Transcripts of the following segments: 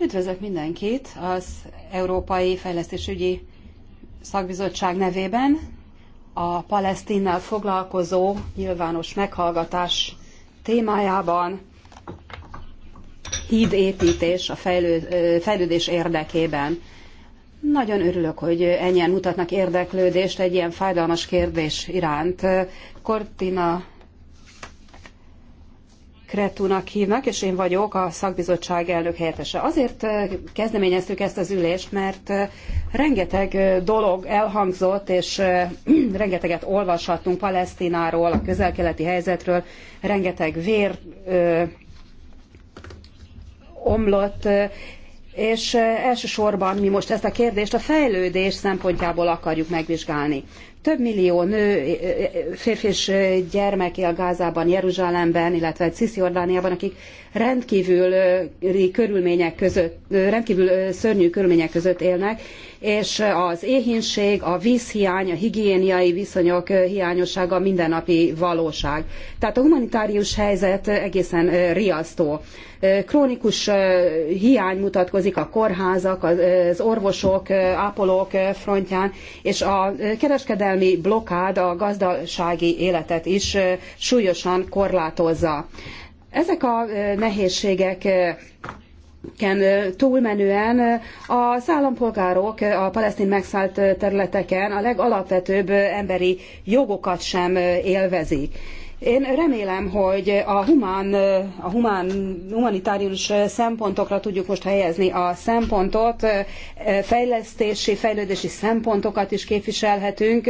Üdvözlök mindenkit az Európai Fejlesztésügyi Szakbizottság nevében a Palesztinnel foglalkozó nyilvános meghallgatás témájában hídépítés a fejlődés érdekében. Nagyon örülök, hogy ennyien mutatnak érdeklődést egy ilyen fájdalmas kérdés iránt. Cortina Kretunak hívnak, és én vagyok a szakbizottság elnök helyettese. Azért kezdeményeztük ezt az ülést, mert rengeteg dolog elhangzott, és rengeteget olvashattunk Palesztináról, a közelkeleti helyzetről, rengeteg vér ö, omlott, és elsősorban mi most ezt a kérdést a fejlődés szempontjából akarjuk megvizsgálni. Több millió nő, férfi és gyermek él Gázában, Jeruzsálemben, illetve Cisziordániában, akik rendkívül körülmények között, rendkívül szörnyű körülmények között élnek, és az éhínség, a vízhiány, a higiéniai viszonyok hiányossága mindennapi valóság. Tehát a humanitárius helyzet egészen riasztó. Krónikus hiány mutatkozik a kórházak, az orvosok, ápolók frontján, és a kereskedelmi blokkád a gazdasági életet is súlyosan korlátozza. Ezek a nehézségek ken túlmenően az állampolgárok a palesztin megszállt területeken a legalapvetőbb emberi jogokat sem élvezik. Én remélem, hogy a, humán, a humán, humanitárius szempontokra tudjuk most helyezni a szempontot, fejlesztési, fejlődési szempontokat is képviselhetünk,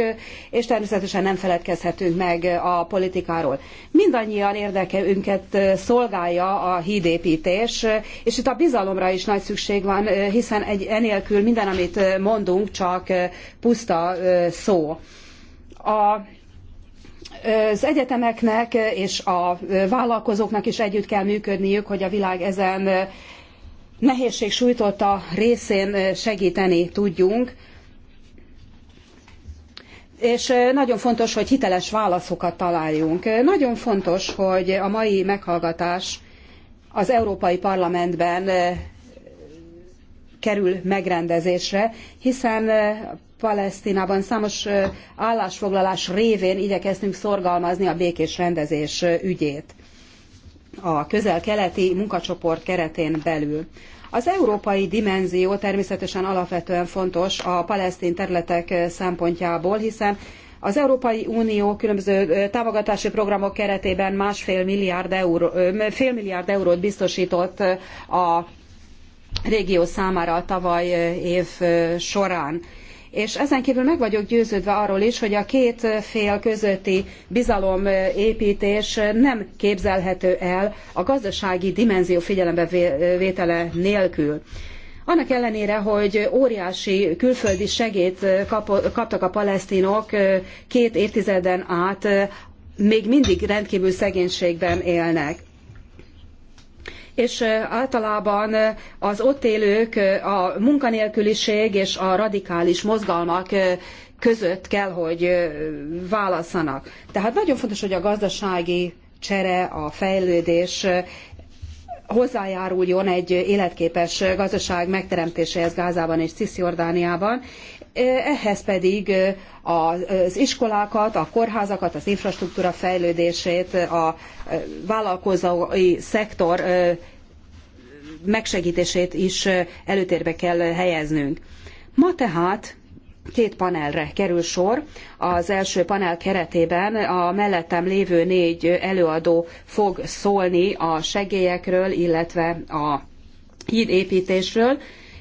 és természetesen nem feledkezhetünk meg a politikáról. Mindannyian érdekeünket szolgálja a hídépítés, és itt a bizalomra is nagy szükség van, hiszen egy, enélkül minden, amit mondunk, csak puszta szó. A az egyetemeknek és a vállalkozóknak is együtt kell működniük, hogy a világ ezen nehézség sújtotta részén segíteni tudjunk. És nagyon fontos, hogy hiteles válaszokat találjunk. Nagyon fontos, hogy a mai meghallgatás az Európai Parlamentben kerül megrendezésre, hiszen a Palesztinában számos állásfoglalás révén igyekeztünk szorgalmazni a békés rendezés ügyét a közel-keleti munkacsoport keretén belül. Az európai dimenzió természetesen alapvetően fontos a palesztin területek szempontjából, hiszen az Európai Unió különböző támogatási programok keretében másfél milliárd, euró, fél milliárd eurót biztosított a régió számára tavaly év során és ezen kívül meg vagyok győződve arról is, hogy a két fél közötti bizalomépítés nem képzelhető el a gazdasági dimenzió vétele nélkül. Annak ellenére, hogy óriási külföldi segét kaptak a palesztinok két évtizeden át, még mindig rendkívül szegénységben élnek és általában az ott élők a munkanélküliség és a radikális mozgalmak között kell, hogy válasszanak. Tehát nagyon fontos, hogy a gazdasági csere, a fejlődés hozzájáruljon egy életképes gazdaság megteremtéséhez Gázában és Cisjordániában, ehhez pedig az iskolákat, a kórházakat, az infrastruktúra fejlődését, a vállalkozói szektor megsegítését is előtérbe kell helyeznünk. Ma tehát két panelre kerül sor. Az első panel keretében a mellettem lévő négy előadó fog szólni a segélyekről, illetve a hídépítésről,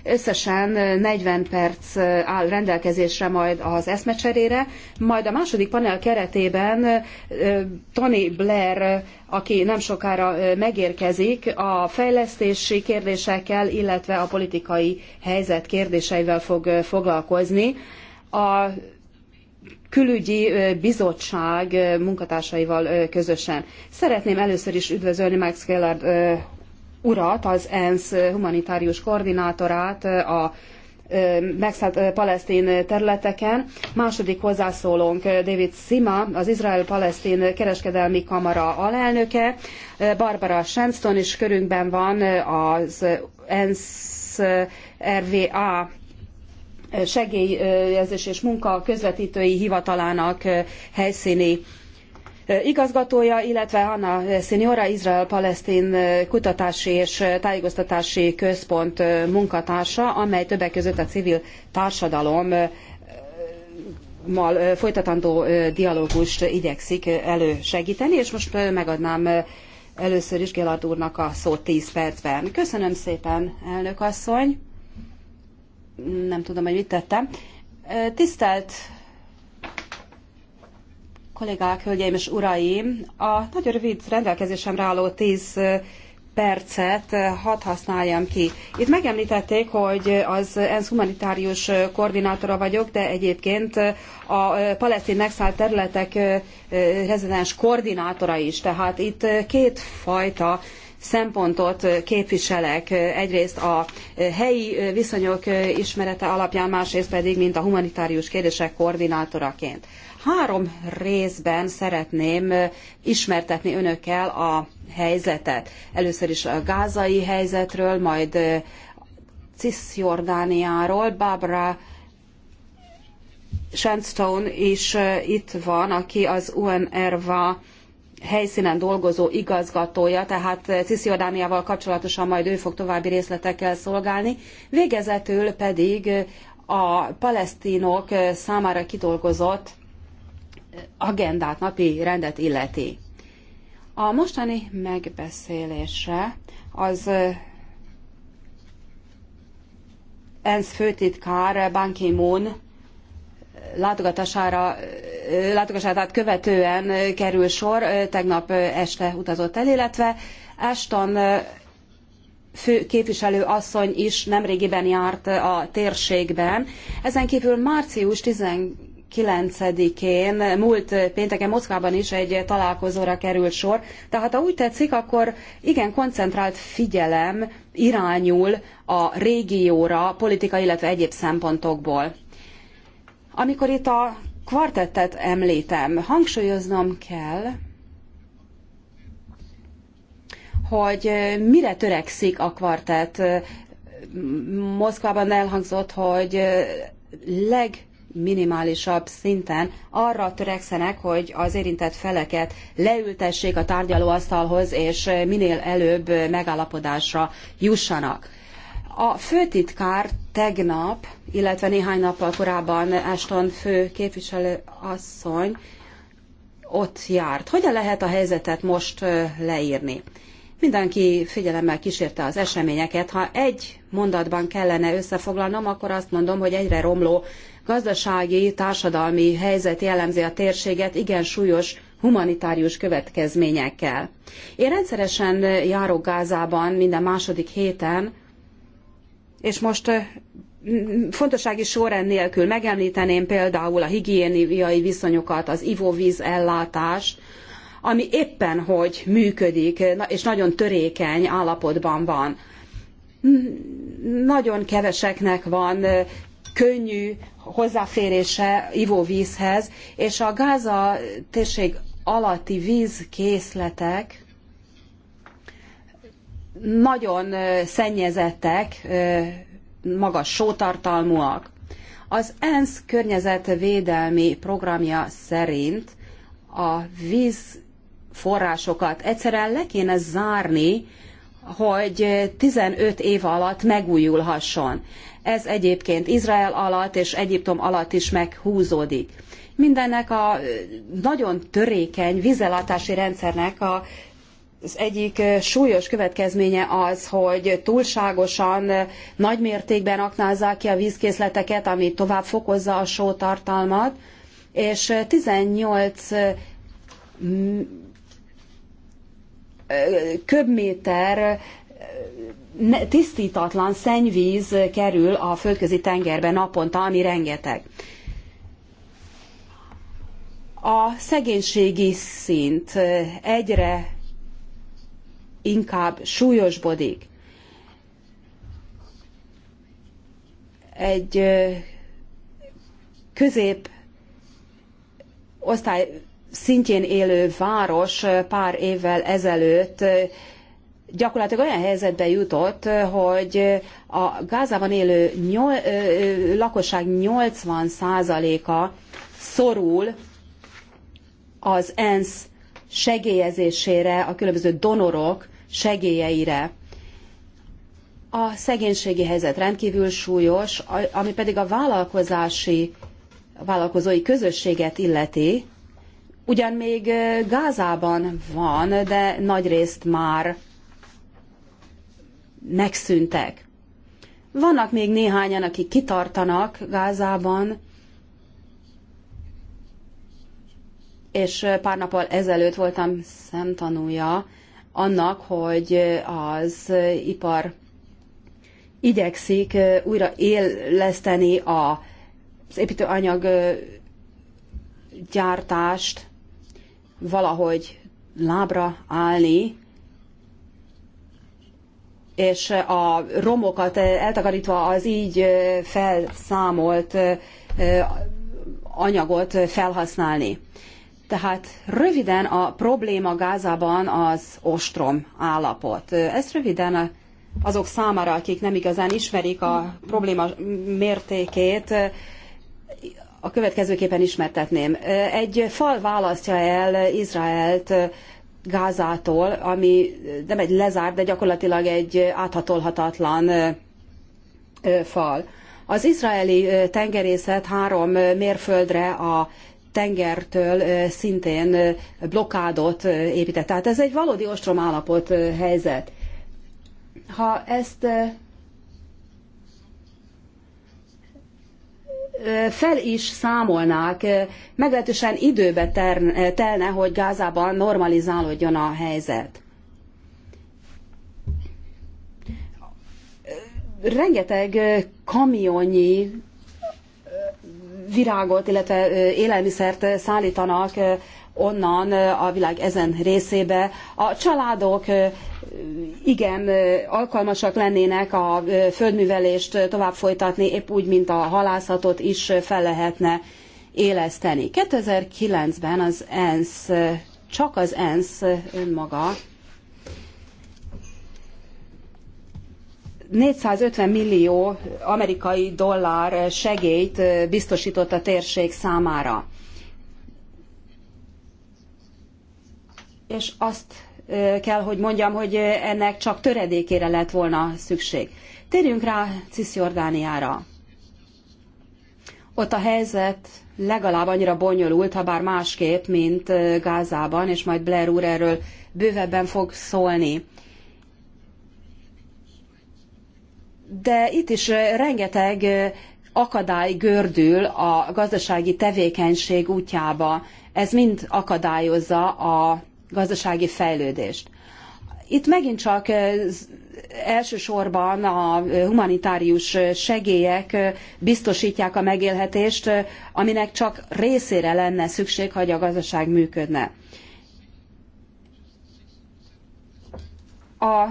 Összesen 40 perc áll rendelkezésre majd az eszmecserére, majd a második panel keretében Tony Blair, aki nem sokára megérkezik, a fejlesztési kérdésekkel, illetve a politikai helyzet kérdéseivel fog foglalkozni. A külügyi bizottság munkatársaival közösen. Szeretném először is üdvözölni Max Gellard urat, az ENSZ humanitárius koordinátorát a megszállt palesztin területeken. Második hozzászólónk David Sima, az Izrael-Palesztin kereskedelmi kamara alelnöke. Barbara Shenston is körünkben van az ENSZ RVA segélyezés és munka közvetítői hivatalának helyszíni igazgatója, illetve Hanna Seniora Izrael-Palesztin Kutatási és Tájékoztatási Központ munkatársa, amely többek között a civil társadalom eh, mal eh, folytatandó eh, dialógust igyekszik elősegíteni, és most megadnám először is Gélard úrnak a szót 10 percben. Köszönöm szépen, elnök asszony. Nem tudom, hogy mit tettem. Tisztelt kollégák, hölgyeim és uraim! A nagyon rövid rendelkezésemre álló tíz percet hadd használjam ki. Itt megemlítették, hogy az ENSZ humanitárius koordinátora vagyok, de egyébként a palesztin megszállt területek rezidens koordinátora is. Tehát itt két fajta szempontot képviselek. Egyrészt a helyi viszonyok ismerete alapján, másrészt pedig, mint a humanitárius kérdések koordinátoraként. Három részben szeretném ismertetni önökkel a helyzetet. Először is a gázai helyzetről, majd Cisjordániáról, Barbara Shandstone is itt van, aki az UNRWA helyszínen dolgozó igazgatója, tehát Ciszjordániával kapcsolatosan majd ő fog további részletekkel szolgálni. Végezetül pedig a palesztinok számára kidolgozott agendát, napi rendet illeti. A mostani megbeszélésre az ENSZ főtitkár Ban Ki-moon látogatására, látogatását követően kerül sor, tegnap este utazott el, illetve Ashton fő képviselő asszony is nemrégiben járt a térségben. Ezen kívül március 10 9-én, múlt pénteken Moszkvában is egy találkozóra került sor. Tehát ha úgy tetszik, akkor igen koncentrált figyelem irányul a régióra politikai, illetve egyéb szempontokból. Amikor itt a kvartettet említem, hangsúlyoznom kell, hogy mire törekszik a kvartett. Moszkvában elhangzott, hogy leg legminimálisabb szinten arra törekszenek, hogy az érintett feleket leültessék a tárgyalóasztalhoz, és minél előbb megállapodásra jussanak. A főtitkár tegnap, illetve néhány nappal korábban Ashton fő képviselő asszony ott járt. Hogyan lehet a helyzetet most leírni? Mindenki figyelemmel kísérte az eseményeket. Ha egy mondatban kellene összefoglalnom, akkor azt mondom, hogy egyre romló gazdasági, társadalmi helyzet jellemzi a térséget, igen súlyos humanitárius következményekkel. Én rendszeresen járok Gázában minden második héten, és most fontossági sorrend nélkül megemlíteném például a higiéniai viszonyokat, az ivóvíz ellátást, ami éppen hogy működik, és nagyon törékeny állapotban van. Nagyon keveseknek van könnyű hozzáférése ivóvízhez, és a Gáza térség alatti vízkészletek nagyon szennyezettek, magas sótartalmúak. Az ENSZ környezetvédelmi programja szerint a víz forrásokat. Egyszerűen le kéne zárni, hogy 15 év alatt megújulhasson. Ez egyébként Izrael alatt és Egyiptom alatt is meghúzódik. Mindennek a nagyon törékeny vízellátási rendszernek a az egyik súlyos következménye az, hogy túlságosan nagy mértékben aknázzák ki a vízkészleteket, ami tovább fokozza a só tartalmat, és 18 köbméter tisztítatlan szennyvíz kerül a földközi tengerbe naponta, ami rengeteg. A szegénységi szint egyre inkább súlyosbodik. Egy közép osztály szintjén élő város pár évvel ezelőtt gyakorlatilag olyan helyzetbe jutott, hogy a Gázában élő nyol, lakosság 80%-a szorul az ENSZ segélyezésére, a különböző donorok segélyeire. A szegénységi helyzet rendkívül súlyos, ami pedig a vállalkozási, a vállalkozói közösséget illeti, ugyan még Gázában van, de nagyrészt már megszűntek. Vannak még néhányan, akik kitartanak Gázában, és pár nappal ezelőtt voltam szemtanúja annak, hogy az ipar igyekszik újra éleszteni az építőanyag gyártást, valahogy lábra állni, és a romokat eltakarítva az így felszámolt anyagot felhasználni. Tehát röviden a probléma Gázában az ostrom állapot. Ezt röviden azok számára, akik nem igazán ismerik a probléma mértékét, a következőképpen ismertetném. Egy fal választja el Izraelt Gázától, ami nem egy lezárt, de gyakorlatilag egy áthatolhatatlan fal. Az izraeli tengerészet három mérföldre a tengertől szintén blokádot épített. Tehát ez egy valódi ostrom állapot helyzet. Ha ezt fel is számolnák, meglehetősen időbe telne, hogy Gázában normalizálódjon a helyzet. Rengeteg kamionnyi virágot, illetve élelmiszert szállítanak onnan a világ ezen részébe. A családok igen, alkalmasak lennének a földművelést tovább folytatni, épp úgy, mint a halászatot is fel lehetne éleszteni. 2009-ben az ENSZ, csak az ENSZ önmaga 450 millió amerikai dollár segélyt biztosított a térség számára. És azt kell, hogy mondjam, hogy ennek csak töredékére lett volna szükség. Térjünk rá Cisjordániára. Ott a helyzet legalább annyira bonyolult, ha bár másképp, mint Gázában, és majd Blair úr erről bővebben fog szólni. De itt is rengeteg akadály gördül a gazdasági tevékenység útjába. Ez mind akadályozza a gazdasági fejlődést. Itt megint csak elsősorban a humanitárius segélyek biztosítják a megélhetést, aminek csak részére lenne szükség, hogy a gazdaság működne. A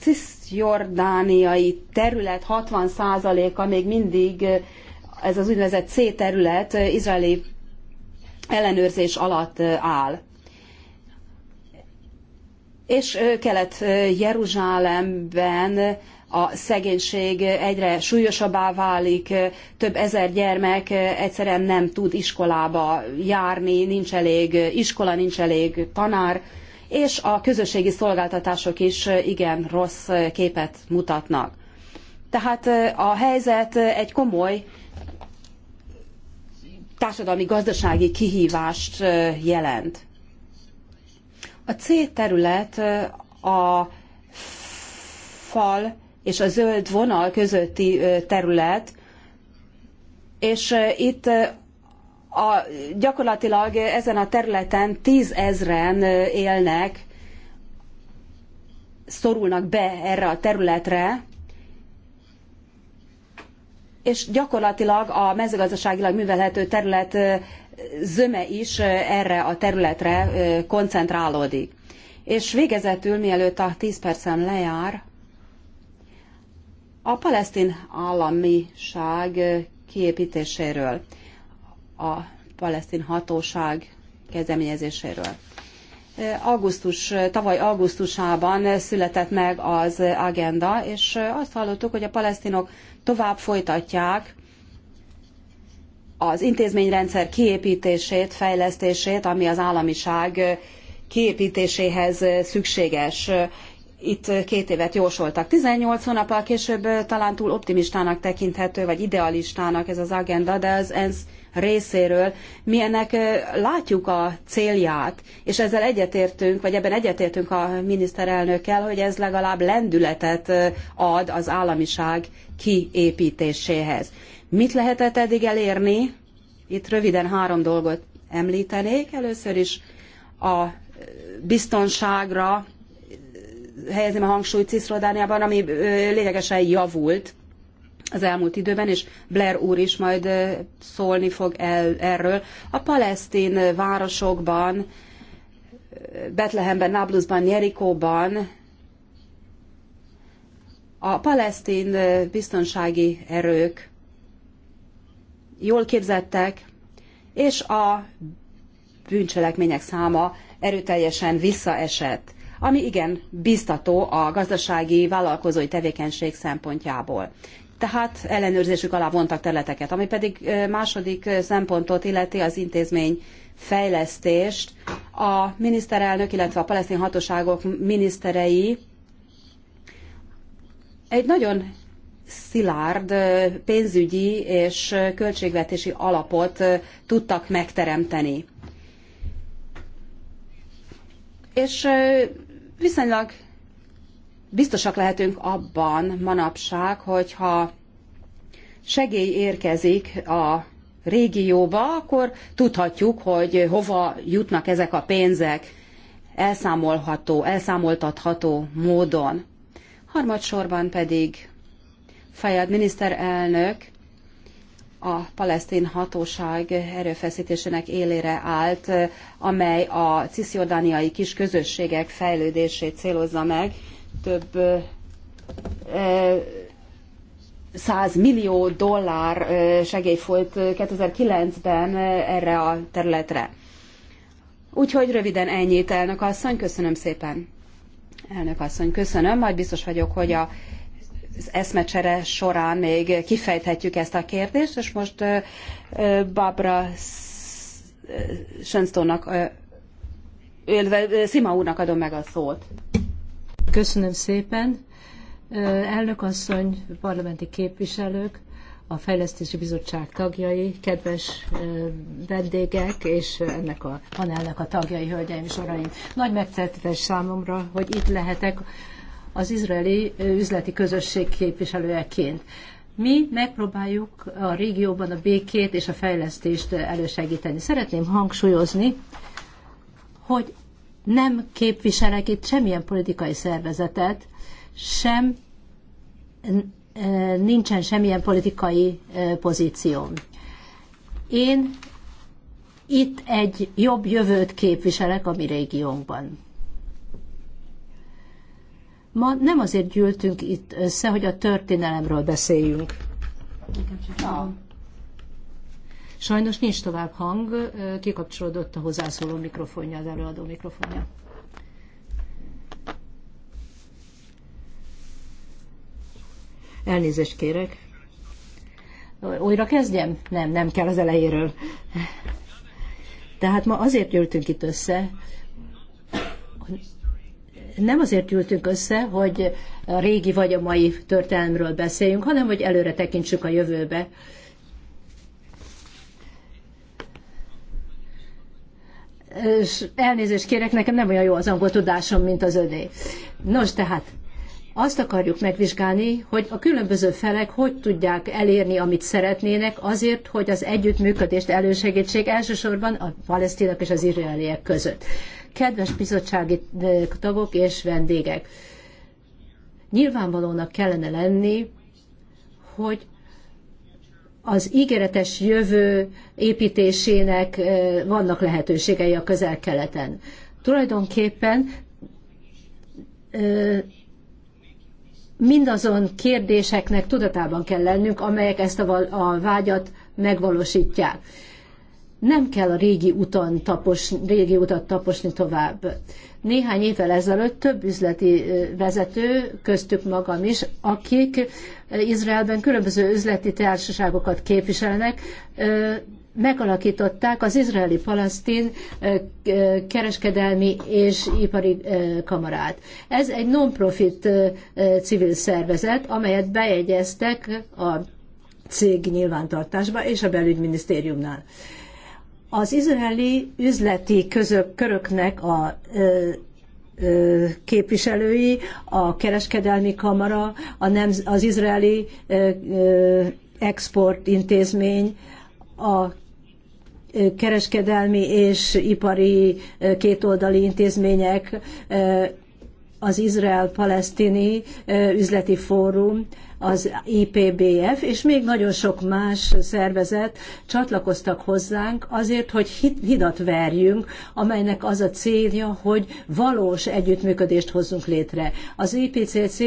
cisjordániai terület 60%-a még mindig ez az úgynevezett C terület izraeli ellenőrzés alatt áll és Kelet-Jeruzsálemben a szegénység egyre súlyosabbá válik, több ezer gyermek egyszerűen nem tud iskolába járni, nincs elég iskola, nincs elég tanár, és a közösségi szolgáltatások is igen rossz képet mutatnak. Tehát a helyzet egy komoly társadalmi-gazdasági kihívást jelent. A C terület a fal és a zöld vonal közötti terület, és itt a, gyakorlatilag ezen a területen tízezren élnek, szorulnak be erre a területre, és gyakorlatilag a mezőgazdaságilag művelhető terület zöme is erre a területre koncentrálódik. És végezetül, mielőtt a 10 percem lejár, a palesztin államiság kiépítéséről, a palesztin hatóság kezdeményezéséről. Augusztus, tavaly augusztusában született meg az agenda, és azt hallottuk, hogy a palesztinok tovább folytatják az intézményrendszer kiépítését, fejlesztését, ami az államiság kiépítéséhez szükséges. Itt két évet jósoltak. 18 hónappal később talán túl optimistának tekinthető, vagy idealistának ez az agenda, de az ENSZ részéről mi ennek látjuk a célját, és ezzel egyetértünk, vagy ebben egyetértünk a miniszterelnökkel, hogy ez legalább lendületet ad az államiság kiépítéséhez. Mit lehetett eddig elérni? Itt röviden három dolgot említenék. Először is a biztonságra helyezem a hangsúlyt Ciszlodániában, ami lényegesen javult az elmúlt időben, és Blair úr is majd szólni fog el, erről. A palesztin városokban, Betlehemben, Nablusban, Jerikóban a palesztin biztonsági erők jól képzettek, és a bűncselekmények száma erőteljesen visszaesett, ami igen biztató a gazdasági vállalkozói tevékenység szempontjából. Tehát ellenőrzésük alá vontak területeket, ami pedig második szempontot illeti az intézmény fejlesztést. A miniszterelnök, illetve a palesztin hatóságok miniszterei egy nagyon szilárd pénzügyi és költségvetési alapot tudtak megteremteni. És viszonylag biztosak lehetünk abban manapság, hogyha segély érkezik a régióba, akkor tudhatjuk, hogy hova jutnak ezek a pénzek elszámolható, elszámoltatható módon. Harmadsorban pedig Fayad miniszterelnök a palesztin hatóság erőfeszítésének élére állt, amely a cisziordániai kis közösségek fejlődését célozza meg. Több millió dollár segély folyt 2009-ben erre a területre. Úgyhogy röviden ennyit, elnök asszony, köszönöm szépen. Elnök asszony, köszönöm, majd biztos vagyok, hogy a eszmecsere során még kifejthetjük ezt a kérdést, és most Barbara Sönstónak, illetve Szima úrnak adom meg a szót. Köszönöm szépen. Elnök asszony, parlamenti képviselők, a Fejlesztési Bizottság tagjai, kedves vendégek és ennek a panelnek a tagjai, hölgyeim és uraim. Nagy megtetés számomra, hogy itt lehetek az izraeli üzleti közösség képviselőjeként. Mi megpróbáljuk a régióban a békét és a fejlesztést elősegíteni. Szeretném hangsúlyozni, hogy nem képviselek itt semmilyen politikai szervezetet, sem nincsen semmilyen politikai pozícióm. Én itt egy jobb jövőt képviselek a mi régiónkban. Ma nem azért gyűltünk itt össze, hogy a történelemről beszéljünk. Sajnos nincs tovább hang, kikapcsolódott a hozzászóló mikrofonja, az előadó mikrofonja. Elnézést kérek. Újra kezdjem? Nem, nem kell az elejéről. Tehát ma azért gyűltünk itt össze, nem azért ültünk össze, hogy a régi vagy a mai történelmről beszéljünk, hanem hogy előre tekintsük a jövőbe. És elnézést kérek, nekem nem olyan jó az angol tudásom, mint az öné. Nos, tehát azt akarjuk megvizsgálni, hogy a különböző felek hogy tudják elérni, amit szeretnének, azért, hogy az együttműködést elősegítsék elsősorban a palesztinak és az izraeliek között. Kedves bizottsági eh, tagok és vendégek! Nyilvánvalónak kellene lenni, hogy az ígéretes jövő építésének eh, vannak lehetőségei a közel-keleten. Tulajdonképpen eh, mindazon kérdéseknek tudatában kell lennünk, amelyek ezt a vágyat megvalósítják nem kell a régi, uton tapos, régi utat taposni tovább. Néhány évvel ezelőtt több üzleti vezető, köztük magam is, akik Izraelben különböző üzleti társaságokat képviselnek, megalakították az izraeli-palasztin kereskedelmi és ipari kamarát. Ez egy non-profit civil szervezet, amelyet bejegyeztek a cég nyilvántartásba és a belügyminisztériumnál. Az izraeli üzleti közök, köröknek a ö, ö, képviselői, a kereskedelmi kamara, a nem, az izraeli ö, ö, exportintézmény, a kereskedelmi és ipari kétoldali intézmények az Izrael-Palesztini Üzleti Fórum, az IPBF, és még nagyon sok más szervezet csatlakoztak hozzánk azért, hogy hidat verjünk, amelynek az a célja, hogy valós együttműködést hozzunk létre. Az IPCC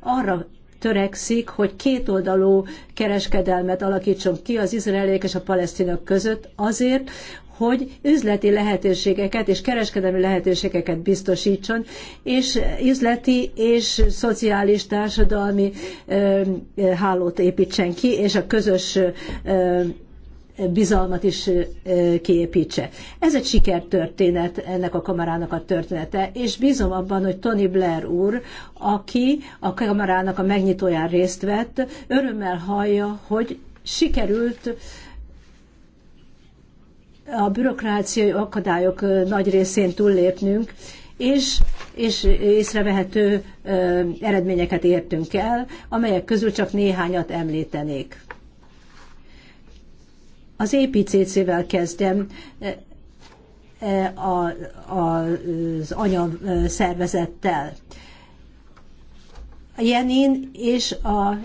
arra törekszik, hogy kétoldalú kereskedelmet alakítson ki az izraeliek és a palesztinok között azért, hogy üzleti lehetőségeket és kereskedelmi lehetőségeket biztosítson, és üzleti és szociális társadalmi hálót építsen ki, és a közös bizalmat is kiépítse. Ez egy sikertörténet, ennek a kamarának a története, és bízom abban, hogy Tony Blair úr, aki a kamarának a megnyitóján részt vett, örömmel hallja, hogy sikerült uh, a bürokráciai akadályok nagy részén túllépnünk, és, és észrevehető eredményeket értünk el, amelyek közül csak néhányat említenék. Az EPCC-vel kezdem, a, az anya szervezettel. Jenin és a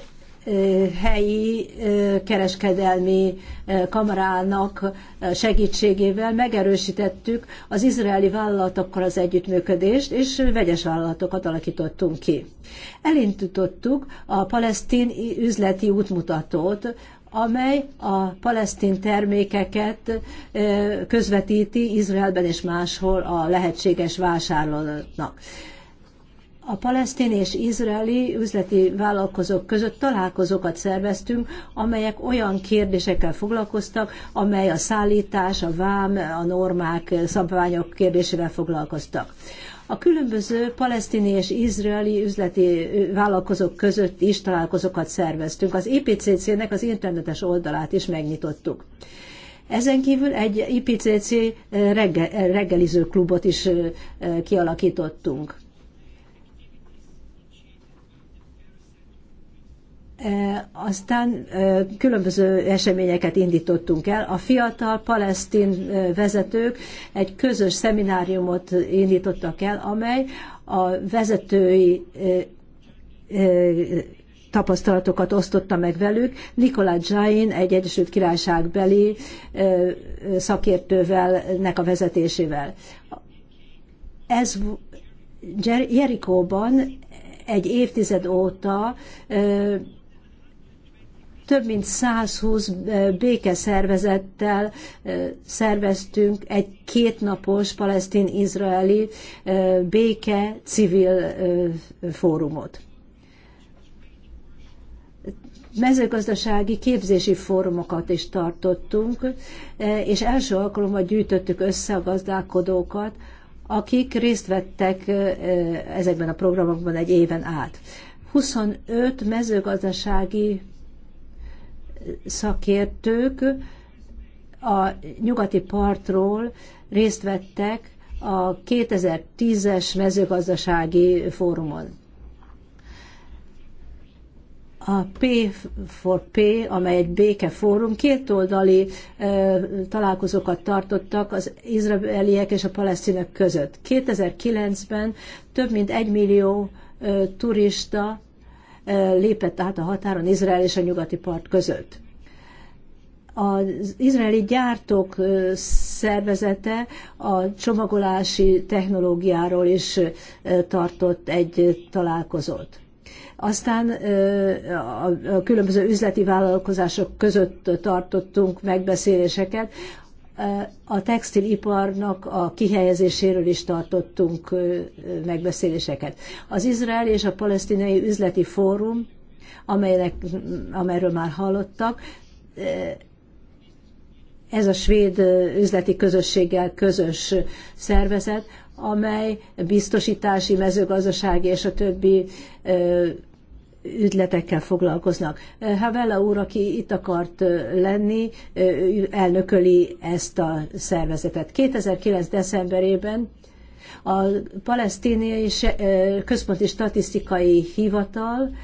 helyi kereskedelmi kamarának segítségével megerősítettük az izraeli vállalatokkal az együttműködést, és vegyes vállalatokat alakítottunk ki. Elintutottuk a palesztin üzleti útmutatót, amely a palesztin termékeket közvetíti Izraelben és máshol a lehetséges vásárlónak a palesztin és izraeli üzleti vállalkozók között találkozókat szerveztünk, amelyek olyan kérdésekkel foglalkoztak, amely a szállítás, a vám, a normák, szabványok kérdésével foglalkoztak. A különböző palesztini és izraeli üzleti vállalkozók között is találkozókat szerveztünk. Az IPCC-nek az internetes oldalát is megnyitottuk. Ezen kívül egy IPCC reggel, reggeliző klubot is kialakítottunk Aztán különböző eseményeket indítottunk el. A fiatal palesztin vezetők egy közös szemináriumot indítottak el, amely a vezetői tapasztalatokat osztotta meg velük. Nikolá Jain, egy Egyesült Királyságbeli szakértővel, nek a vezetésével. Ez Jerikóban egy évtized óta több mint 120 békeszervezettel szerveztünk egy kétnapos palesztin-izraeli béke civil fórumot. Mezőgazdasági képzési fórumokat is tartottunk, és első alkalommal gyűjtöttük össze a gazdálkodókat, akik részt vettek ezekben a programokban egy éven át. 25 mezőgazdasági szakértők a nyugati partról részt vettek a 2010-es mezőgazdasági fórumon. A P4P, amely egy békefórum, kétoldali ö, találkozókat tartottak az izraeliek és a palesztinek között. 2009-ben több mint egy millió ö, turista lépett át a határon Izrael és a nyugati part között. Az izraeli gyártók szervezete a csomagolási technológiáról is tartott egy találkozót. Aztán a különböző üzleti vállalkozások között tartottunk megbeszéléseket a textiliparnak a kihelyezéséről is tartottunk megbeszéléseket. Az izraeli és a Palesztinai Üzleti Fórum, amelynek, amelyről már hallottak, ez a svéd üzleti közösséggel közös szervezet, amely biztosítási, mezőgazdasági és a többi ügyletekkel foglalkoznak. Havella úr, aki itt akart lenni, elnököli ezt a szervezetet. 2009. decemberében a palesztíniai központi statisztikai hivatal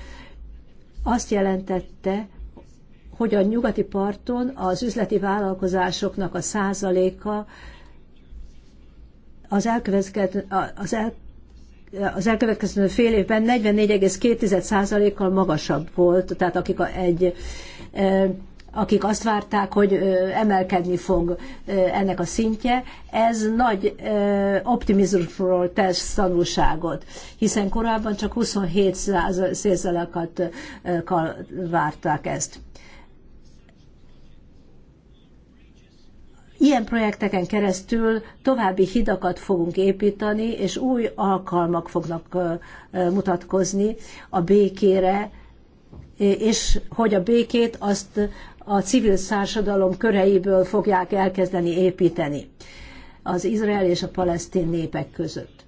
azt jelentette, hogy a nyugati parton az üzleti vállalkozásoknak a százaléka az elkövetkezett az el, az elkövetkező fél évben 44,2%-kal magasabb volt, tehát akik egy akik azt várták, hogy emelkedni fog ennek a szintje, ez nagy optimizmusról tesz tanulságot, hiszen korábban csak 27 kal várták ezt. Ilyen projekteken keresztül további hidakat fogunk építeni, és új alkalmak fognak mutatkozni a békére, és hogy a békét azt a civil társadalom köreiből fogják elkezdeni építeni az izrael és a palesztin népek között.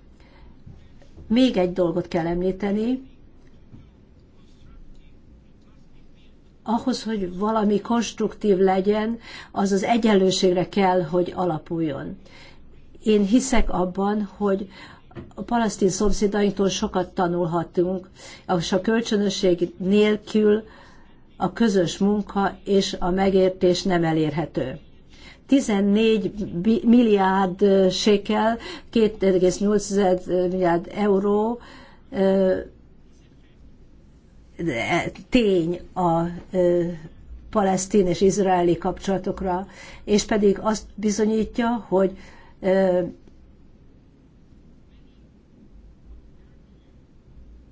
Még egy dolgot kell említeni, ahhoz, hogy valami konstruktív legyen, az az egyenlőségre kell, hogy alapuljon. Én hiszek abban, hogy a palasztin szomszédainktól sokat tanulhatunk, és a kölcsönösség nélkül a közös munka és a megértés nem elérhető. 14 milliárd sékel, 2,8 milliárd euró tény a palesztin és izraeli kapcsolatokra, és pedig azt bizonyítja, hogy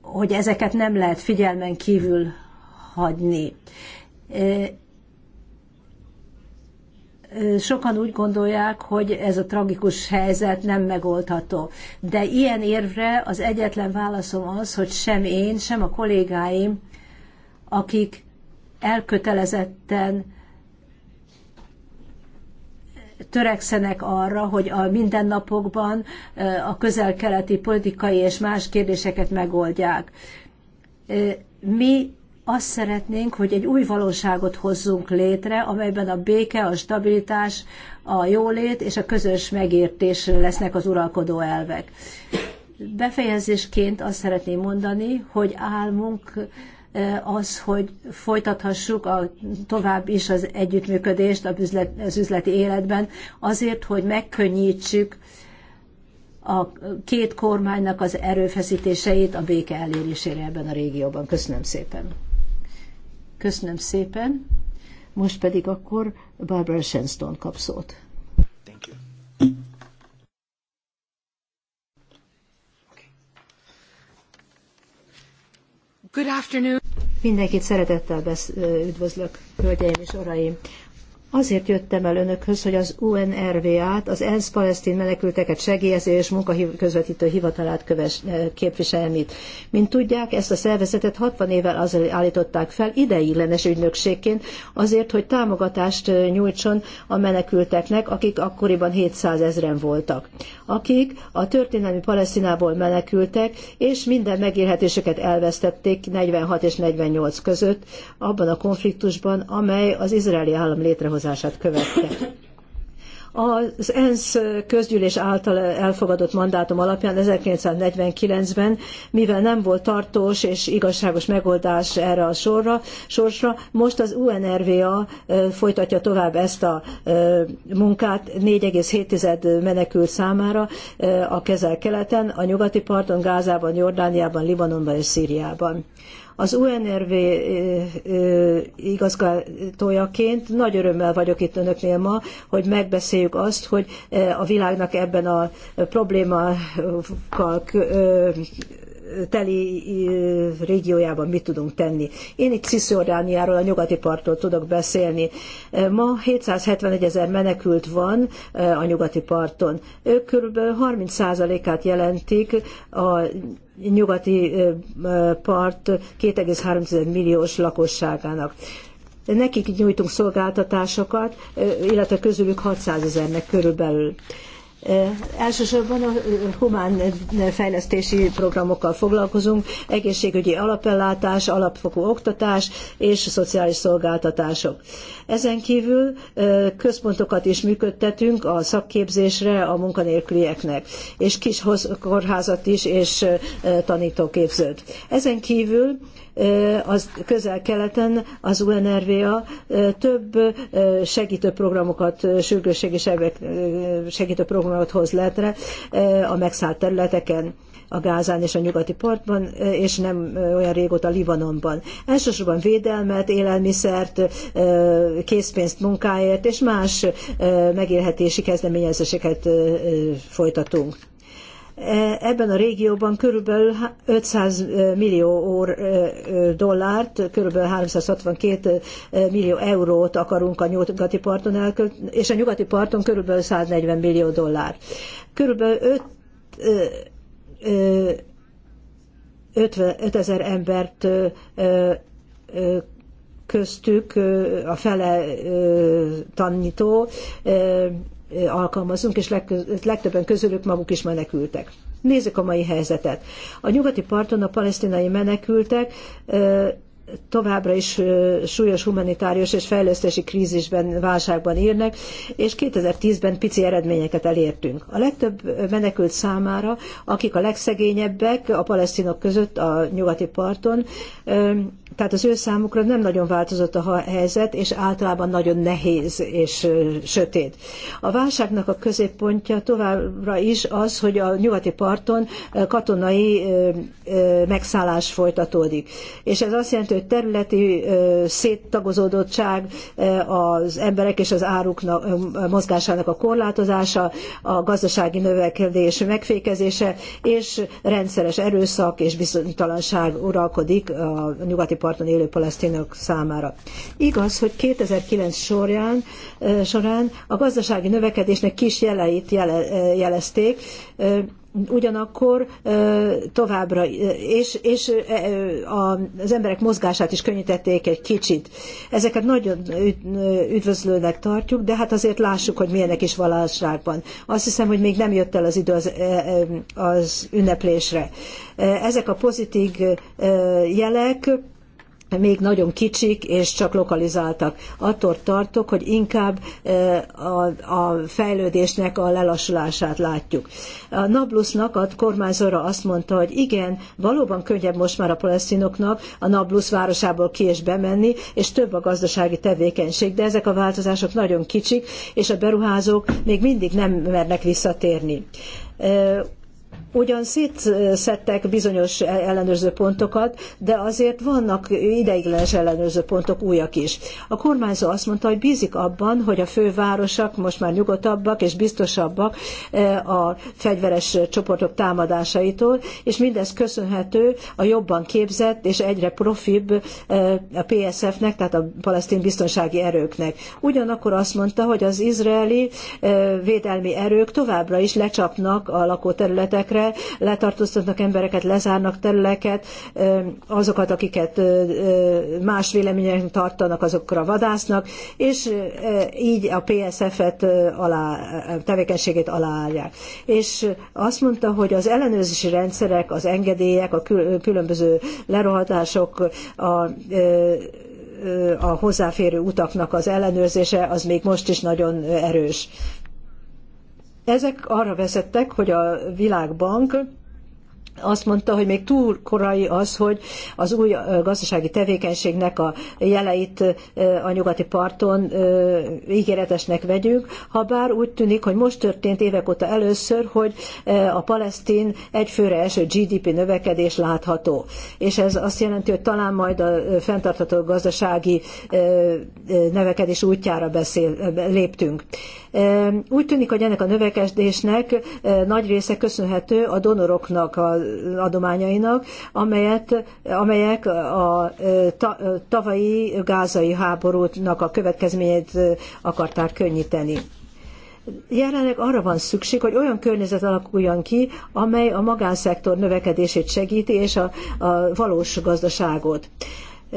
hogy ezeket nem lehet figyelmen kívül hagyni sokan úgy gondolják, hogy ez a tragikus helyzet nem megoldható. De ilyen érvre az egyetlen válaszom az, hogy sem én, sem a kollégáim, akik elkötelezetten törekszenek arra, hogy a mindennapokban a közel-keleti politikai és más kérdéseket megoldják. Mi azt szeretnénk, hogy egy új valóságot hozzunk létre, amelyben a béke, a stabilitás, a jólét és a közös megértés lesznek az uralkodó elvek. Befejezésként azt szeretném mondani, hogy álmunk e, az, hogy folytathassuk a, tovább is az együttműködést az, üzlet, az üzleti életben, azért, hogy megkönnyítsük a két kormánynak az erőfeszítéseit a béke elérésére ebben a régióban. Köszönöm szépen! Köszönöm szépen. Most pedig akkor Barbara Shenstone kap szót. Thank you. Good afternoon. Mindenkit szeretettel besz- üdvözlök, hölgyeim és uraim. Azért jöttem el önökhöz, hogy az UNRWA-t, az ENSZ palesztin menekülteket segélyező és munkaközvetítő hivatalát köves, eh, képviseljem itt. Mint tudják, ezt a szervezetet 60 évvel azelőtt állították fel ideiglenes ügynökségként, azért, hogy támogatást eh, nyújtson a menekülteknek, akik akkoriban 700 ezeren voltak, akik a történelmi Palesztinából menekültek, és minden megélhetésüket elvesztették 46 és 48 között abban a konfliktusban, amely az izraeli állam létrehozása létrehozását követte. Az ENSZ közgyűlés által elfogadott mandátum alapján 1949-ben, mivel nem volt tartós és igazságos megoldás erre a sorra, sorsra, most az UNRWA folytatja tovább ezt a munkát 4,7 menekült számára a kezel-keleten, a nyugati parton, Gázában, Jordániában, Libanonban és Szíriában. Az UNRV igazgatójaként nagy örömmel vagyok itt önöknél ma, hogy megbeszéljük azt, hogy a világnak ebben a problémákkal teli régiójában mit tudunk tenni. Én itt Cisjordániáról, a nyugati partról tudok beszélni. Ma 771 ezer menekült van a nyugati parton. Ők kb. 30%-át jelentik a nyugati part 2,3 milliós lakosságának. Nekik nyújtunk szolgáltatásokat, illetve közülük 600 ezernek körülbelül. Elsősorban a humán fejlesztési programokkal foglalkozunk, egészségügyi alapellátás, alapfokú oktatás és szociális szolgáltatások. Ezen kívül központokat is működtetünk a szakképzésre a munkanélkülieknek, és kis kórházat is, és tanítóképzőt. Ezen kívül az közel-keleten az UNRWA több segítő programokat, sürgősségi segítő programokat hoz létre a megszállt területeken a Gázán és a nyugati partban, és nem olyan régóta Libanonban. Elsősorban védelmet, élelmiszert, készpénzt munkáért és más megélhetési kezdeményezéseket folytatunk. E, ebben a régióban körülbelül 500 e, millió e, dollárt, körülbelül 362 millió eurót akarunk a nyugati parton elkölteni, és a nyugati parton körülbelül 140 millió dollár. Körülbelül 5 5000 embert köztük a fele tanító alkalmazunk, és legtöbben közülük maguk is menekültek. Nézzük a mai helyzetet. A nyugati parton a palesztinai menekültek továbbra is súlyos humanitárius és fejlesztési krízisben, válságban élnek, és 2010-ben pici eredményeket elértünk. A legtöbb menekült számára, akik a legszegényebbek a palesztinok között a nyugati parton, tehát az ő számukra nem nagyon változott a helyzet, és általában nagyon nehéz és sötét. A válságnak a középpontja továbbra is az, hogy a nyugati parton katonai megszállás folytatódik. És ez azt jelenti, területi széttagozódottság, az emberek és az áruk mozgásának a korlátozása, a gazdasági növekedés megfékezése, és rendszeres erőszak és bizonytalanság uralkodik a nyugati parton élő palesztinok számára. Igaz, hogy 2009 során, során a gazdasági növekedésnek kis jeleit jele, jelezték, ugyanakkor továbbra, és, és az emberek mozgását is könnyítették egy kicsit. Ezeket nagyon üdvözlőnek tartjuk, de hát azért lássuk, hogy milyenek is valóságban. Azt hiszem, hogy még nem jött el az idő az, az ünneplésre. Ezek a pozitív jelek, még nagyon kicsik és csak lokalizáltak. Attól tartok, hogy inkább e, a, a fejlődésnek a lelassulását látjuk. A Nablusnak a kormányzóra azt mondta, hogy igen, valóban könnyebb most már a palesztinoknak a Nablus városából ki és bemenni, és több a gazdasági tevékenység, de ezek a változások nagyon kicsik, és a beruházók még mindig nem mernek visszatérni e, ugyan szétszedtek bizonyos ellenőrző pontokat, de azért vannak ideiglenes ellenőrző pontok újak is. A kormányzó azt mondta, hogy bízik abban, hogy a fővárosok most már nyugodtabbak és biztosabbak eh, a fegyveres csoportok támadásaitól, és mindez köszönhető a jobban képzett és egyre profibb eh, a PSF-nek, tehát a palesztin biztonsági erőknek. Ugyanakkor azt mondta, hogy az izraeli eh, védelmi erők továbbra is lecsapnak a lakóterületek, területekre, letartóztatnak embereket, lezárnak területeket, azokat, akiket más véleményen tartanak, azokra vadásznak, és így a PSF-et alá, tevékenységét aláállják. És azt mondta, hogy az ellenőrzési rendszerek, az engedélyek, a különböző lerohatások, a a hozzáférő utaknak az ellenőrzése az még most is nagyon erős. Ezek arra vezettek, hogy a világbank azt mondta, hogy még túl korai az, hogy az új gazdasági tevékenységnek a jeleit a nyugati parton ígéretesnek vegyük, ha bár úgy tűnik, hogy most történt évek óta először, hogy a palesztin egyfőre eső GDP növekedés látható. És ez azt jelenti, hogy talán majd a fenntartható gazdasági növekedés útjára beszél, léptünk. Úgy tűnik, hogy ennek a növekedésnek nagy része köszönhető a donoroknak, a adományainak, amelyet, amelyek a tavalyi gázai háborúnak a következményét akarták könnyíteni. Jelenleg arra van szükség, hogy olyan környezet alakuljon ki, amely a magánszektor növekedését segíti, és a, a valós gazdaságot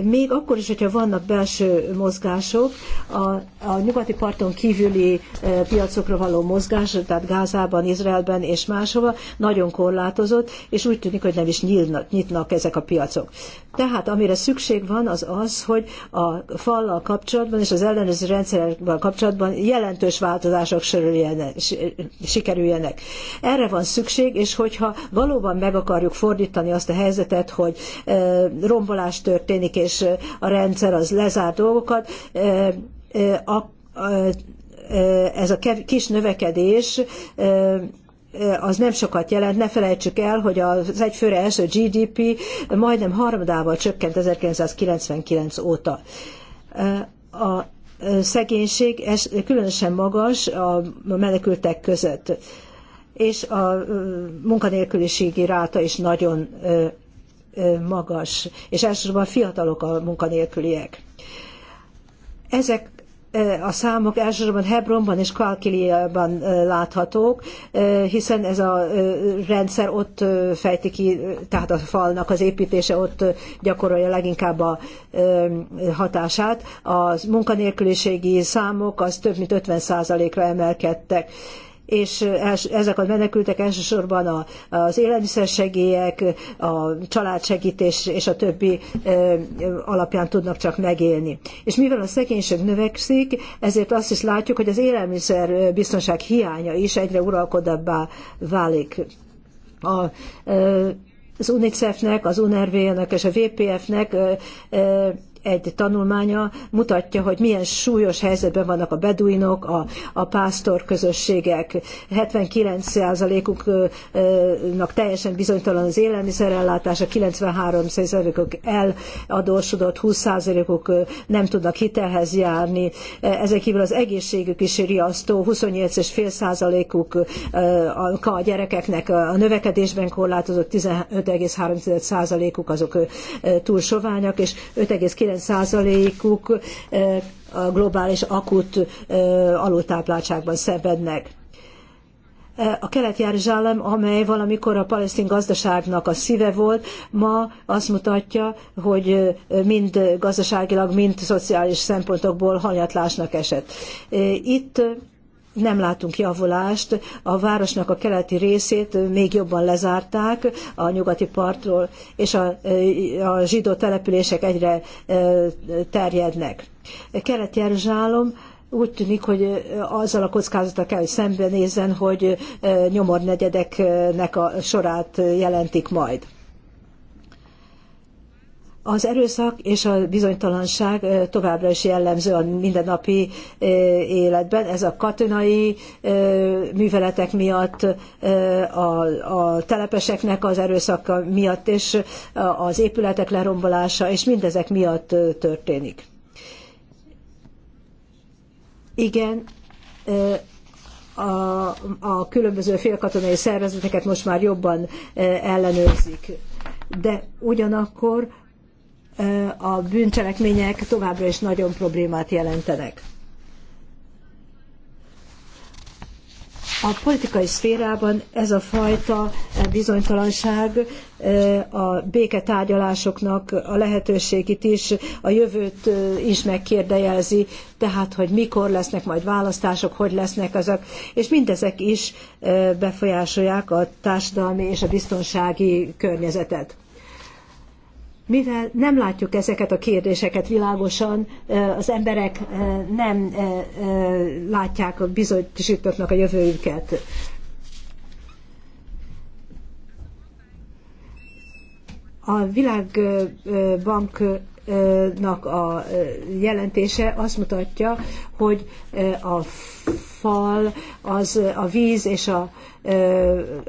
még akkor is, hogyha vannak belső mozgások, a, a nyugati parton kívüli e, piacokra való mozgás, tehát Gázában, Izraelben és máshova nagyon korlátozott, és úgy tűnik, hogy nem is nyílnak, nyitnak ezek a piacok. Tehát amire szükség van, az az, hogy a fallal kapcsolatban és az ellenőrző rendszerrel kapcsolatban jelentős változások sikerüljenek. Erre van szükség, és hogyha valóban meg akarjuk fordítani azt a helyzetet, hogy e, rombolás történik, és a rendszer az lezár dolgokat, ez a kis növekedés az nem sokat jelent, ne felejtsük el, hogy az egyfőre eső GDP majdnem harmadával csökkent 1999 óta. A szegénység különösen magas a menekültek között, és a munkanélküliségi ráta is nagyon magas, és elsősorban fiatalok a munkanélküliek. Ezek a számok elsősorban Hebronban és Kalkiliában láthatók, hiszen ez a rendszer ott fejti ki, tehát a falnak az építése ott gyakorolja leginkább a hatását. A munkanélküliségi számok az több mint 50%-ra emelkedtek és ezek a menekültek elsősorban az élelmiszersegélyek, a családsegítés és a többi alapján tudnak csak megélni. És mivel a szegénység növekszik, ezért azt is látjuk, hogy az élelmiszer biztonság hiánya is egyre uralkodabbá válik. A, az UNICEF-nek, az UNRV-nek és a VPF-nek egy tanulmánya mutatja, hogy milyen súlyos helyzetben vannak a beduinok, a, a pásztor közösségek. 79%-uknak teljesen bizonytalan az élelmiszerellátása, 93%-uk eladósodott, 20%-uk nem tudnak hitelhez járni. Ezek kívül az egészségük is riasztó, 28,5%-uk a gyerekeknek a növekedésben korlátozott, 15,3%-uk azok túl soványak, és 5,9 9%-uk a globális akut alultápláltságban szenvednek a kelet-jeruzsálem, amely valamikor a palesztin gazdaságnak a szíve volt, ma azt mutatja, hogy mind gazdaságilag, mind szociális szempontokból hanyatlásnak esett. Itt nem látunk javulást. A városnak a keleti részét még jobban lezárták a nyugati partról, és a, a zsidó települések egyre e, terjednek. kelet Jeruzsálom úgy tűnik, hogy azzal a kockázata kell, hogy szembenézzen, hogy e, nyomornegyedeknek a sorát jelentik majd. Az erőszak és a bizonytalanság továbbra is jellemző a mindennapi életben. Ez a katonai műveletek miatt, a, telepeseknek az erőszaka miatt, és az épületek lerombolása, és mindezek miatt történik. Igen, a, a különböző félkatonai szervezeteket most már jobban ellenőrzik. De ugyanakkor a bűncselekmények továbbra is nagyon problémát jelentenek. A politikai szférában ez a fajta bizonytalanság a béketárgyalásoknak a lehetőségét is, a jövőt is megkérdejelzi, tehát hogy mikor lesznek majd választások, hogy lesznek azok, és mindezek is befolyásolják a társadalmi és a biztonsági környezetet mivel nem látjuk ezeket a kérdéseket világosan, az emberek nem látják, a bizonyítottnak a jövőjüket. A Világbanknak a jelentése azt mutatja, hogy a fal, az a víz és a,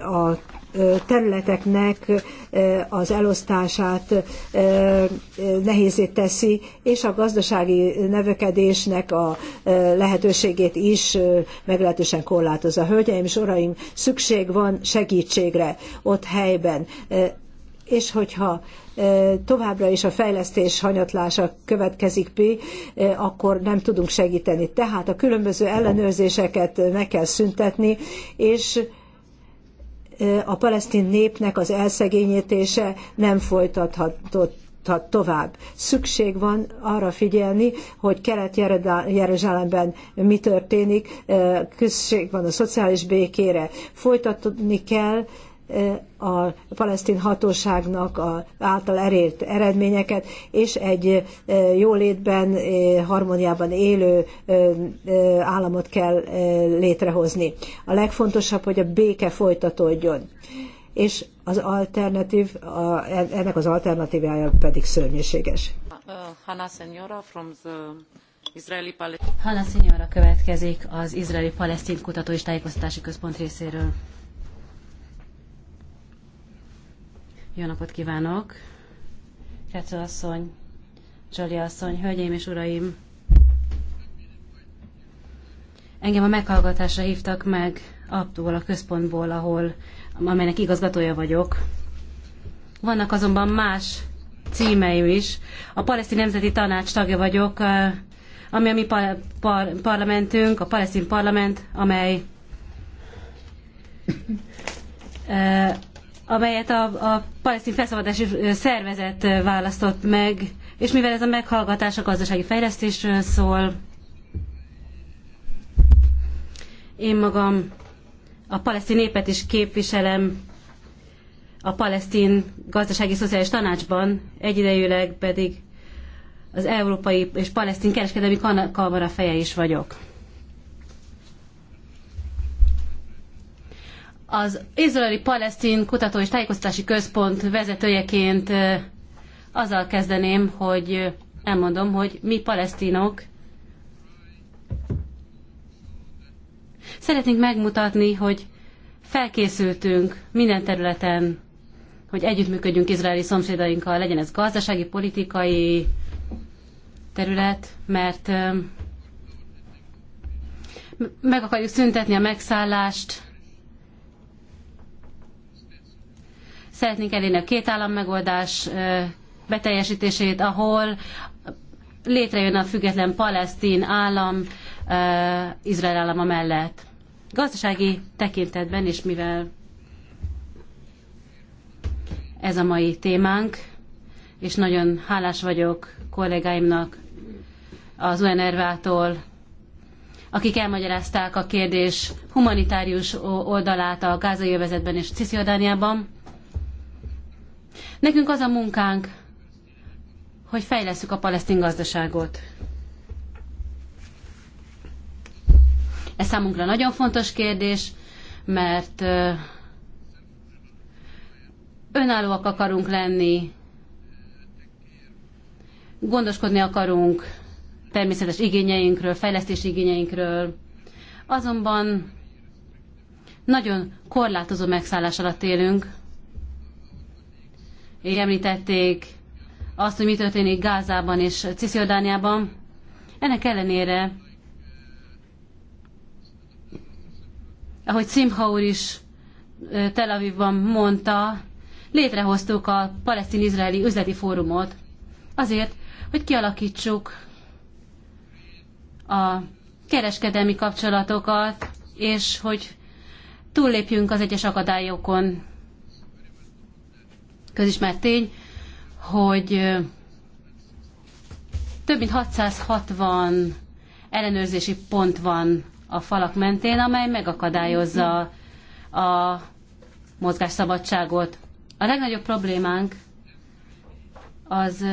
a területeknek az elosztását nehézé teszi, és a gazdasági növekedésnek a lehetőségét is meglehetősen korlátozza. Hölgyeim és uraim, szükség van segítségre ott helyben és hogyha továbbra is a fejlesztés hanyatlása következik be, akkor nem tudunk segíteni. Tehát a különböző ellenőrzéseket meg kell szüntetni, és a palesztin népnek az elszegényítése nem folytathatott tovább. Szükség van arra figyelni, hogy Kelet-Jeruzsálemben mi történik, szükség van a szociális békére. Folytatni kell a palesztin hatóságnak által elért eredményeket, és egy jólétben, harmóniában élő államot kell létrehozni. A legfontosabb, hogy a béke folytatódjon. És az alternatív, ennek az alternatívája pedig szörnyűséges. Hanna Senora from the Israeli Hanna következik az Izraeli Palesztin Kutató és Tájékoztatási Központ részéről. Jó napot kívánok! Kecső asszony, Zsoli asszony, hölgyeim és uraim! Engem a meghallgatásra hívtak meg abból a központból, ahol, amelynek igazgatója vagyok. Vannak azonban más címeim is. A Palesztin Nemzeti Tanács tagja vagyok, eh, ami a mi par- par- parlamentünk, a palesztin parlament, amely eh, amelyet a, a palesztin felszabadási szervezet választott meg, és mivel ez a meghallgatás a gazdasági fejlesztésről szól, én magam a palesztin népet is képviselem a palesztin gazdasági szociális tanácsban, egyidejűleg pedig az Európai és Palesztin Kereskedelmi Kamara feje is vagyok. az izraeli palesztin kutató és tájékoztatási központ vezetőjeként azzal kezdeném, hogy elmondom, hogy mi palesztinok szeretnénk megmutatni, hogy felkészültünk minden területen, hogy együttműködjünk izraeli szomszédainkkal, legyen ez gazdasági, politikai terület, mert meg akarjuk szüntetni a megszállást, Szeretnénk elérni a két állam megoldás beteljesítését, ahol létrejön a független palesztin állam Izrael állama mellett. Gazdasági tekintetben, is, mivel ez a mai témánk, és nagyon hálás vagyok kollégáimnak az UNRV-tól, akik elmagyarázták a kérdés humanitárius oldalát a gázai övezetben és Cisziordániában. Nekünk az a munkánk, hogy fejlesszük a palesztin gazdaságot. Ez számunkra nagyon fontos kérdés, mert önállóak akarunk lenni, gondoskodni akarunk természetes igényeinkről, fejlesztési igényeinkről, azonban nagyon korlátozó megszállás alatt élünk, így említették azt, hogy mi történik Gázában és Cisziordániában. Ennek ellenére, ahogy Simha úr is Tel Avivban mondta, létrehoztuk a palesztin-izraeli üzleti fórumot azért, hogy kialakítsuk a kereskedelmi kapcsolatokat, és hogy túllépjünk az egyes akadályokon, közismert tény, hogy több mint 660 ellenőrzési pont van a falak mentén, amely megakadályozza a mozgásszabadságot. A legnagyobb problémánk az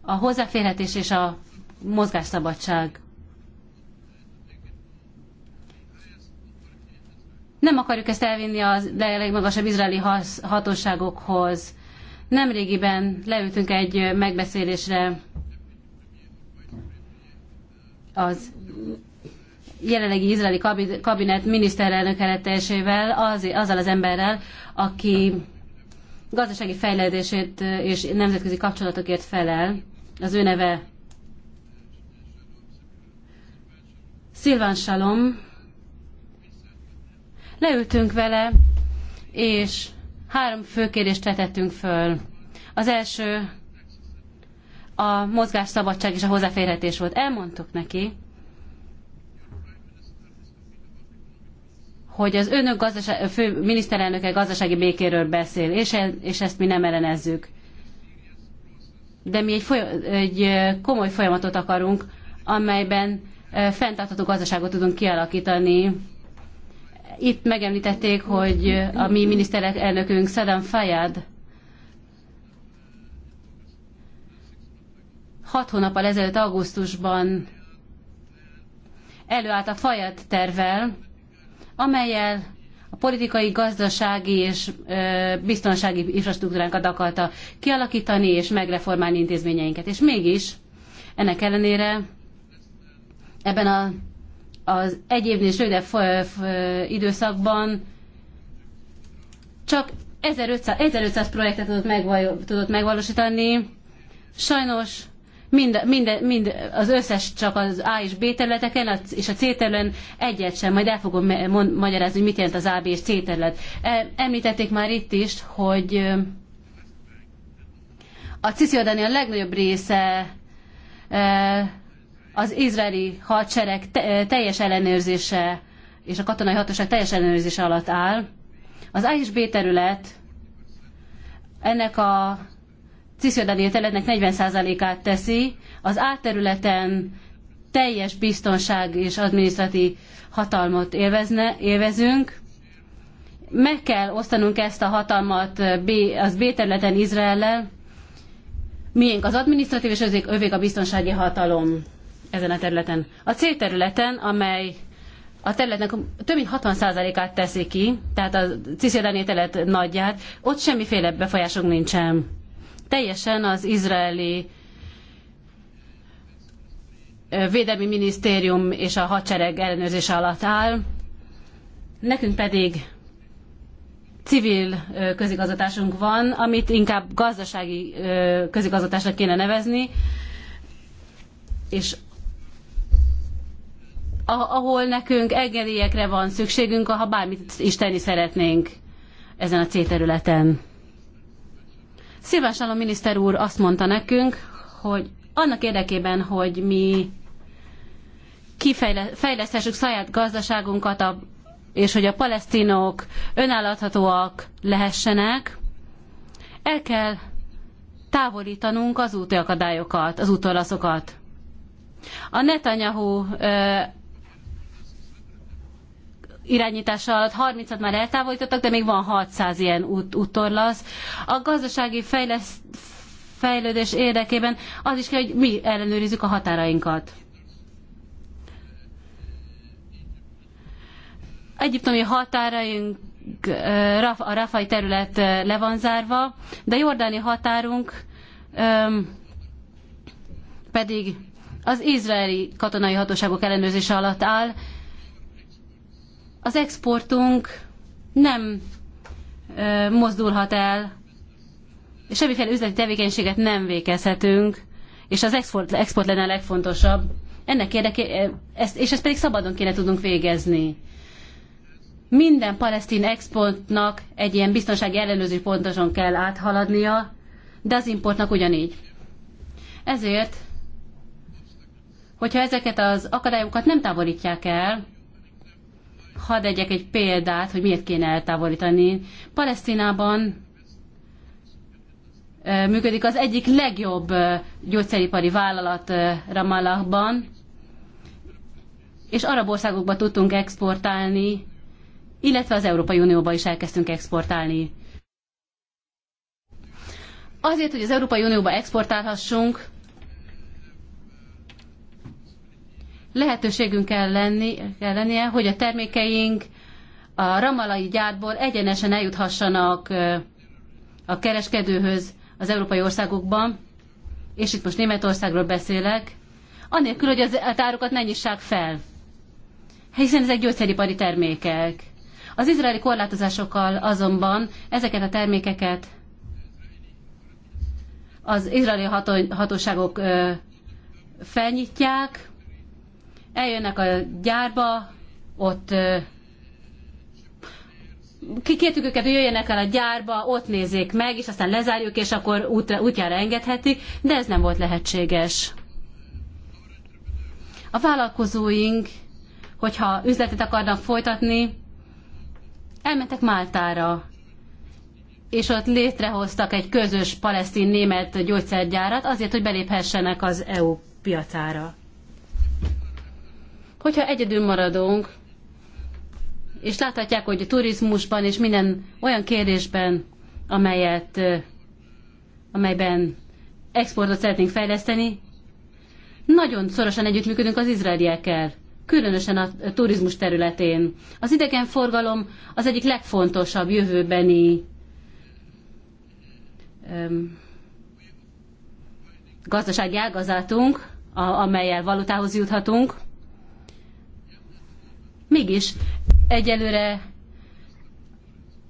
a hozzáférhetés és a mozgásszabadság. Nem akarjuk ezt elvinni a legmagasabb izraeli hatóságokhoz. Nemrégiben leültünk egy megbeszélésre az jelenlegi izraeli kabinet miniszterelnök helyettesével, az, azzal az emberrel, aki gazdasági fejlődését és nemzetközi kapcsolatokért felel. Az ő neve Szilván Salom, Leültünk vele, és három fő kérdést vetettünk föl. Az első a mozgás szabadság és a hozzáférhetés volt. Elmondtuk neki, hogy az önök gazdasági, fő miniszterelnöke gazdasági békéről beszél, és, e, és ezt mi nem ellenezzük. De mi egy, foly- egy komoly folyamatot akarunk, amelyben fenntartható gazdaságot tudunk kialakítani itt megemlítették, hogy a mi miniszterelnökünk Szedem Fajad hat hónappal ezelőtt augusztusban előállt a Fajad tervvel, amelyel a politikai, gazdasági és biztonsági infrastruktúránkat akarta kialakítani és megreformálni intézményeinket. És mégis ennek ellenére ebben a az egy évnél rövidebb időszakban csak 1500, 1500 projektet tudott, megval, tudott megvalósítani. Sajnos mind, mind, mind, az összes csak az A és B területeken, és a C területen egyet sem. Majd el fogom magyarázni, hogy mit jelent az A, B és C terület. E, említették már itt is, hogy a Cisziadani a legnagyobb része az izraeli hadsereg te teljes ellenőrzése és a katonai hatóság teljes ellenőrzése alatt áll. Az A és B terület ennek a Cisjordánia területnek 40%-át teszi, az A területen teljes biztonság és adminisztratív hatalmat élvezne, élvezünk. Meg kell osztanunk ezt a hatalmat B, az B területen Izraellel. Miénk az adminisztratív és övék a biztonsági hatalom ezen a területen. A C területen, amely a területnek több mint 60%-át teszi ki, tehát a cisziadáni terület nagyját, ott semmiféle befolyásunk nincsen. Teljesen az izraeli védelmi minisztérium és a hadsereg ellenőrzése alatt áll, nekünk pedig civil közigazgatásunk van, amit inkább gazdasági közigazgatásnak kéne nevezni, és ahol nekünk engedélyekre van szükségünk, ha bármit is tenni szeretnénk ezen a C területen. Szilván Salom miniszter úr azt mondta nekünk, hogy annak érdekében, hogy mi kifejleszthessük saját gazdaságunkat, a, és hogy a palesztinok önállathatóak lehessenek, el kell távolítanunk az úti akadályokat, az útolaszokat. A Netanyahu irányítása alatt 30-at már eltávolítottak, de még van 600 ilyen út, úttorlasz. A gazdasági fejleszt, fejlődés érdekében az is kell, hogy mi ellenőrizzük a határainkat. Egyiptomi határaink a rafai terület le van zárva, de jordáni határunk pedig az izraeli katonai hatóságok ellenőrzése alatt áll, az exportunk nem mozdulhat el, semmiféle üzleti tevékenységet nem végezhetünk, és az export, export lenne a legfontosabb. Ennek érdeké, ezt, és ezt pedig szabadon kéne tudnunk végezni. Minden palesztin exportnak egy ilyen biztonsági ellenőrző pontoson kell áthaladnia, de az importnak ugyanígy. Ezért, hogyha ezeket az akadályokat nem távolítják el, Hadd egyek egy példát, hogy miért kéne eltávolítani. Palesztinában működik az egyik legjobb gyógyszeripari vállalat Ramallahban, és arab országokba tudtunk exportálni, illetve az Európai Unióba is elkezdtünk exportálni. Azért, hogy az Európai Unióba exportálhassunk, lehetőségünk kell, lenni, kell lennie, hogy a termékeink a ramalai gyárból egyenesen eljuthassanak a kereskedőhöz az európai országokban, és itt most Németországról beszélek, anélkül, hogy az árukat ne nyissák fel. Hiszen ezek gyógyszeripari termékek. Az izraeli korlátozásokkal azonban ezeket a termékeket az izraeli hatóságok felnyitják, eljönnek a gyárba, ott kikértük őket, hogy jöjjenek el a gyárba, ott nézzék meg, és aztán lezárjuk, és akkor útra, útjára engedhetik, de ez nem volt lehetséges. A vállalkozóink, hogyha üzletet akarnak folytatni, elmentek Máltára, és ott létrehoztak egy közös palesztin-német gyógyszergyárat azért, hogy beléphessenek az EU piacára. Hogyha egyedül maradunk, és láthatják, hogy a turizmusban és minden olyan kérdésben, amelyet, amelyben exportot szeretnénk fejleszteni, nagyon szorosan együttműködünk az izraeliekkel, különösen a turizmus területén. Az idegenforgalom az egyik legfontosabb jövőbeni öm, gazdasági ágazatunk, amelyel valutához juthatunk. Mégis egyelőre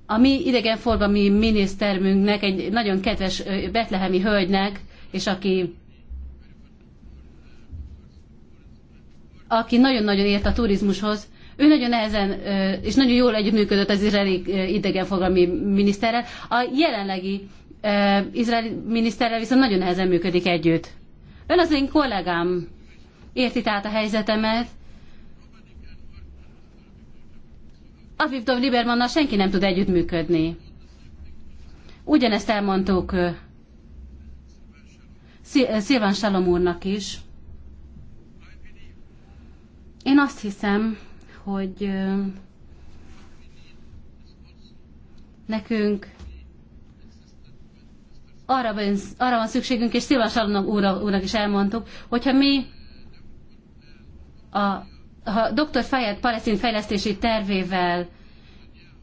a mi idegenforgalmi minisztermünknek, egy nagyon kedves betlehemi hölgynek, és aki aki nagyon-nagyon ért a turizmushoz, ő nagyon nehezen és nagyon jól együttműködött az izraeli idegenforgalmi miniszterrel. A jelenlegi izraeli miniszterrel viszont nagyon nehezen működik együtt. Ön az én kollégám érti tehát a helyzetemet, Avivdov Libermannal senki nem tud együttműködni. Ugyanezt elmondtuk Szilván Salom úrnak is. Én azt hiszem, hogy nekünk arra van, arra van szükségünk, és Szilván Salom úrnak is elmondtuk, hogyha mi a ha dr. Fayed palesztin fejlesztési tervével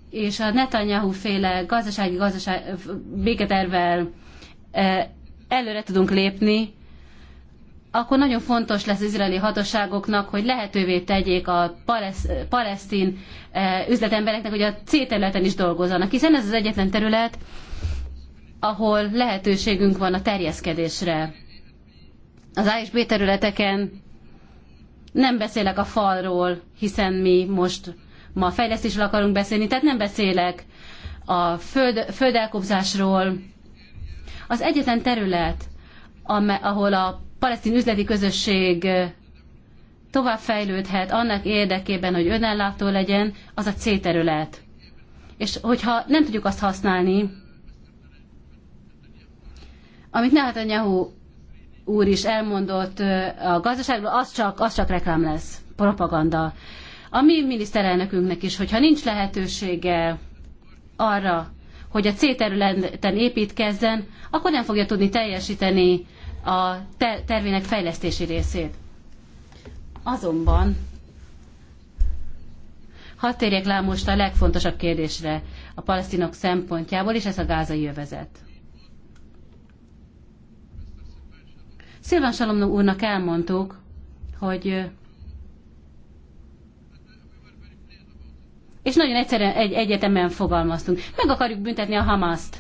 és a Netanyahu féle gazdasági gazdaság, béketervel e, előre tudunk lépni, akkor nagyon fontos lesz az izraeli hatóságoknak, hogy lehetővé tegyék a palesz, palesztin e, üzletembereknek, hogy a C területen is dolgozzanak, hiszen ez az egyetlen terület, ahol lehetőségünk van a terjeszkedésre. Az A és B területeken nem beszélek a falról, hiszen mi most ma fejlesztésről akarunk beszélni, tehát nem beszélek a föld, földelkobzásról. Az egyetlen terület, ahol a palesztin üzleti közösség tovább fejlődhet, annak érdekében, hogy önellátó legyen, az a C terület. És hogyha nem tudjuk azt használni, amit Netanyahu hát úr is elmondott a gazdaságról, az csak, az csak reklám lesz, propaganda. A mi miniszterelnökünknek is, hogyha nincs lehetősége arra, hogy a C területen építkezzen, akkor nem fogja tudni teljesíteni a te tervének fejlesztési részét. Azonban, hadd térjek le most a legfontosabb kérdésre a palesztinok szempontjából, és ez a gázai övezet. Szilván Salomnó úrnak elmondtuk, hogy és nagyon egyszerűen egy, egyetemen fogalmaztunk. Meg akarjuk büntetni a Hamaszt.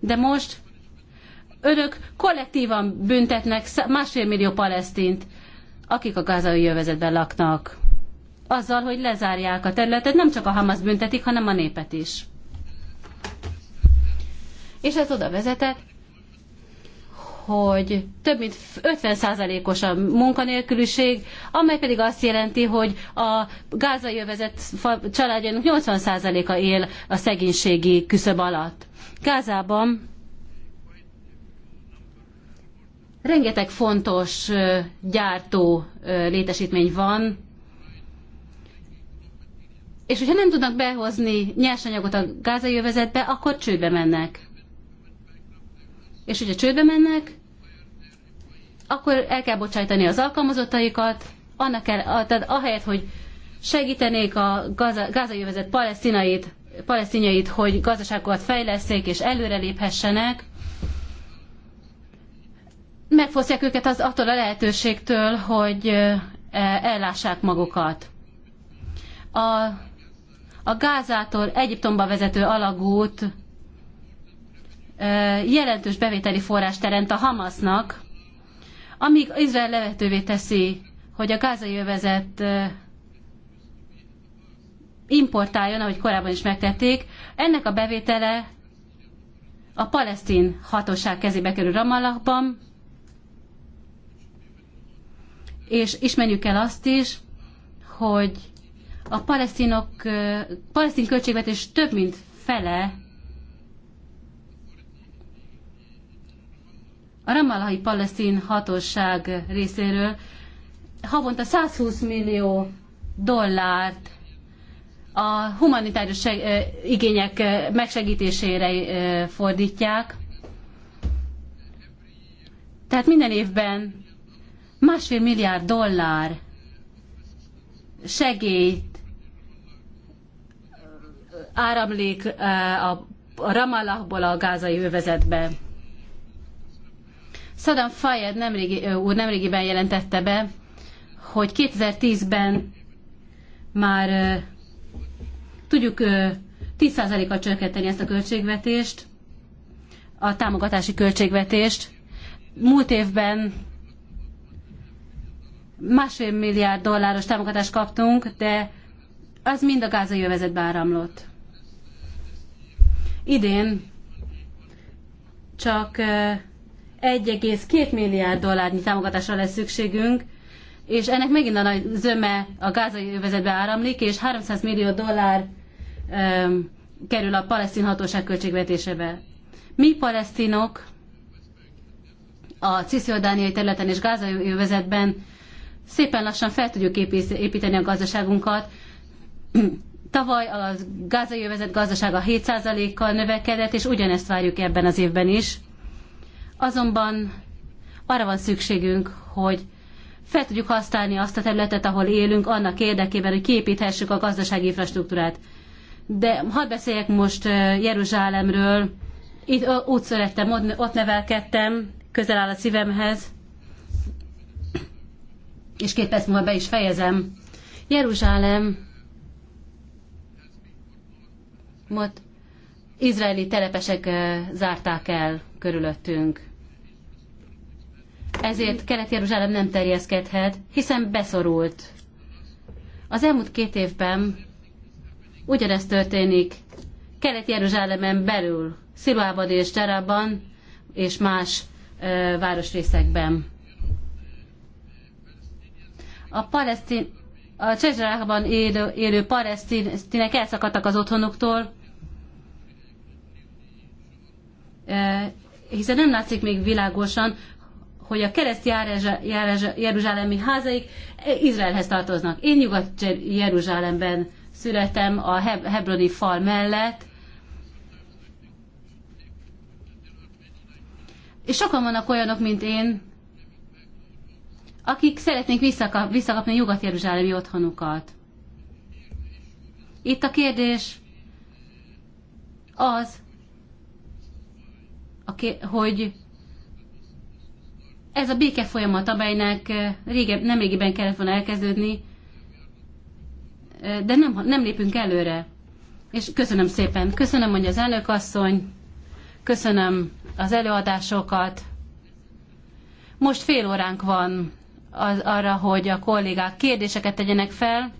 De most önök kollektívan büntetnek másfél millió palesztint, akik a gázai jövezetben laknak. Azzal, hogy lezárják a területet, nem csak a Hamas büntetik, hanem a népet is. És ez oda vezetett, hogy több mint 50%-os a munkanélküliség, amely pedig azt jelenti, hogy a gázai övezet családjának 80%-a él a szegénységi küszöb alatt. Gázában rengeteg fontos gyártó létesítmény van, és hogyha nem tudnak behozni nyersanyagot a gázai övezetbe, akkor csődbe mennek. És hogyha csődbe mennek, akkor el kell bocsájtani az alkalmazottaikat, annak el, tehát ahelyett, hogy segítenék a gaza, gázai övezet palesztinait, palesztinjait, hogy gazdaságokat fejleszék és előreléphessenek, megfosztják őket az, attól a lehetőségtől, hogy e, ellássák magukat. A, a Gázától Egyiptomba vezető alagút jelentős bevételi forrás teremt a Hamasnak, amíg Izrael lehetővé teszi, hogy a gázai övezet importáljon, ahogy korábban is megtették, ennek a bevétele a palesztin hatóság kezébe kerül Ramallahban, és ismerjük el azt is, hogy a palesztinok, palesztin költségvetés több mint fele A Ramallahi Palesztin hatóság részéről havonta 120 millió dollárt a humanitárius igények megsegítésére fordítják. Tehát minden évben másfél milliárd dollár segélyt áramlik a Ramallahból a gázai övezetbe. Saddam Fayed nemrégi, úr nemrégiben jelentette be, hogy 2010-ben már tudjuk 10%-kal csökkenteni ezt a költségvetést, a támogatási költségvetést. Múlt évben másfél milliárd dolláros támogatást kaptunk, de az mind a gázai övezetbe áramlott. Idén csak 1,2 milliárd dollárnyi támogatásra lesz szükségünk, és ennek megint a nagy zöme a gázai övezetbe áramlik, és 300 millió dollár um, kerül a palesztin hatóság költségvetésébe. Mi palesztinok a cisziordániai területen és gázai övezetben szépen lassan fel tudjuk építeni a gazdaságunkat. Tavaly a gázai övezet gazdasága 7%-kal növekedett, és ugyanezt várjuk ebben az évben is. Azonban arra van szükségünk, hogy fel tudjuk használni azt a területet, ahol élünk, annak érdekében, hogy képíthessük a gazdasági infrastruktúrát. De hadd beszéljek most Jeruzsálemről. Itt úgy születtem, ott nevelkedtem, közel áll a szívemhez. És két perc múlva be is fejezem. Jeruzsálem most izraeli telepesek zárták el körülöttünk. Ezért Kelet-Jeruzsálem nem terjeszkedhet, hiszen beszorult. Az elmúlt két évben ugyanezt történik Kelet-Jeruzsálemen belül, Sziluában és Cserában és más ö, városrészekben. A palesztin, a Csezsarában élő, élő palesztinek elszakadtak az otthonuktól, hiszen nem látszik még világosan, hogy a kereszt Jeruzsálemi házaik Izraelhez tartoznak. Én Nyugat-Jeruzsálemben születem a hebroni fal mellett, és sokan vannak olyanok, mint én, akik szeretnék visszakap, visszakapni Nyugat-Jeruzsálemi otthonukat. Itt a kérdés az, hogy ez a béke folyamat, amelynek eh, régen, régiben kellett volna elkezdődni, eh, de nem, nem lépünk előre. És köszönöm szépen. Köszönöm, hogy az elnök asszony, köszönöm az előadásokat. Most fél óránk van az, arra, hogy a kollégák kérdéseket tegyenek fel.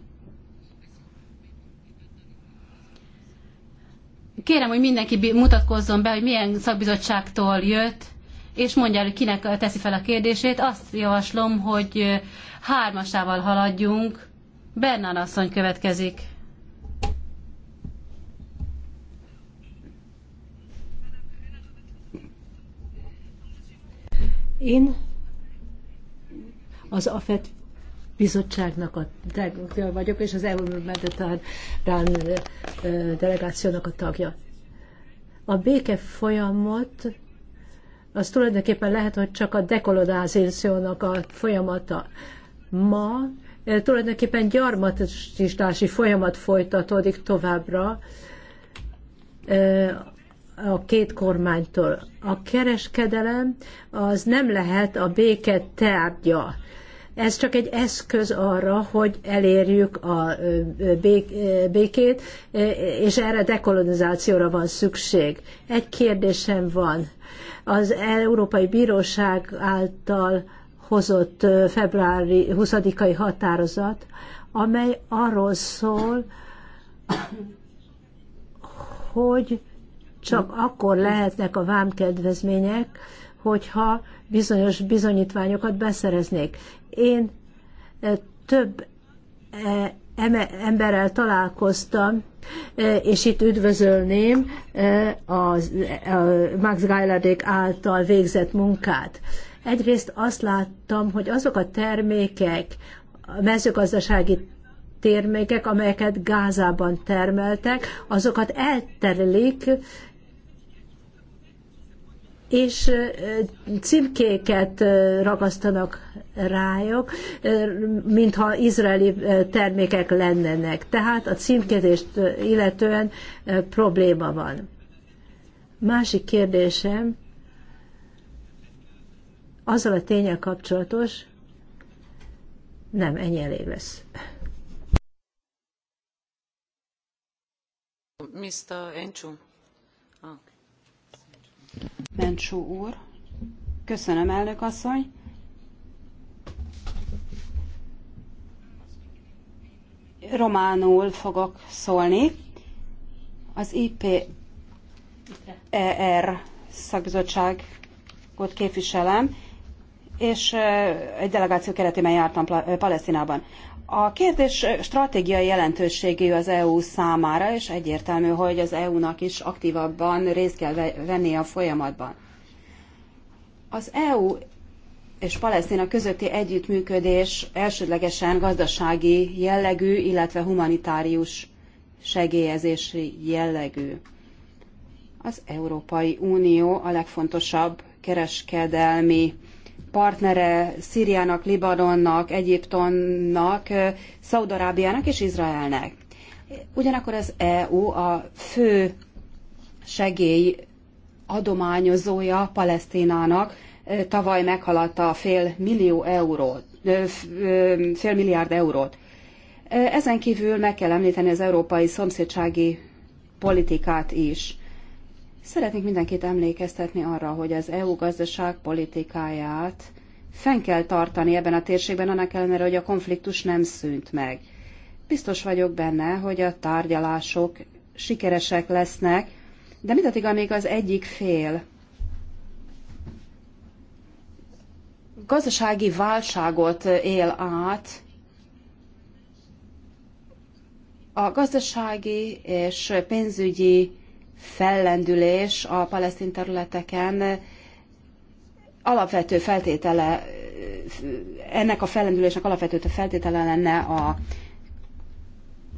kérem, hogy mindenki mutatkozzon be, hogy milyen szakbizottságtól jött, és mondja el, hogy kinek teszi fel a kérdését. Azt javaslom, hogy hármasával haladjunk. Bernan asszony következik. Én az AFET bizottságnak a tagja vagyok, és az EU Mediterrán delegációnak a tagja. A béke folyamat az tulajdonképpen lehet, hogy csak a dekolonizációnak a folyamata. Ma tulajdonképpen gyarmatisztási folyamat folytatódik továbbra a két kormánytól. A kereskedelem az nem lehet a béke tárgya ez csak egy eszköz arra, hogy elérjük a békét, és erre dekolonizációra van szükség. Egy kérdésem van. Az Európai Bíróság által hozott februári 20-ai határozat, amely arról szól, hogy csak akkor lehetnek a vámkedvezmények, hogyha bizonyos bizonyítványokat beszereznék. Én e, több e, emberrel találkoztam, e, és itt üdvözölném a Max Geiladék által végzett munkát. Egyrészt azt láttam, hogy azok a termékek, a mezőgazdasági termékek, amelyeket Gázában termeltek, azokat elterelik és címkéket ragasztanak rájuk, mintha izraeli termékek lennének. Tehát a címkézést illetően probléma van. Másik kérdésem azzal a tényel kapcsolatos, nem, ennyi elég lesz. Mr. Enchu. Mencsó úr. Köszönöm, elnök asszony. Románul fogok szólni. Az IPER szakbizottságot képviselem, és egy delegáció keretében jártam Palesztinában. A kérdés stratégiai jelentőségű az EU számára, és egyértelmű, hogy az EU-nak is aktívabban részt kell vennie a folyamatban. Az EU és Palesztina közötti együttműködés elsődlegesen gazdasági jellegű, illetve humanitárius segélyezési jellegű. Az Európai Unió a legfontosabb kereskedelmi partnere Szíriának, Libanonnak, Egyiptomnak, Szaudarábiának és Izraelnek. Ugyanakkor az EU a fő segély adományozója Palesztinának tavaly meghaladta a fél millió eurót, fél milliárd eurót. Ezen kívül meg kell említeni az európai szomszédsági politikát is. Szeretnék mindenkit emlékeztetni arra, hogy az EU gazdaságpolitikáját fenn kell tartani ebben a térségben, annak ellenére, hogy a konfliktus nem szűnt meg. Biztos vagyok benne, hogy a tárgyalások sikeresek lesznek, de mindaddig, amíg az egyik fél gazdasági válságot él át, a gazdasági és pénzügyi fellendülés a palesztin területeken alapvető feltétele, ennek a fellendülésnek alapvető feltétele lenne a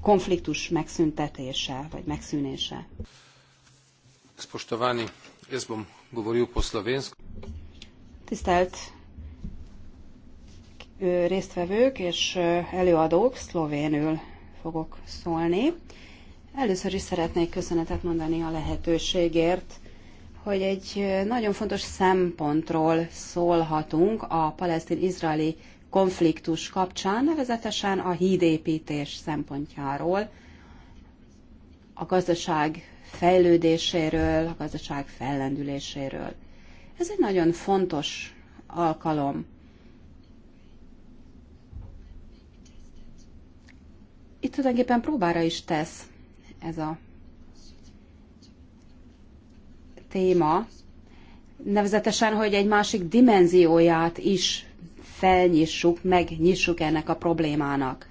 konfliktus megszüntetése, vagy megszűnése. Spoštovani, jaz bom govoril po szlovénsk. Tisztelt résztvevők és előadók, szlovénül fogok szólni. Először is szeretnék köszönetet mondani a lehetőségért, hogy egy nagyon fontos szempontról szólhatunk a palesztin-izraeli konfliktus kapcsán, nevezetesen a hídépítés szempontjáról, a gazdaság fejlődéséről, a gazdaság fellendüléséről. Ez egy nagyon fontos alkalom. Itt tulajdonképpen próbára is tesz ez a téma, nevezetesen, hogy egy másik dimenzióját is felnyissuk, megnyissuk ennek a problémának.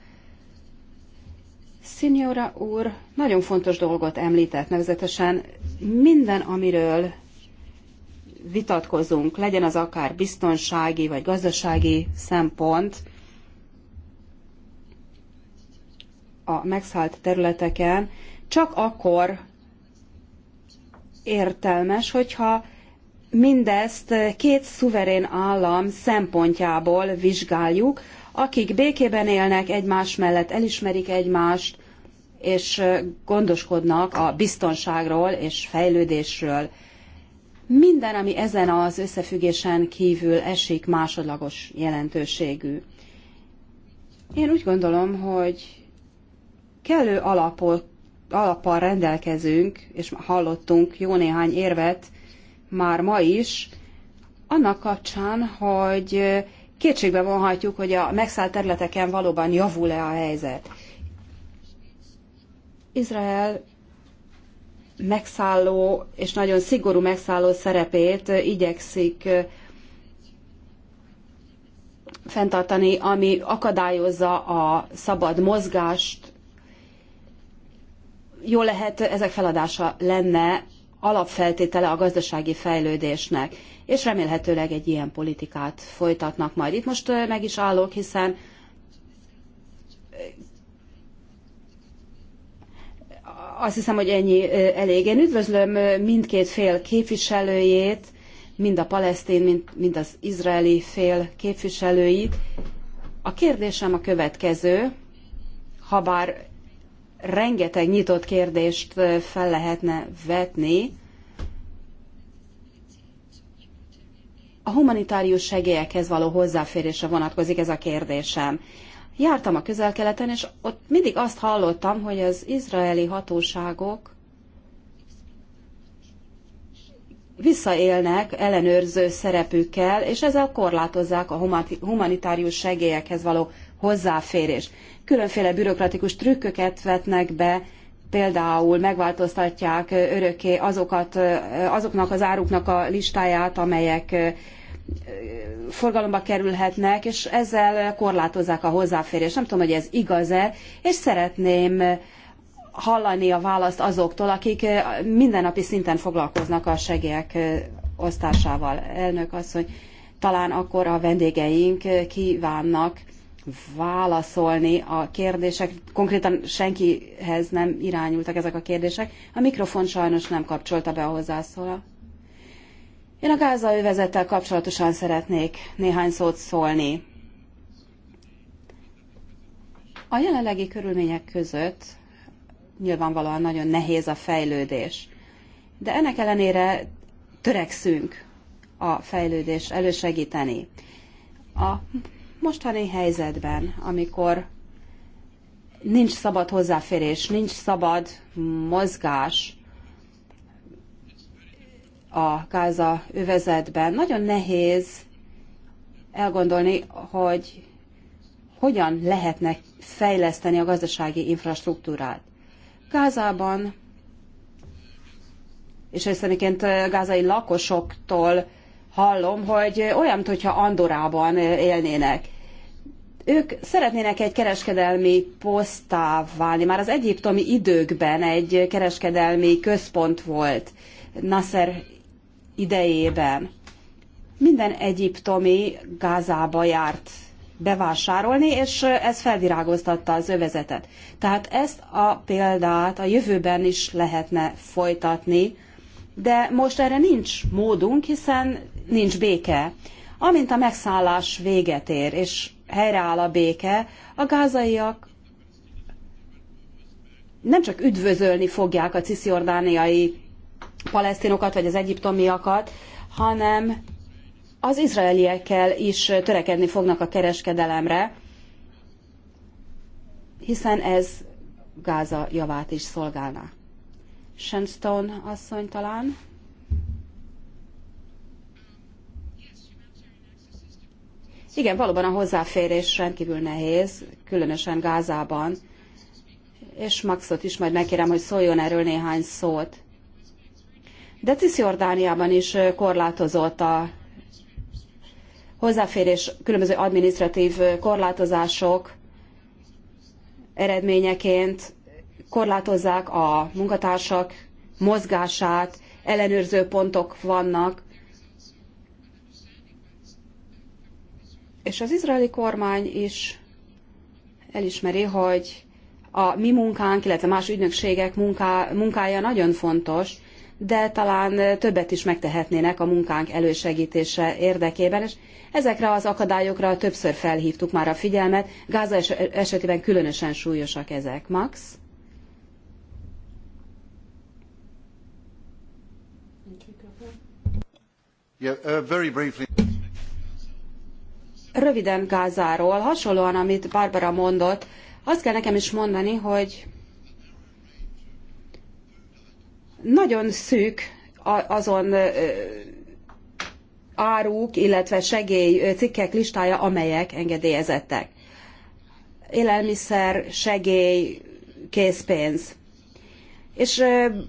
Signora úr nagyon fontos dolgot említett, nevezetesen minden, amiről vitatkozunk, legyen az akár biztonsági vagy gazdasági szempont, a megszállt területeken csak akkor értelmes, hogyha mindezt két szuverén állam szempontjából vizsgáljuk, akik békében élnek egymás mellett, elismerik egymást, és gondoskodnak a biztonságról és fejlődésről. Minden, ami ezen az összefüggésen kívül esik, másodlagos jelentőségű. Én úgy gondolom, hogy kellő alapok alappal rendelkezünk, és hallottunk jó néhány érvet már ma is, annak kapcsán, hogy kétségbe vonhatjuk, hogy a megszállt területeken valóban javul-e a helyzet. Izrael megszálló és nagyon szigorú megszálló szerepét igyekszik fenntartani, ami akadályozza a szabad mozgást jól lehet ezek feladása lenne alapfeltétele a gazdasági fejlődésnek, és remélhetőleg egy ilyen politikát folytatnak majd. Itt most meg is állok, hiszen azt hiszem, hogy ennyi elég. Én üdvözlöm mindkét fél képviselőjét, mind a palesztin, mind, mind az izraeli fél képviselőit. A kérdésem a következő, ha bár rengeteg nyitott kérdést fel lehetne vetni. A humanitárius segélyekhez való hozzáférésre vonatkozik ez a kérdésem. Jártam a közel-keleten, és ott mindig azt hallottam, hogy az izraeli hatóságok visszaélnek ellenőrző szerepükkel, és ezzel korlátozzák a humanitárius segélyekhez való hozzáférést különféle bürokratikus trükköket vetnek be, például megváltoztatják örökké azokat, azoknak az áruknak a listáját, amelyek forgalomba kerülhetnek, és ezzel korlátozzák a hozzáférést. Nem tudom, hogy ez igaz-e, és szeretném hallani a választ azoktól, akik mindennapi szinten foglalkoznak a segélyek osztásával. Elnök asszony, talán akkor a vendégeink kívánnak válaszolni a kérdések. Konkrétan senkihez nem irányultak ezek a kérdések. A mikrofon sajnos nem kapcsolta be a hozzászóla. Én a Gáza övezettel kapcsolatosan szeretnék néhány szót szólni. A jelenlegi körülmények között nyilvánvalóan nagyon nehéz a fejlődés. De ennek ellenére törekszünk a fejlődés elősegíteni. A mostani helyzetben, amikor nincs szabad hozzáférés, nincs szabad mozgás a Gáza övezetben, nagyon nehéz elgondolni, hogy hogyan lehetne fejleszteni a gazdasági infrastruktúrát. Gázában, és egyszerűen gázai lakosoktól hallom, hogy olyan, mintha Andorában élnének. Ők szeretnének egy kereskedelmi posztá válni. Már az egyiptomi időkben egy kereskedelmi központ volt Nasser idejében. Minden egyiptomi Gázába járt bevásárolni, és ez felvirágoztatta az övezetet. Tehát ezt a példát a jövőben is lehetne folytatni, de most erre nincs módunk, hiszen nincs béke. Amint a megszállás véget ér, és helyreáll a béke, a gázaiak nem csak üdvözölni fogják a cisziordániai palesztinokat, vagy az egyiptomiakat, hanem az izraeliekkel is törekedni fognak a kereskedelemre, hiszen ez Gáza javát is szolgálná. Shenstone asszony talán. Igen, valóban a hozzáférés rendkívül nehéz, különösen Gázában, és Maxot is majd megkérem, hogy szóljon erről néhány szót. De Cisjordániában is korlátozott a hozzáférés, különböző administratív korlátozások eredményeként korlátozzák a munkatársak mozgását, ellenőrző pontok vannak. És az izraeli kormány is elismeri, hogy a mi munkánk, illetve más ügynökségek munká, munkája nagyon fontos, de talán többet is megtehetnének a munkánk elősegítése érdekében, és ezekre az akadályokra többször felhívtuk már a figyelmet, Gáza esetében különösen súlyosak ezek. Max? Uh, Röviden Gázáról, hasonlóan, amit Barbara mondott, azt kell nekem is mondani, hogy nagyon szűk azon áruk, illetve segélycikkek listája, amelyek engedélyezettek. Élelmiszer, segély, készpénz és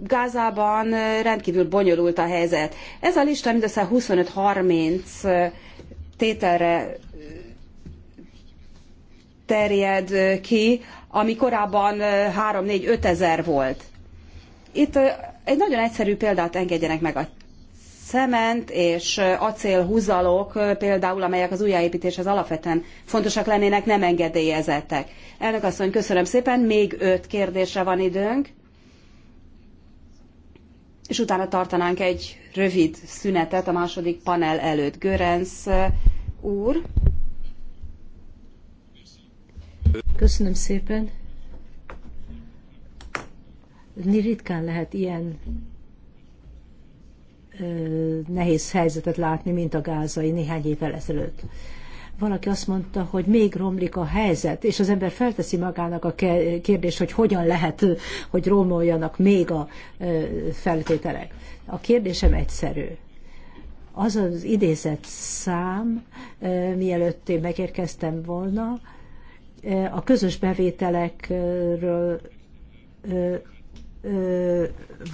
Gázában rendkívül bonyolult a helyzet. Ez a lista mindössze 25-30 tételre terjed ki, ami korábban 3-4-5 ezer volt. Itt egy nagyon egyszerű példát engedjenek meg a cement és acélhúzalok például, amelyek az újjáépítéshez alapvetően fontosak lennének, nem engedélyezettek. Elnök asszony, köszönöm szépen, még öt kérdésre van időnk és utána tartanánk egy rövid szünetet a második panel előtt. Görenc eh, úr. Köszönöm szépen. Ritkán lehet ilyen eh, nehéz helyzetet látni, mint a gázai néhány évvel ezelőtt valaki azt mondta, hogy még romlik a helyzet, és az ember felteszi magának a kérdést, hogy hogyan lehet, hogy romoljanak még a feltételek. A kérdésem egyszerű. Az az idézett szám, mielőtt én megérkeztem volna, a közös bevételekről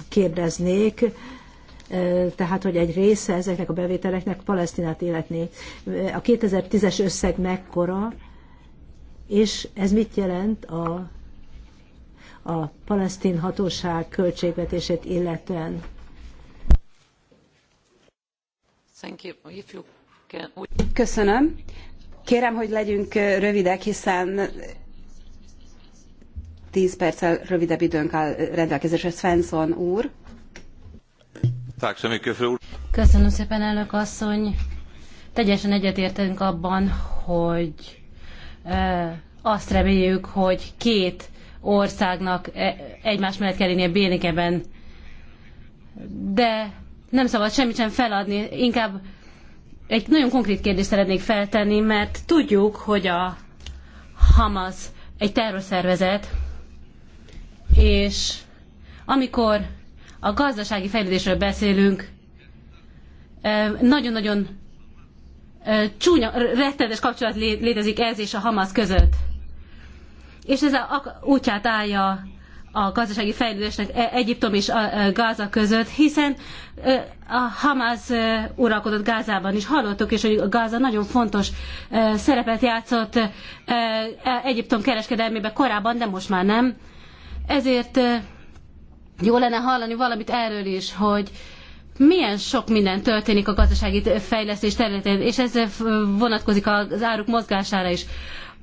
kérdeznék, tehát hogy egy része ezeknek a bevételeknek Palesztinát életné. A 2010-es összeg mekkora, és ez mit jelent a, a palesztin hatóság költségvetését illetően? Köszönöm. Kérem, hogy legyünk rövidek, hiszen 10 perccel rövidebb időnk áll rendelkezésre Svensson úr. Köszönöm szépen, elnök asszony. Teljesen egyetértünk abban, hogy azt reméljük, hogy két országnak e, egymás mellett kell lennie bénikeben. De nem szabad semmit sem feladni, inkább egy nagyon konkrét kérdést szeretnék feltenni, mert tudjuk, hogy a Hamas egy terrorszervezet, és amikor a gazdasági fejlődésről beszélünk, nagyon-nagyon csúnya, rettenetes kapcsolat létezik ez és a Hamas között. És ez a, útját állja a gazdasági fejlődésnek e-, Egyiptom és e, Gáza között, hiszen a Hamas uralkodott Gázában is. Hallottuk is, hogy Gáza nagyon fontos szerepet játszott e-, Egyiptom kereskedelmében korábban, de most már nem. Ezért jó lenne hallani valamit erről is, hogy milyen sok minden történik a gazdasági fejlesztés területén, és ez vonatkozik az áruk mozgására is.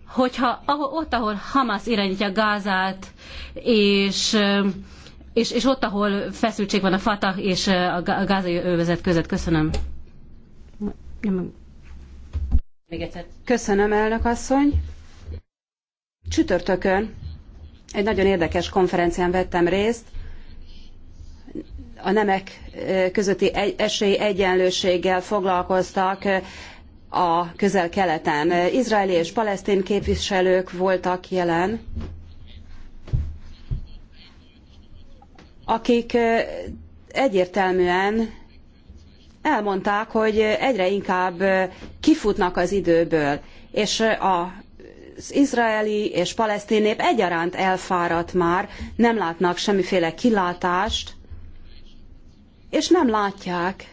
Hogyha ott, ahol Hamas irányítja Gázát, és, és, és ott, ahol feszültség van a Fatah és a gázai övezet között. Köszönöm. Köszönöm, elnök asszony. Csütörtökön egy nagyon érdekes konferencián vettem részt, a nemek közötti esély egyenlőséggel foglalkoztak a közel-keleten. Izraeli és palesztin képviselők voltak jelen, akik egyértelműen elmondták, hogy egyre inkább kifutnak az időből, és a az izraeli és palesztin nép egyaránt elfáradt már, nem látnak semmiféle kilátást, és nem látják,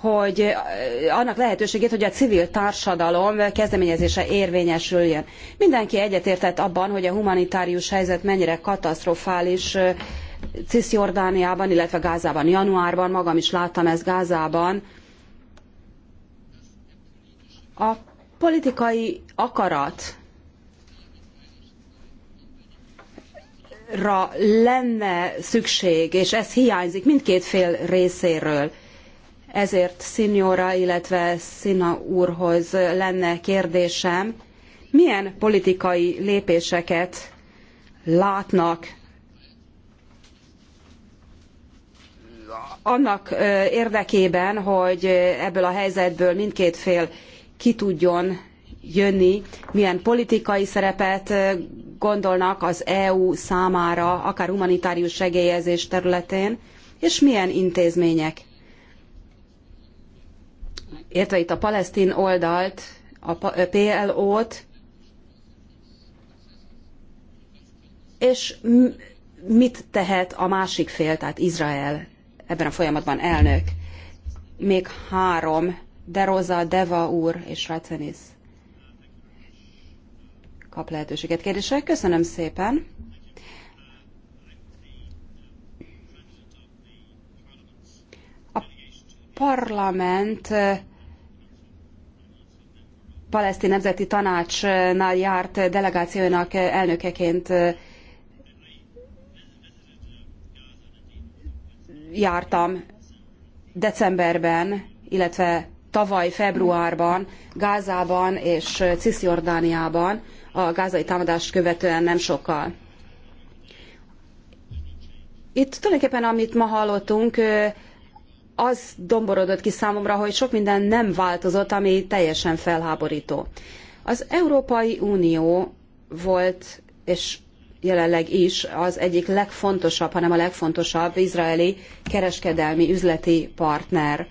hogy eh, annak lehetőségét, hogy a civil társadalom kezdeményezése érvényesüljön. Mindenki egyetértett abban, hogy a humanitárius helyzet mennyire katasztrofális eh, Cisjordániában, illetve Gázában. Januárban magam is láttam ezt Gázában. A politikai akarat ra lenne szükség, és ez hiányzik mindkét fél részéről. Ezért Signora, illetve Szina úrhoz lenne kérdésem, milyen politikai lépéseket látnak annak érdekében, hogy ebből a helyzetből mindkét fél ki tudjon jönni, milyen politikai szerepet gondolnak az EU számára, akár humanitárius segélyezés területén, és milyen intézmények. Értve itt a palesztin oldalt, a PLO-t, és mit tehet a másik fél, tehát Izrael ebben a folyamatban elnök? Még három, De Rosa, Deva úr és Racenis kap lehetőséget kérdésre. Köszönöm szépen! A parlament palesztin nemzeti tanácsnál járt delegációnak elnökeként jártam decemberben, illetve tavaly februárban Gázában és Cisjordániában, a gázai támadást követően nem sokkal. Itt tulajdonképpen, amit ma hallottunk, az domborodott ki számomra, hogy sok minden nem változott, ami teljesen felháborító. Az Európai Unió volt, és jelenleg is az egyik legfontosabb, hanem a legfontosabb izraeli kereskedelmi üzleti partner.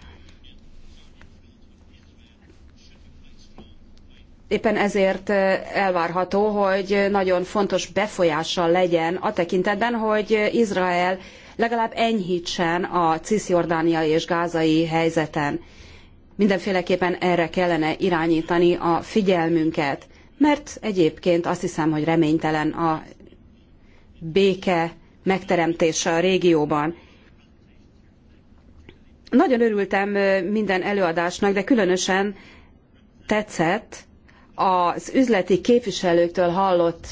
Éppen ezért eh, elvárható, hogy nagyon fontos befolyással legyen a tekintetben, hogy Izrael legalább enyhítsen a cisjordániai és gázai helyzeten. Mindenféleképpen erre kellene irányítani a figyelmünket, mert egyébként azt hiszem, hogy reménytelen a béke megteremtése a régióban. Nagyon örültem eh, minden előadásnak, de különösen tetszett az üzleti képviselőktől hallott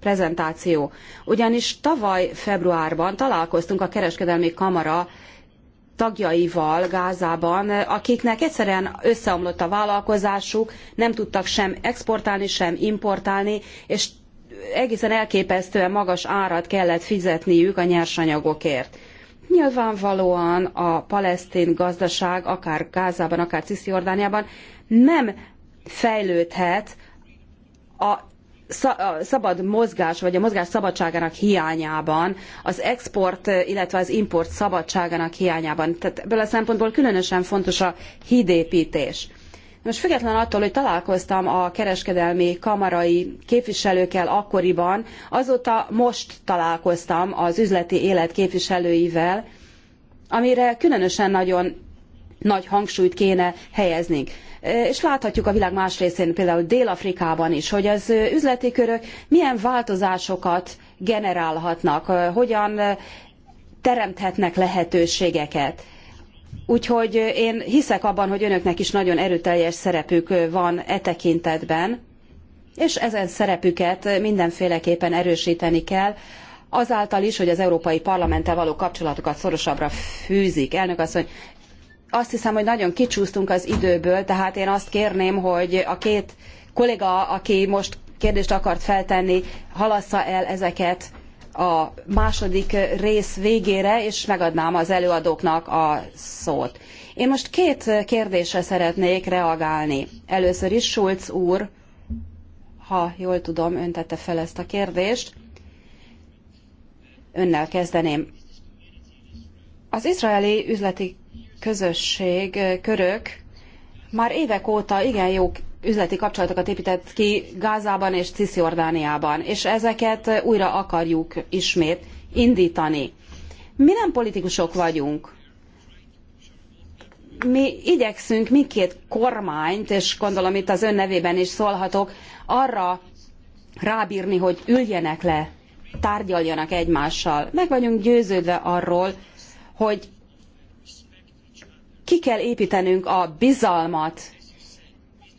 prezentáció. Ugyanis tavaly februárban találkoztunk a kereskedelmi kamara tagjaival Gázában, akiknek egyszerűen összeomlott a vállalkozásuk, nem tudtak sem exportálni, sem importálni, és egészen elképesztően magas árat kellett fizetniük a nyersanyagokért. Nyilvánvalóan a palesztin gazdaság, akár Gázában, akár Cisziordániában nem fejlődhet a szabad mozgás, vagy a mozgás szabadságának hiányában, az export, illetve az import szabadságának hiányában. Tehát ebből a szempontból különösen fontos a hídépítés. Most független attól, hogy találkoztam a kereskedelmi kamarai képviselőkkel akkoriban, azóta most találkoztam az üzleti élet képviselőivel, amire különösen nagyon nagy hangsúlyt kéne helyeznünk. És láthatjuk a világ más részén, például Dél-Afrikában is, hogy az üzleti körök milyen változásokat generálhatnak, hogyan teremthetnek lehetőségeket. Úgyhogy én hiszek abban, hogy önöknek is nagyon erőteljes szerepük van e tekintetben, és ezen szerepüket mindenféleképpen erősíteni kell, azáltal is, hogy az Európai Parlamenttel való kapcsolatokat szorosabbra fűzik. Elnök asszony, azt hiszem, hogy nagyon kicsúsztunk az időből, tehát én azt kérném, hogy a két kolléga, aki most kérdést akart feltenni, halassza el ezeket a második rész végére, és megadnám az előadóknak a szót. Én most két kérdésre szeretnék reagálni. Először is Schulz úr, ha jól tudom, ön tette fel ezt a kérdést. Önnel kezdeném. Az izraeli üzleti közösség, körök már évek óta igen jó üzleti kapcsolatokat épített ki Gázában és Cisjordániában, és ezeket újra akarjuk ismét indítani. Mi nem politikusok vagyunk. Mi igyekszünk mindkét kormányt, és gondolom itt az ön nevében is szólhatok, arra rábírni, hogy üljenek le, tárgyaljanak egymással. Meg vagyunk győződve arról, hogy ki kell építenünk a bizalmat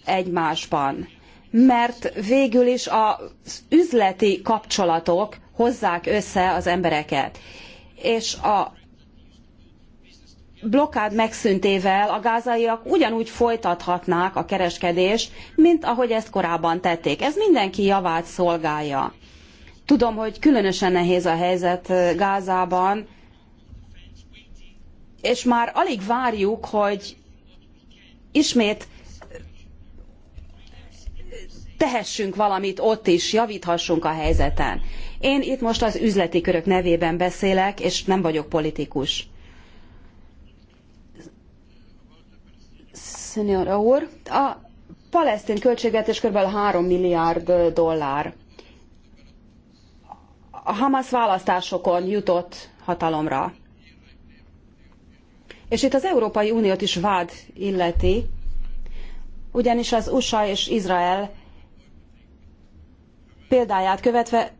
egymásban, mert végül is az üzleti kapcsolatok hozzák össze az embereket. És a blokkád megszüntével a gázaiak ugyanúgy folytathatnák a kereskedést, mint ahogy ezt korábban tették. Ez mindenki javát szolgálja. Tudom, hogy különösen nehéz a helyzet Gázában, és már alig várjuk, hogy ismét tehessünk valamit ott is, javíthassunk a helyzeten. Én itt most az üzleti körök nevében beszélek, és nem vagyok politikus. Senior úr, a palesztin költségvetés kb. 3 milliárd dollár. A Hamas választásokon jutott hatalomra. És itt az Európai Uniót is vád illeti, ugyanis az USA és Izrael példáját követve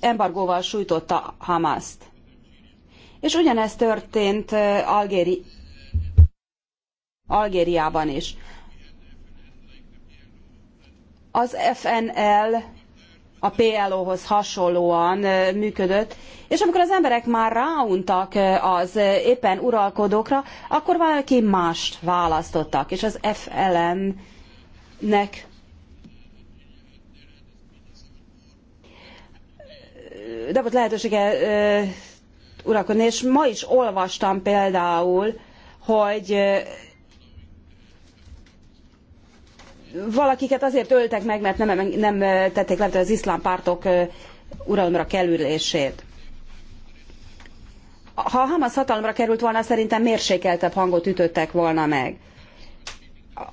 embargóval sújtotta Hamaszt. És ugyanez történt Algéri, Algériában is. Az FNL a PLO-hoz hasonlóan működött, és amikor az emberek már ráuntak az éppen uralkodókra, akkor valaki mást választottak, és az FLN-nek de volt lehetősége uralkodni, és ma is olvastam például, hogy valakiket azért öltek meg, mert nem, nem tették lehetővé az iszlám pártok uralomra kerülését. Ha Hamas hatalomra került volna, szerintem mérsékeltebb hangot ütöttek volna meg.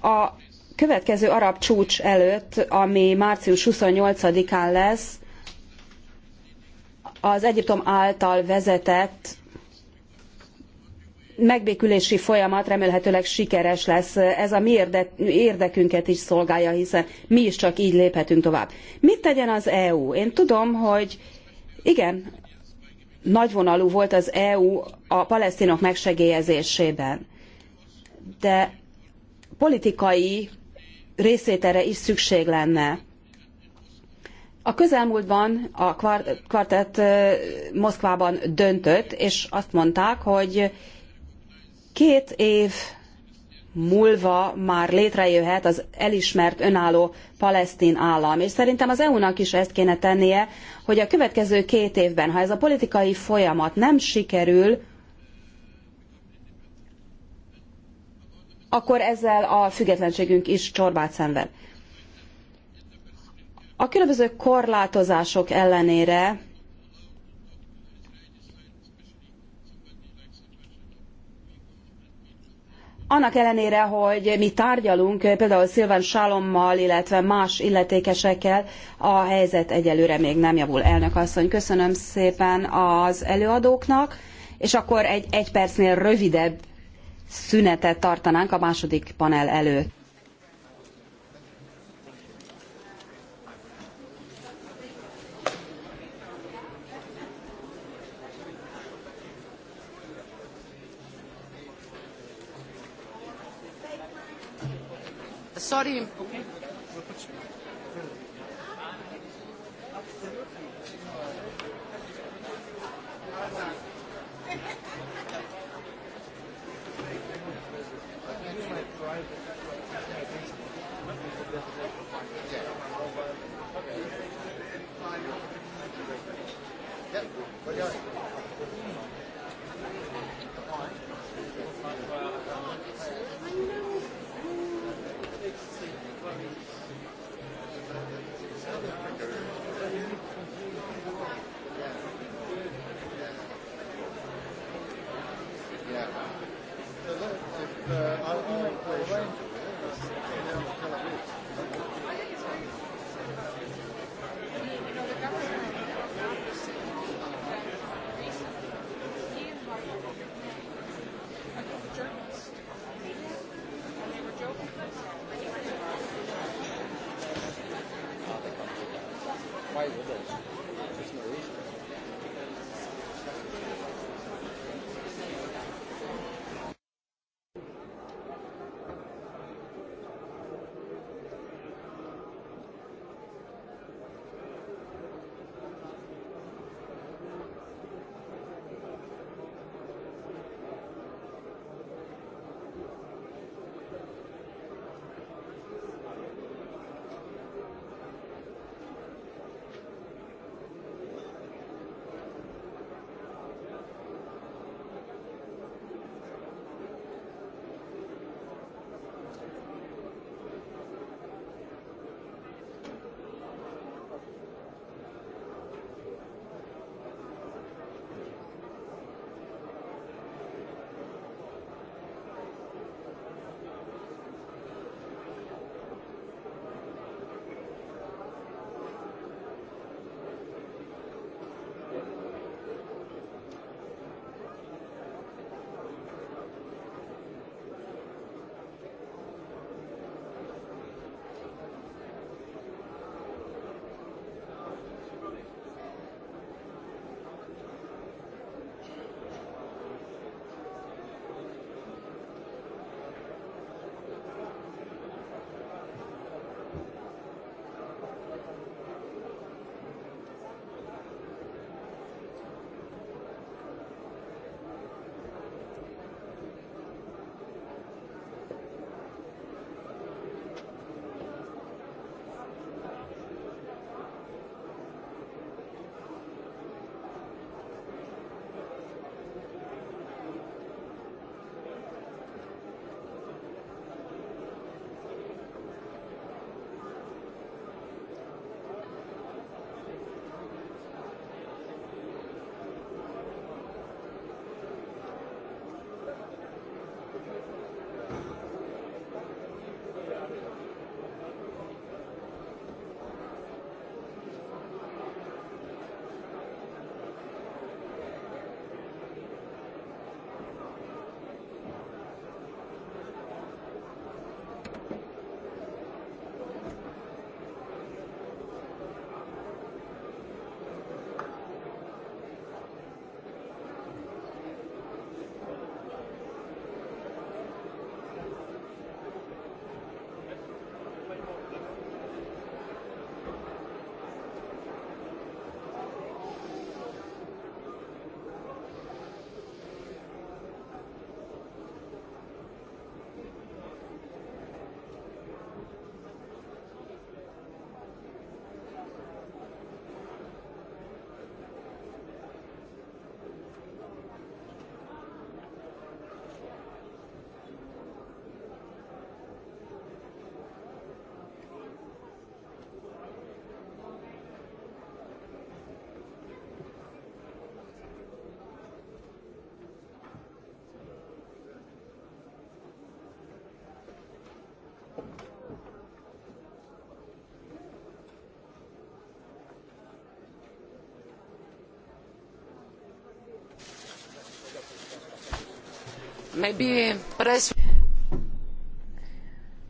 A következő arab csúcs előtt, ami március 28-án lesz, az Egyiptom által vezetett megbékülési folyamat remélhetőleg sikeres lesz. Ez a mi érdekünket is szolgálja, hiszen mi is csak így léphetünk tovább. Mit tegyen az EU? Én tudom, hogy igen, nagyvonalú volt az EU a palesztinok megsegélyezésében, de politikai részételre is szükség lenne. A közelmúltban a kvartett Moszkvában döntött, és azt mondták, hogy Két év múlva már létrejöhet az elismert önálló palesztin állam. És szerintem az EU-nak is ezt kéne tennie, hogy a következő két évben, ha ez a politikai folyamat nem sikerül, akkor ezzel a függetlenségünk is csorbát szenved. A különböző korlátozások ellenére annak ellenére, hogy mi tárgyalunk eh, például Szilván Sálommal, illetve más illetékesekkel, a helyzet egyelőre még nem javul. Elnök asszony, köszönöm szépen az előadóknak, és akkor egy egy percnél rövidebb szünetet tartanánk a második panel előtt. Sorry.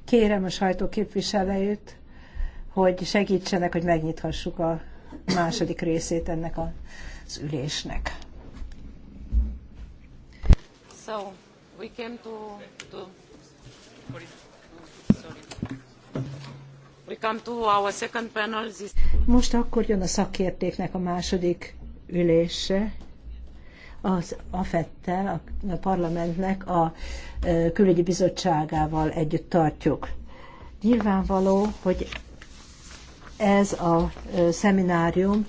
Kérem a sajtóképviselőt, hogy segítsenek, hogy megnyithassuk a második részét ennek az ülésnek. So, we came to, to We come to our second panel. Most akkor jön a szakértéknek a második ülése az AFET-tel, a parlamentnek a külügyi bizottságával együtt tartjuk. Nyilvánvaló, hogy ez a szeminárium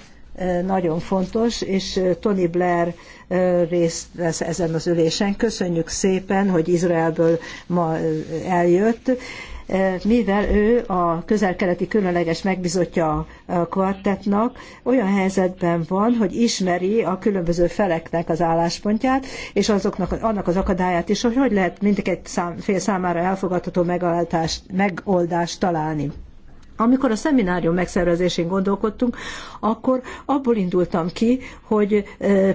nagyon fontos, és Tony Blair részt vesz ezen az ülésen. Köszönjük szépen, hogy Izraelből ma eljött mivel ő a közel-keleti különleges megbizotja a kvartettnak, olyan helyzetben van, hogy ismeri a különböző feleknek az álláspontját, és azoknak, annak az akadályát is, hogy hogy lehet mindkét szám, fél számára elfogadható megoldást találni. Amikor a szeminárium megszervezésén gondolkodtunk, akkor abból indultam ki, hogy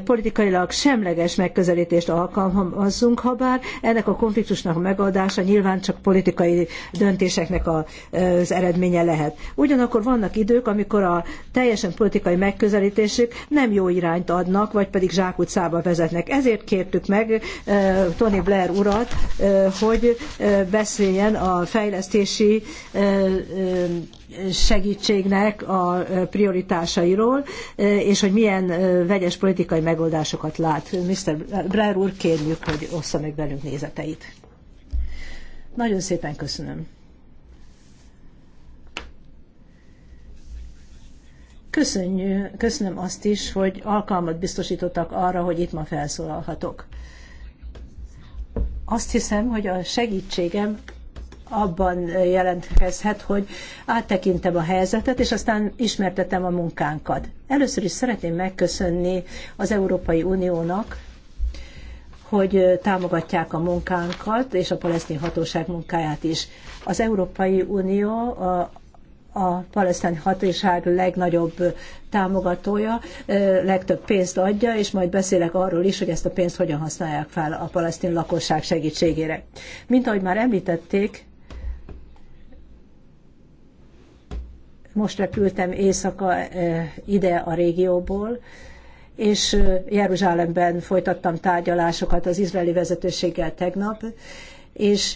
politikailag semleges megközelítést alkalmazzunk, ha bár ennek a konfliktusnak a megoldása nyilván csak politikai döntéseknek az eredménye lehet. Ugyanakkor vannak idők, amikor a teljesen politikai megközelítésük nem jó irányt adnak, vagy pedig zsákutcába vezetnek. Ezért kértük meg Tony Blair urat, hogy beszéljen a fejlesztési segítségnek a prioritásairól, és hogy milyen vegyes politikai megoldásokat lát. Mr. Blair úr, kérjük, hogy ossza meg velünk nézeteit. Nagyon szépen köszönöm. Köszönjük, köszönöm azt is, hogy alkalmat biztosítottak arra, hogy itt ma felszólalhatok. Azt hiszem, hogy a segítségem abban jelentkezhet, hogy áttekintem a helyzetet, és aztán ismertetem a munkánkat. Először is szeretném megköszönni az Európai Uniónak, hogy támogatják a munkánkat, és a palesztin hatóság munkáját is. Az Európai Unió a, a palesztin hatóság legnagyobb támogatója, legtöbb pénzt adja, és majd beszélek arról is, hogy ezt a pénzt hogyan használják fel a palesztin lakosság segítségére. Mint ahogy már említették, Most repültem éjszaka eh, ide a régióból, és eh, Jeruzsálemben folytattam tárgyalásokat az izraeli vezetőséggel tegnap, és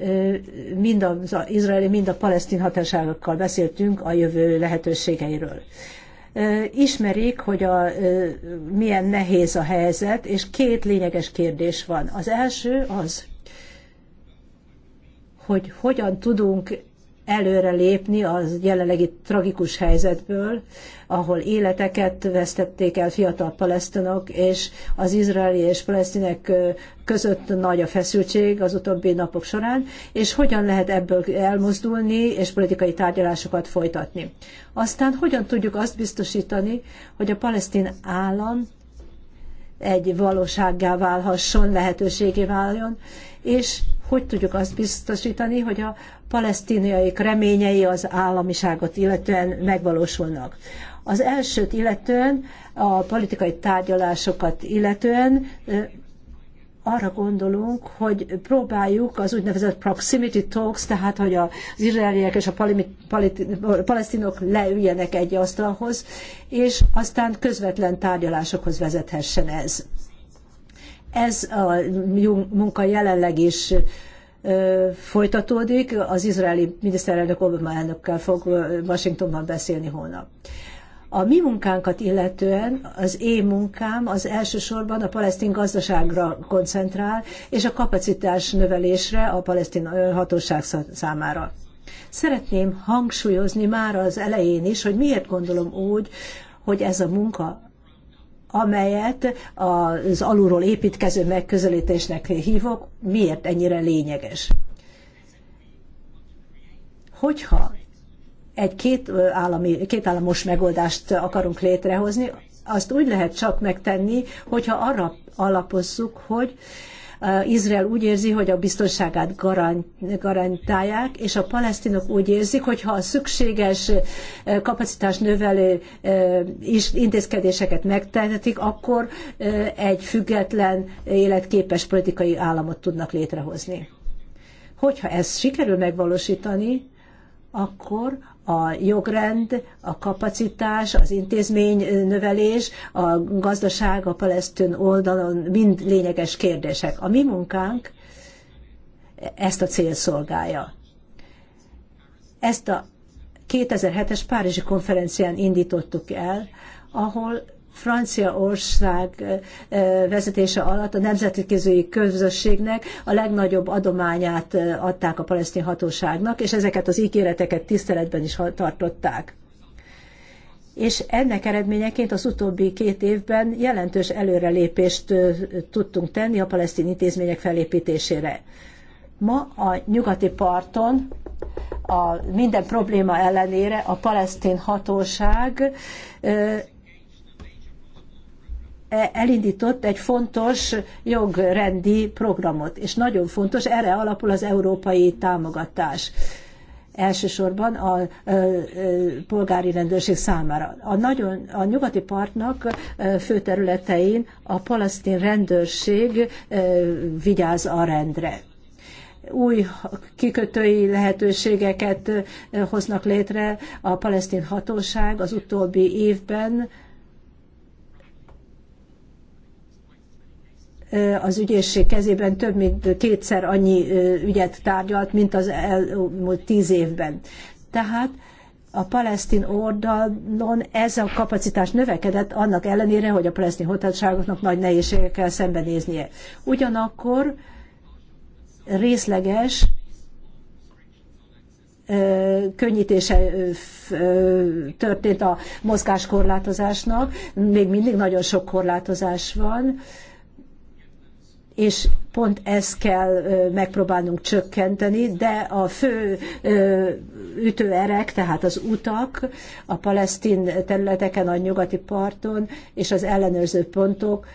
eh, mind az izraeli, mind a palesztin hatóságokkal beszéltünk a jövő lehetőségeiről. Ismerik, hogy a, milyen nehéz a helyzet, és két lényeges kérdés van. Az első az, hogy hogyan tudunk előre lépni az jelenlegi tragikus helyzetből, ahol életeket vesztették el fiatal palesztinok, és az izraeli és palesztinek között nagy a feszültség az utóbbi napok során, és hogyan lehet ebből elmozdulni, és politikai tárgyalásokat folytatni. Aztán hogyan tudjuk azt biztosítani, hogy a palesztin állam egy valósággá válhasson, lehetőségé váljon, és hogy tudjuk azt biztosítani, hogy a palesztíniaik reményei az államiságot illetően megvalósulnak. Az elsőt illetően, a politikai tárgyalásokat illetően arra gondolunk, hogy próbáljuk az úgynevezett proximity talks, tehát hogy az izraeliek és a palesztinok leüljenek egy asztalhoz, és aztán közvetlen tárgyalásokhoz vezethessen ez. Ez a munka jelenleg is folytatódik, az izraeli miniszterelnök Obama elnökkel fog Washingtonban beszélni holnap. A mi munkánkat illetően az én munkám az elsősorban a palesztin gazdaságra koncentrál, és a kapacitás növelésre a palesztin hatóság számára. Szeretném hangsúlyozni már az elején is, hogy miért gondolom úgy, hogy ez a munka amelyet az alulról építkező megközelítésnek hívok. Miért ennyire lényeges? Hogyha egy két, állami, két államos megoldást akarunk létrehozni, azt úgy lehet csak megtenni, hogyha arra alapozzuk, hogy Izrael úgy érzi, hogy a biztonságát garantálják, és a palesztinok úgy érzik, hogy ha a szükséges kapacitás növelő intézkedéseket megtehetik, akkor egy független, életképes politikai államot tudnak létrehozni. Hogyha ezt sikerül megvalósítani, akkor a jogrend, a kapacitás, az intézmény növelés, a gazdaság, a palesztőn oldalon mind lényeges kérdések. A mi munkánk ezt a cél szolgálja. Ezt a 2007-es Párizsi konferencián indítottuk el, ahol Franciaország vezetése alatt a nemzetközi közösségnek a legnagyobb adományát adták a palesztin hatóságnak, és ezeket az ígéreteket tiszteletben is tartották. És ennek eredményeként az utóbbi két évben jelentős előrelépést tudtunk tenni a palesztin intézmények felépítésére. Ma a nyugati parton a minden probléma ellenére a palesztin hatóság E, elindított egy fontos jogrendi programot, és nagyon fontos, erre alapul az európai támogatás elsősorban a, e, e, polgári rendőrség számára. A, nagyon, a nyugati partnak fő területein a palasztin rendőrség vigyáz a rendre új kikötői lehetőségeket hoznak létre a palesztin hatóság az utóbbi évben az ügyészség kezében több mint kétszer annyi ügyet tárgyalt, mint az elmúlt tíz évben. Tehát a palesztin oldalon ez a kapacitás növekedett, annak ellenére, hogy a palesztin hatóságoknak nagy nehézségekkel szembenéznie. Ugyanakkor részleges könnyítése történt a mozgáskorlátozásnak, még mindig nagyon sok korlátozás van, és pont ezt kell megpróbálnunk csökkenteni, de a fő ütőerek, tehát az utak a palesztin területeken, a nyugati parton és az ellenőrző pontok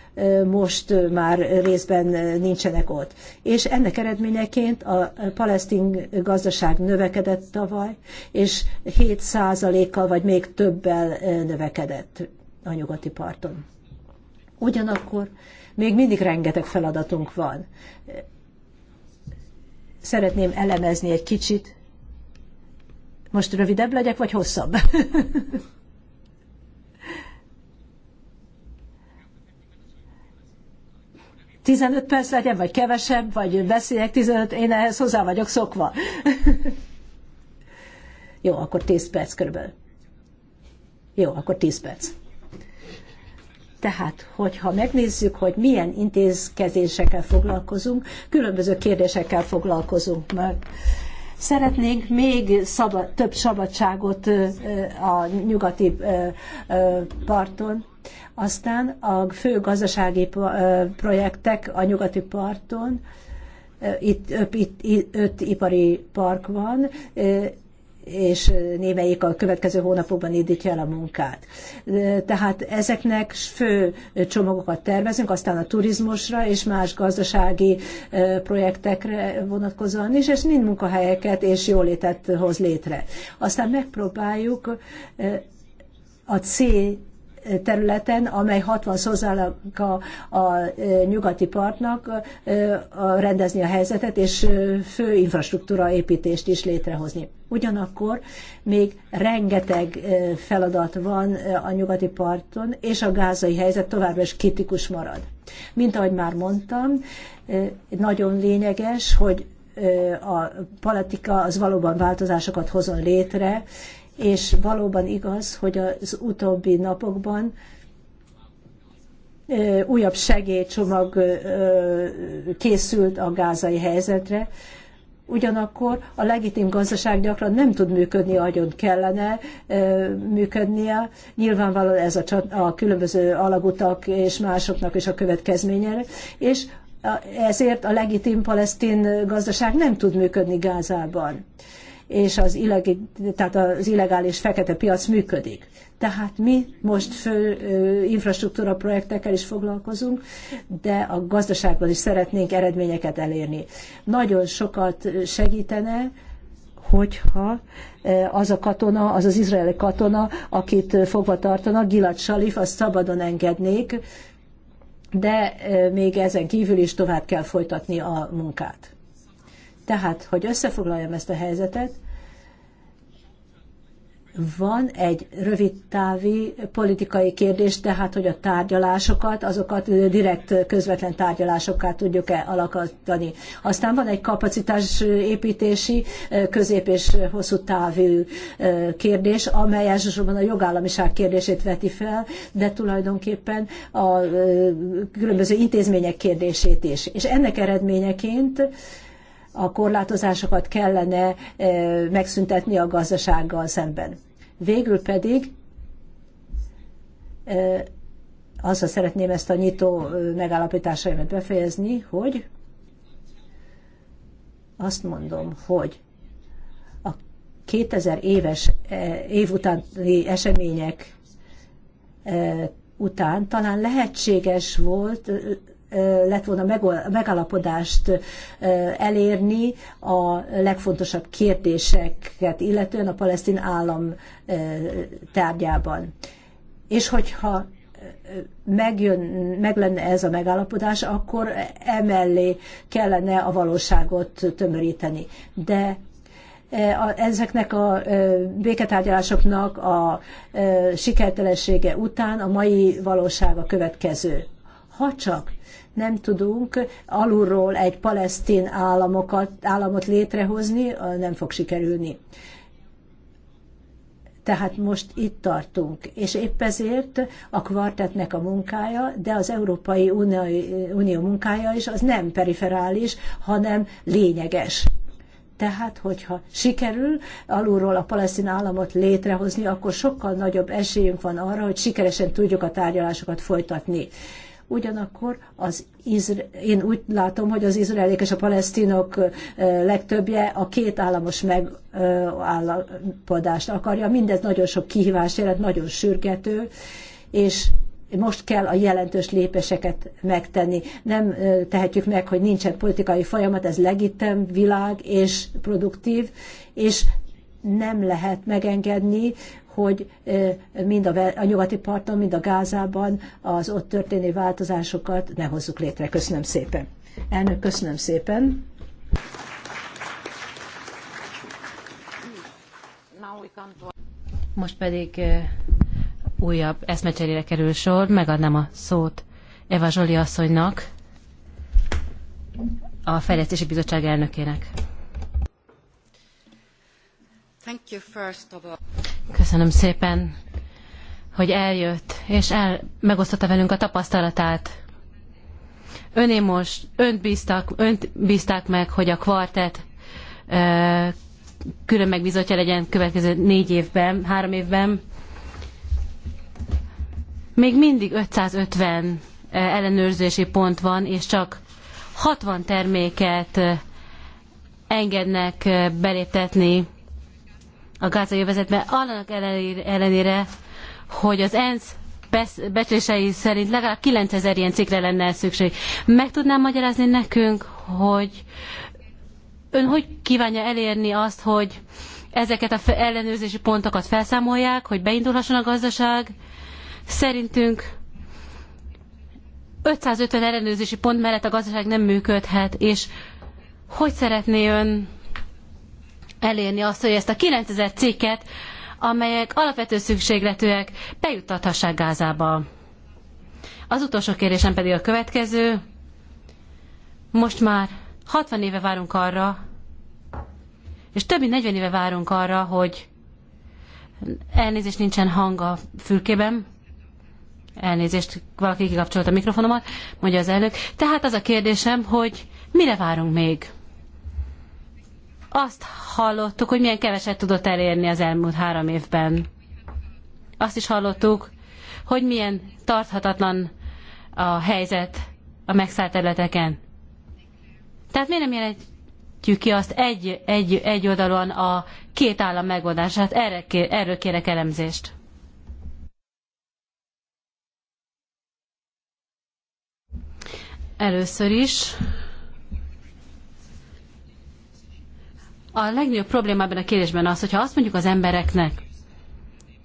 most már részben nincsenek ott. És ennek eredményeként a palesztin gazdaság növekedett tavaly, és 7%-kal vagy még többel növekedett a nyugati parton. Ugyanakkor még mindig rengeteg feladatunk van. Szeretném elemezni egy kicsit. Most rövidebb legyek, vagy hosszabb? Tizenöt perc legyen, vagy kevesebb, vagy beszéljek 15, én ehhez hozzá vagyok szokva. Jó, akkor 10 perc körülbelül. Jó, akkor 10 perc. Tehát, hogyha megnézzük, hogy milyen intézkezésekkel foglalkozunk, különböző kérdésekkel foglalkozunk már. Szeretnénk még szabad, több szabadságot a nyugati parton, aztán a fő gazdasági projektek a nyugati parton, itt öt ipari park van, és némelyik a következő hónapokban indítja el a munkát. Tehát ezeknek fő csomagokat tervezünk, aztán a turizmusra és más gazdasági projektekre vonatkozóan is, és mind munkahelyeket és jólétet hoz létre. Aztán megpróbáljuk a cél területen, amely 60 szózalak a, a e, nyugati partnak e, rendezni a helyzetet, és e, fő infrastruktúra építést is létrehozni. Ugyanakkor még rengeteg feladat van a nyugati parton, és a gázai helyzet továbbra is kritikus marad. Mint ahogy már mondtam, nagyon lényeges, hogy a politika az valóban változásokat hozon létre, és valóban igaz, hogy az utóbbi napokban újabb segélycsomag készült a gázai helyzetre, ugyanakkor a legitim gazdaság gyakran nem tud működni, ahogyan kellene működnie. Nyilvánvalóan ez a, a különböző alagutak és másoknak is a következménye, és ezért a legitim palesztin gazdaság nem tud működni Gázában és az, illegi, tehát az illegális fekete piac működik. Tehát mi most fő infrastruktúra projektekkel is foglalkozunk, de a gazdaságban is szeretnénk eredményeket elérni. Nagyon sokat segítene, hogyha az a katona, az az izraeli katona, akit fogva tartanak, Gilad Salif, azt szabadon engednék, de még ezen kívül is tovább kell folytatni a munkát. Tehát, hogy összefoglaljam ezt a helyzetet, van egy távi politikai kérdés, tehát hogy a tárgyalásokat, azokat direkt közvetlen tárgyalásokká tudjuk-e alakítani. Aztán van egy kapacitás építési, közép és hosszú távú kérdés, amely elsősorban a jogállamiság kérdését veti fel, de tulajdonképpen a különböző intézmények kérdését is. És ennek eredményeként a korlátozásokat kellene e, megszüntetni a gazdasággal szemben. Végül pedig e, azzal szeretném ezt a nyitó e, megállapításaimat befejezni, hogy azt mondom, hogy a 2000 éves év utáni események után talán lehetséges volt lett volna megállapodást elérni a legfontosabb kérdéseket, illetően a palesztin állam tárgyában. És hogyha megjön, meg lenne ez a megállapodás, akkor emellé kellene a valóságot tömöríteni. De ezeknek a béketárgyalásoknak a sikertelensége után a mai valóság a következő. Ha csak nem tudunk alulról egy palesztin államokat, államot létrehozni, nem fog sikerülni. Tehát most itt tartunk. És épp ezért a kvartetnek a munkája, de az Európai Unió munkája is, az nem periferális, hanem lényeges. Tehát, hogyha sikerül alulról a palesztin államot létrehozni, akkor sokkal nagyobb esélyünk van arra, hogy sikeresen tudjuk a tárgyalásokat folytatni. Ugyanakkor az Izra- én úgy látom, hogy az izraeliek és a palesztinok legtöbbje a két államos megállapodást akarja. Mindez nagyon sok kihívás jelent, nagyon sürgető, és most kell a jelentős lépéseket megtenni. Nem tehetjük meg, hogy nincsen politikai folyamat, ez legitim, világ és produktív, és nem lehet megengedni, hogy mind a, nyugati parton, mind a Gázában az ott történő változásokat ne hozzuk létre. Köszönöm szépen. Elnök, köszönöm szépen. Most pedig újabb eszmecserére kerül sor, megadnám a szót Eva Zsoli asszonynak, a Fejlesztési Bizottság elnökének. Köszönöm szépen, hogy eljött, és el, megosztotta velünk a tapasztalatát. Öné most, önt bíztak, önt bízták meg, hogy a kvartet ö, külön megbizotja legyen következő négy évben, három évben. Még mindig 550 ellenőrzési pont van, és csak 60 terméket engednek beléptetni a gázai övezetben, annak ellenére, hogy az ENSZ becslései szerint legalább 9000 ilyen cikkre lenne szükség. Meg tudnám magyarázni nekünk, hogy ön hogy kívánja elérni azt, hogy ezeket a ellenőrzési pontokat felszámolják, hogy beindulhasson a gazdaság. Szerintünk 550 ellenőrzési pont mellett a gazdaság nem működhet, és hogy szeretné ön elérni azt, hogy ezt a 9000 cikket, amelyek alapvető szükségletűek, bejuttathassák Gázába. Az utolsó kérdésem pedig a következő. Most már 60 éve várunk arra, és több mint 40 éve várunk arra, hogy elnézést nincsen hang a fülkében, elnézést, valaki kikapcsolta a mikrofonomat, mondja az elnök. Tehát az a kérdésem, hogy mire várunk még? Azt hallottuk, hogy milyen keveset tudott elérni az elmúlt három évben. Azt is hallottuk, hogy milyen tarthatatlan a helyzet a megszállt területeken. Tehát miért nem jelentjük ki azt egy, egy, egy oldalon a két állam megoldását? Erre, erről kérek elemzést. Először is a legnagyobb problémában a kérdésben az, hogyha azt mondjuk az embereknek,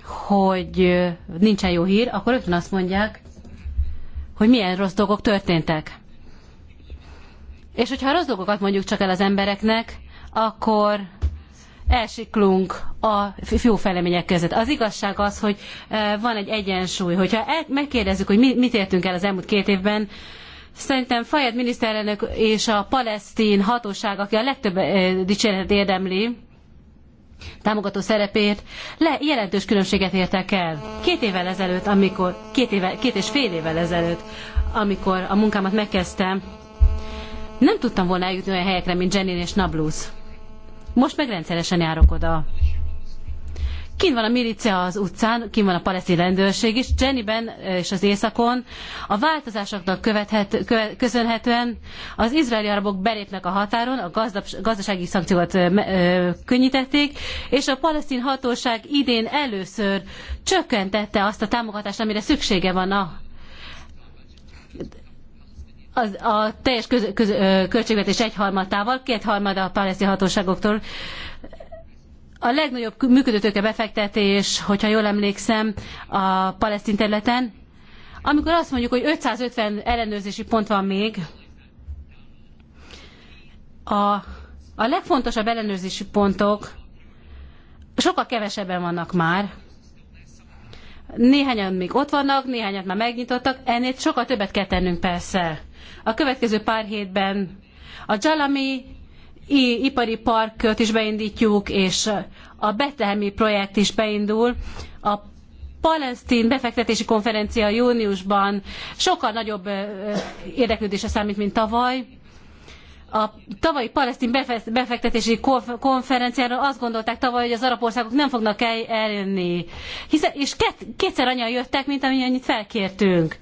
hogy nincsen jó hír, akkor rögtön azt mondják, hogy milyen rossz dolgok történtek. És hogyha rossz dolgokat mondjuk csak el az embereknek, akkor elsiklunk a jó felemények között. Az igazság az, hogy van egy egyensúly. Hogyha megkérdezzük, hogy mit értünk el az elmúlt két évben, Szerintem Fayed miniszterelnök és a palesztin hatóság, aki a legtöbb eh, dicséretet érdemli, támogató szerepét, le, jelentős különbséget értek el. Két évvel ezelőtt, amikor, két, éve, két és fél évvel ezelőtt, amikor a munkámat megkezdtem, nem tudtam volna eljutni olyan helyekre, mint Jenny és Nablus. Most meg rendszeresen járok oda. Kint van a milícia az utcán, kint van a palesztin rendőrség is, Jennyben eh, és az északon. A változásoknak követhet, követ, köszönhetően az izraeli arabok belépnek a határon, a gazdasági szankciókat ö, eh, eh, könnyítették, és a palesztin hatóság idén először csökkentette azt a támogatást, amire szüksége van a a teljes köz, köz, költségvetés egyharmadával, kétharmada a palesztin hatóságoktól a legnagyobb működőtőke befektetés, hogyha jól emlékszem, a palesztin területen. Amikor azt mondjuk, hogy 550 ellenőrzési pont van még, a, a legfontosabb ellenőrzési pontok sokkal kevesebben vannak már. Néhányan még ott vannak, néhányat már megnyitottak, ennél sokkal többet kell tennünk persze. A következő pár hétben a Jalami ipari parkot is beindítjuk, és a Betlehemi projekt is beindul. A palesztin befektetési konferencia júniusban sokkal nagyobb érdeklődésre számít, mint tavaly. A tavalyi palesztin befektetési konferenciáról azt gondolták tavaly, hogy az arab országok nem fognak eljönni, hiszen, és kétszer annyian jöttek, mint amennyit felkértünk.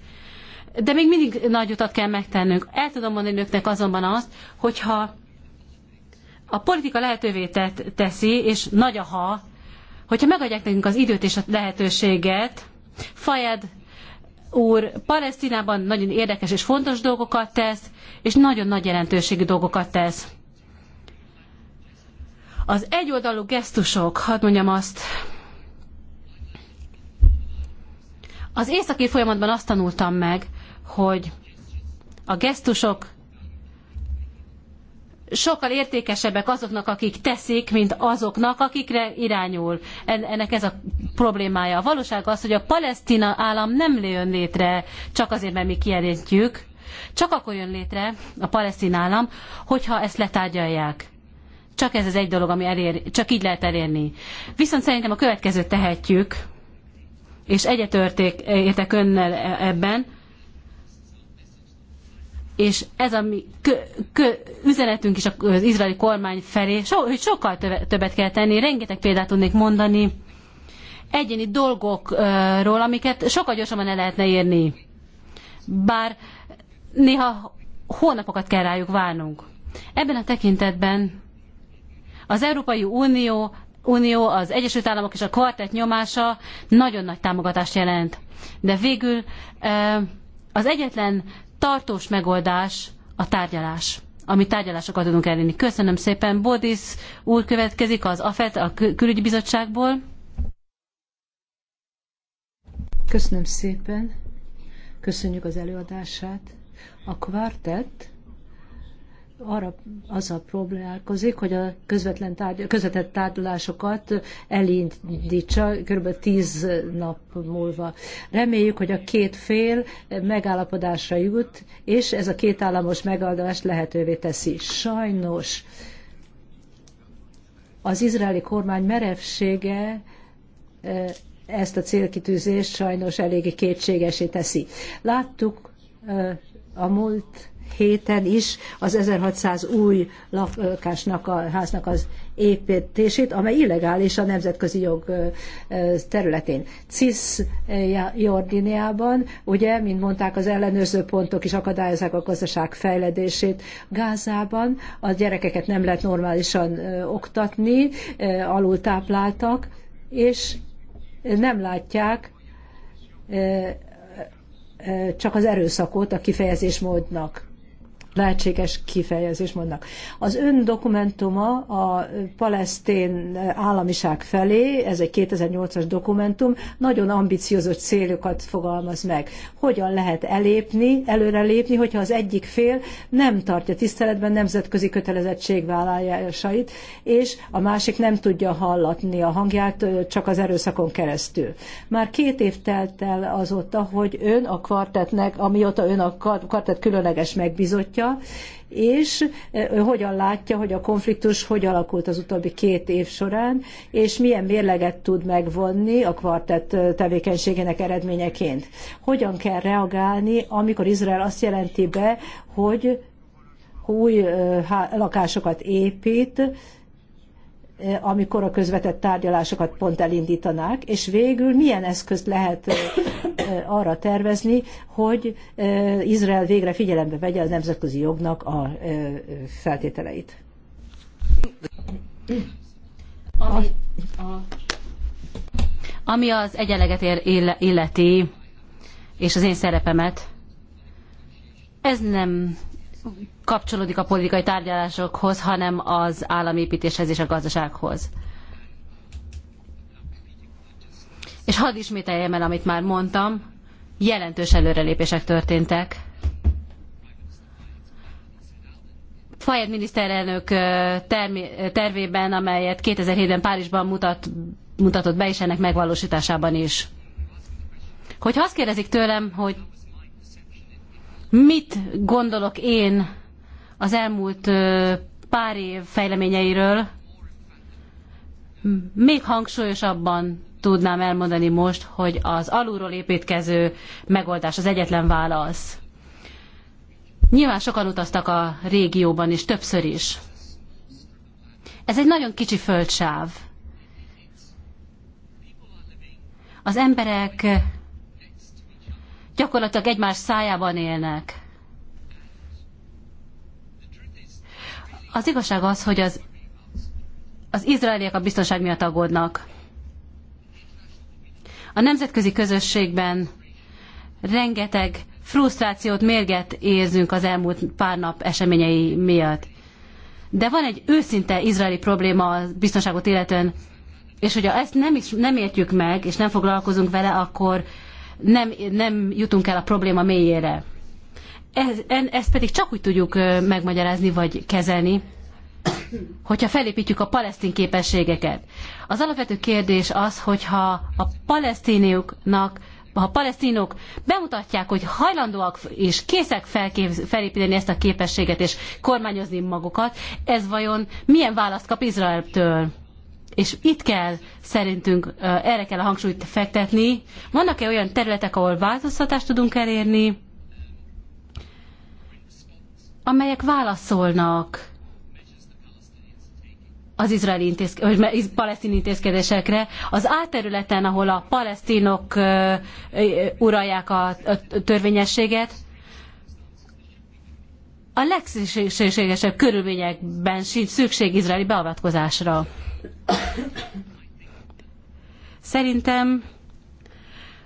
De még mindig nagy utat kell megtennünk. El tudom mondani önöknek azonban azt, hogyha a politika lehetővé teszi, és nagy a ha, hogyha megadják nekünk az időt és a lehetőséget, Fajed úr Palesztinában nagyon érdekes és fontos dolgokat tesz, és nagyon nagy jelentőségű dolgokat tesz. Az egyoldalú gesztusok, hadd mondjam azt, az északi folyamatban azt tanultam meg, hogy a gesztusok sokkal értékesebbek azoknak, akik teszik, mint azoknak, akikre irányul. Ennek ez a problémája. A valóság az, hogy a palesztina állam nem jön létre csak azért, mert mi kijelentjük, csak akkor jön létre a palesztin állam, hogyha ezt letárgyalják. Csak ez az egy dolog, ami elér, csak így lehet elérni. Viszont szerintem a következőt tehetjük, és egyetörték értek önnel e- ebben, és ez a mi kö, kö, üzenetünk is az izraeli kormány felé, so, hogy sokkal töve, többet kell tenni, rengeteg példát tudnék mondani egyéni dolgokról, amiket sokkal gyorsabban el lehetne érni. Bár néha hónapokat kell rájuk várnunk. Ebben a tekintetben az Európai Unió, Unió, az Egyesült Államok és a kvartett nyomása nagyon nagy támogatást jelent. De végül az egyetlen tartós megoldás a tárgyalás ami tárgyalásokat tudunk elérni. Köszönöm szépen. Bodis úr következik az AFET, a külügyi bizottságból. Köszönöm szépen. Köszönjük az előadását. A kvartett arra a problémálkozik, hogy a közvetlen tárgy, közvetett tárgyalásokat elindítsa kb. tíz nap múlva. Reméljük, hogy a két fél megállapodásra jut, és ez a két államos megoldást lehetővé teszi. Sajnos az izraeli kormány merevsége ezt a célkitűzést sajnos eléggé kétségesé teszi. Láttuk a múlt héten is az 1600 új lakásnak a háznak az építését, amely illegális a nemzetközi jog területén. Cisjordiniában, ugye, mint mondták, az ellenőrző pontok is akadályozzák a gazdaság fejledését. Gázában a gyerekeket nem lehet normálisan oktatni, alultápláltak, és nem látják csak az erőszakot a kifejezés módnak lehetséges kifejezést mondnak. Az ön dokumentuma a palesztén államiság felé, ez egy 2008-as dokumentum, nagyon ambiciózott célokat fogalmaz meg. Hogyan lehet elépni, előrelépni, hogyha az egyik fél nem tartja tiszteletben nemzetközi kötelezettségvállalásait, és a másik nem tudja hallatni a hangját csak az erőszakon keresztül. Már két év telt el azóta, hogy ön a kvartetnek, amióta ön a kvartet különleges megbizotja, látja, és hogyan látja, hogy a konfliktus hogy alakult az utóbbi két év során, és milyen mérleget tud megvonni a kvartett tevékenységének eredményeként. Hogyan kell reagálni, amikor Izrael azt jelenti be, hogy új lakásokat épít, amikor a közvetett tárgyalásokat pont elindítanák, és végül milyen eszközt lehet arra tervezni, hogy Izrael végre figyelembe vegye a nemzetközi jognak a feltételeit. Ami, a, ami az egyenleget illeti, és az én szerepemet, ez nem kapcsolódik a politikai tárgyalásokhoz, hanem az államépítéshez és a gazdasághoz. És hadd ismételjem el, amit már mondtam, jelentős előrelépések történtek. Fayed miniszterelnök tervében, amelyet 2007-ben Párizsban mutat, mutatott be, és ennek megvalósításában is. Hogyha azt kérdezik tőlem, hogy Mit gondolok én az elmúlt pár év fejleményeiről? Még hangsúlyosabban tudnám elmondani most, hogy az alulról építkező megoldás az egyetlen válasz. Nyilván sokan utaztak a régióban is, többször is. Ez egy nagyon kicsi földsáv. Az emberek gyakorlatilag egymás szájában élnek. Az igazság az, hogy az, az izraeliek a biztonság miatt aggódnak. A nemzetközi közösségben rengeteg frusztrációt, mérget érzünk az elmúlt pár nap eseményei miatt. De van egy őszinte izraeli probléma a biztonságot illetően, és hogyha ezt nem, is, nem értjük meg, és nem foglalkozunk vele, akkor nem, nem jutunk el a probléma mélyére. Ez, ezt pedig csak úgy tudjuk megmagyarázni vagy kezelni, hogyha felépítjük a palesztin képességeket. Az alapvető kérdés az, hogyha a palesztinoknak ha a palesztinok bemutatják, hogy hajlandóak és készek felépíteni ezt a képességet és kormányozni magukat, ez vajon milyen választ kap Izraeltől? és itt kell szerintünk, erre kell a hangsúlyt fektetni. Vannak-e olyan területek, ahol változtatást tudunk elérni, amelyek válaszolnak az izraeli intézke, palesztin intézkedésekre, az átterületen, ahol a palesztinok uralják a törvényességet, a legszükségesebb körülményekben sincs szükség izraeli beavatkozásra. Szerintem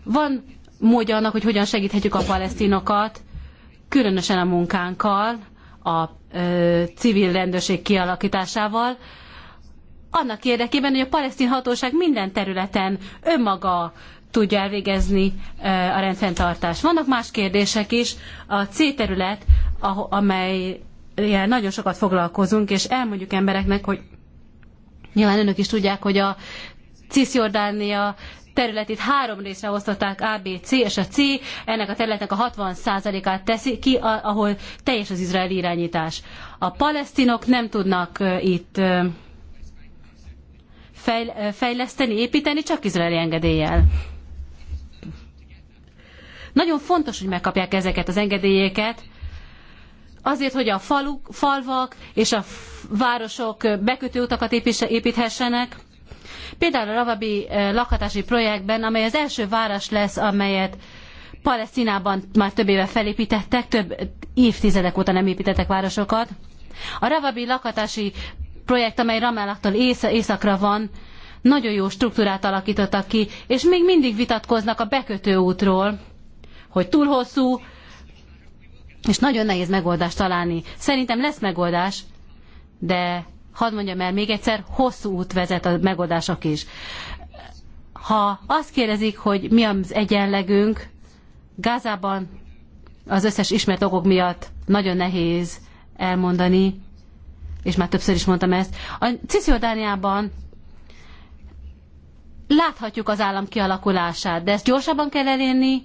van módja annak, hogy hogyan segíthetjük a palesztinokat, különösen a munkánkkal, a ö, civil rendőrség kialakításával, annak érdekében, hogy a palesztin hatóság minden területen önmaga tudja elvégezni ö, a rendfenntartást. Vannak más kérdések is. A C terület, amely nagyon sokat foglalkozunk, és elmondjuk embereknek, hogy Nyilván önök is tudják, hogy a Cisjordánia területét három részre osztották A, B, C és a C. Ennek a területnek a 60%-át teszi ki, ahol teljes az izraeli irányítás. A palesztinok nem tudnak itt fejleszteni, építeni, csak izraeli engedéllyel. Nagyon fontos, hogy megkapják ezeket az engedélyeket, azért, hogy a faluk, falvak és a városok bekötőutakat építhessenek. Például a Ravabi eh, lakhatási projektben, amely az első város lesz, amelyet Palesztinában már több éve felépítettek, több évtizedek óta nem építettek városokat. A Ravabi lakhatási projekt, amely Ramállaktól ész északra van, nagyon jó struktúrát alakítottak ki, és még mindig vitatkoznak a bekötő útról, hogy túl hosszú, és nagyon nehéz megoldást találni. Szerintem lesz megoldás, de hadd mondjam el még egyszer, hosszú út vezet a megoldások is. Ha azt kérdezik, hogy mi az egyenlegünk, Gázában az összes ismert okok miatt nagyon nehéz elmondani, és már többször is mondtam ezt. A Cisziordániában láthatjuk az állam kialakulását, de ezt gyorsabban kell elérni,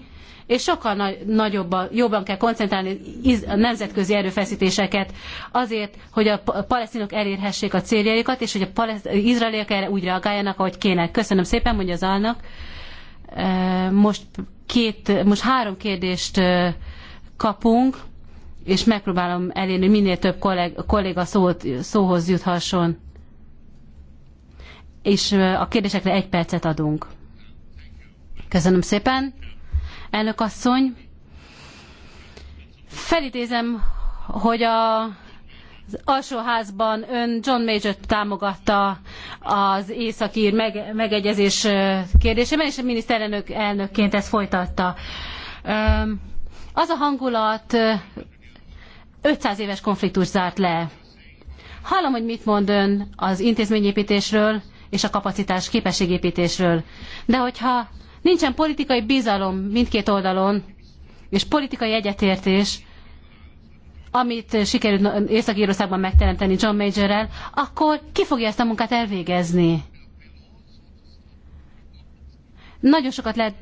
és sokkal na nagyobban, jobban kell koncentrálni a nemzetközi erőfeszítéseket azért, hogy a palesztinok elérhessék a céljaikat, és hogy a izraeliek erre úgy reagáljanak, ahogy kéne. Köszönöm szépen, mondja az alnak. Most, két, most három kérdést kapunk, és megpróbálom elérni, hogy minél több kollega, kolléga szót, szóhoz juthasson. És a kérdésekre egy percet adunk. Köszönöm szépen elnök asszony. Felidézem, hogy a az alsóházban ön John major támogatta az északír meg, megegyezés kérdésében, és a miniszterelnök elnökként ezt folytatta. Az a hangulat 500 éves konfliktus zárt le. Hallom, hogy mit mond ön az intézményépítésről és a kapacitás képességépítésről. De hogyha Nincsen politikai bizalom mindkét oldalon, és politikai egyetértés, amit sikerült Észak-Írországban megteremteni John Majorrel, akkor ki fogja ezt a munkát elvégezni? Nagyon sokat lehet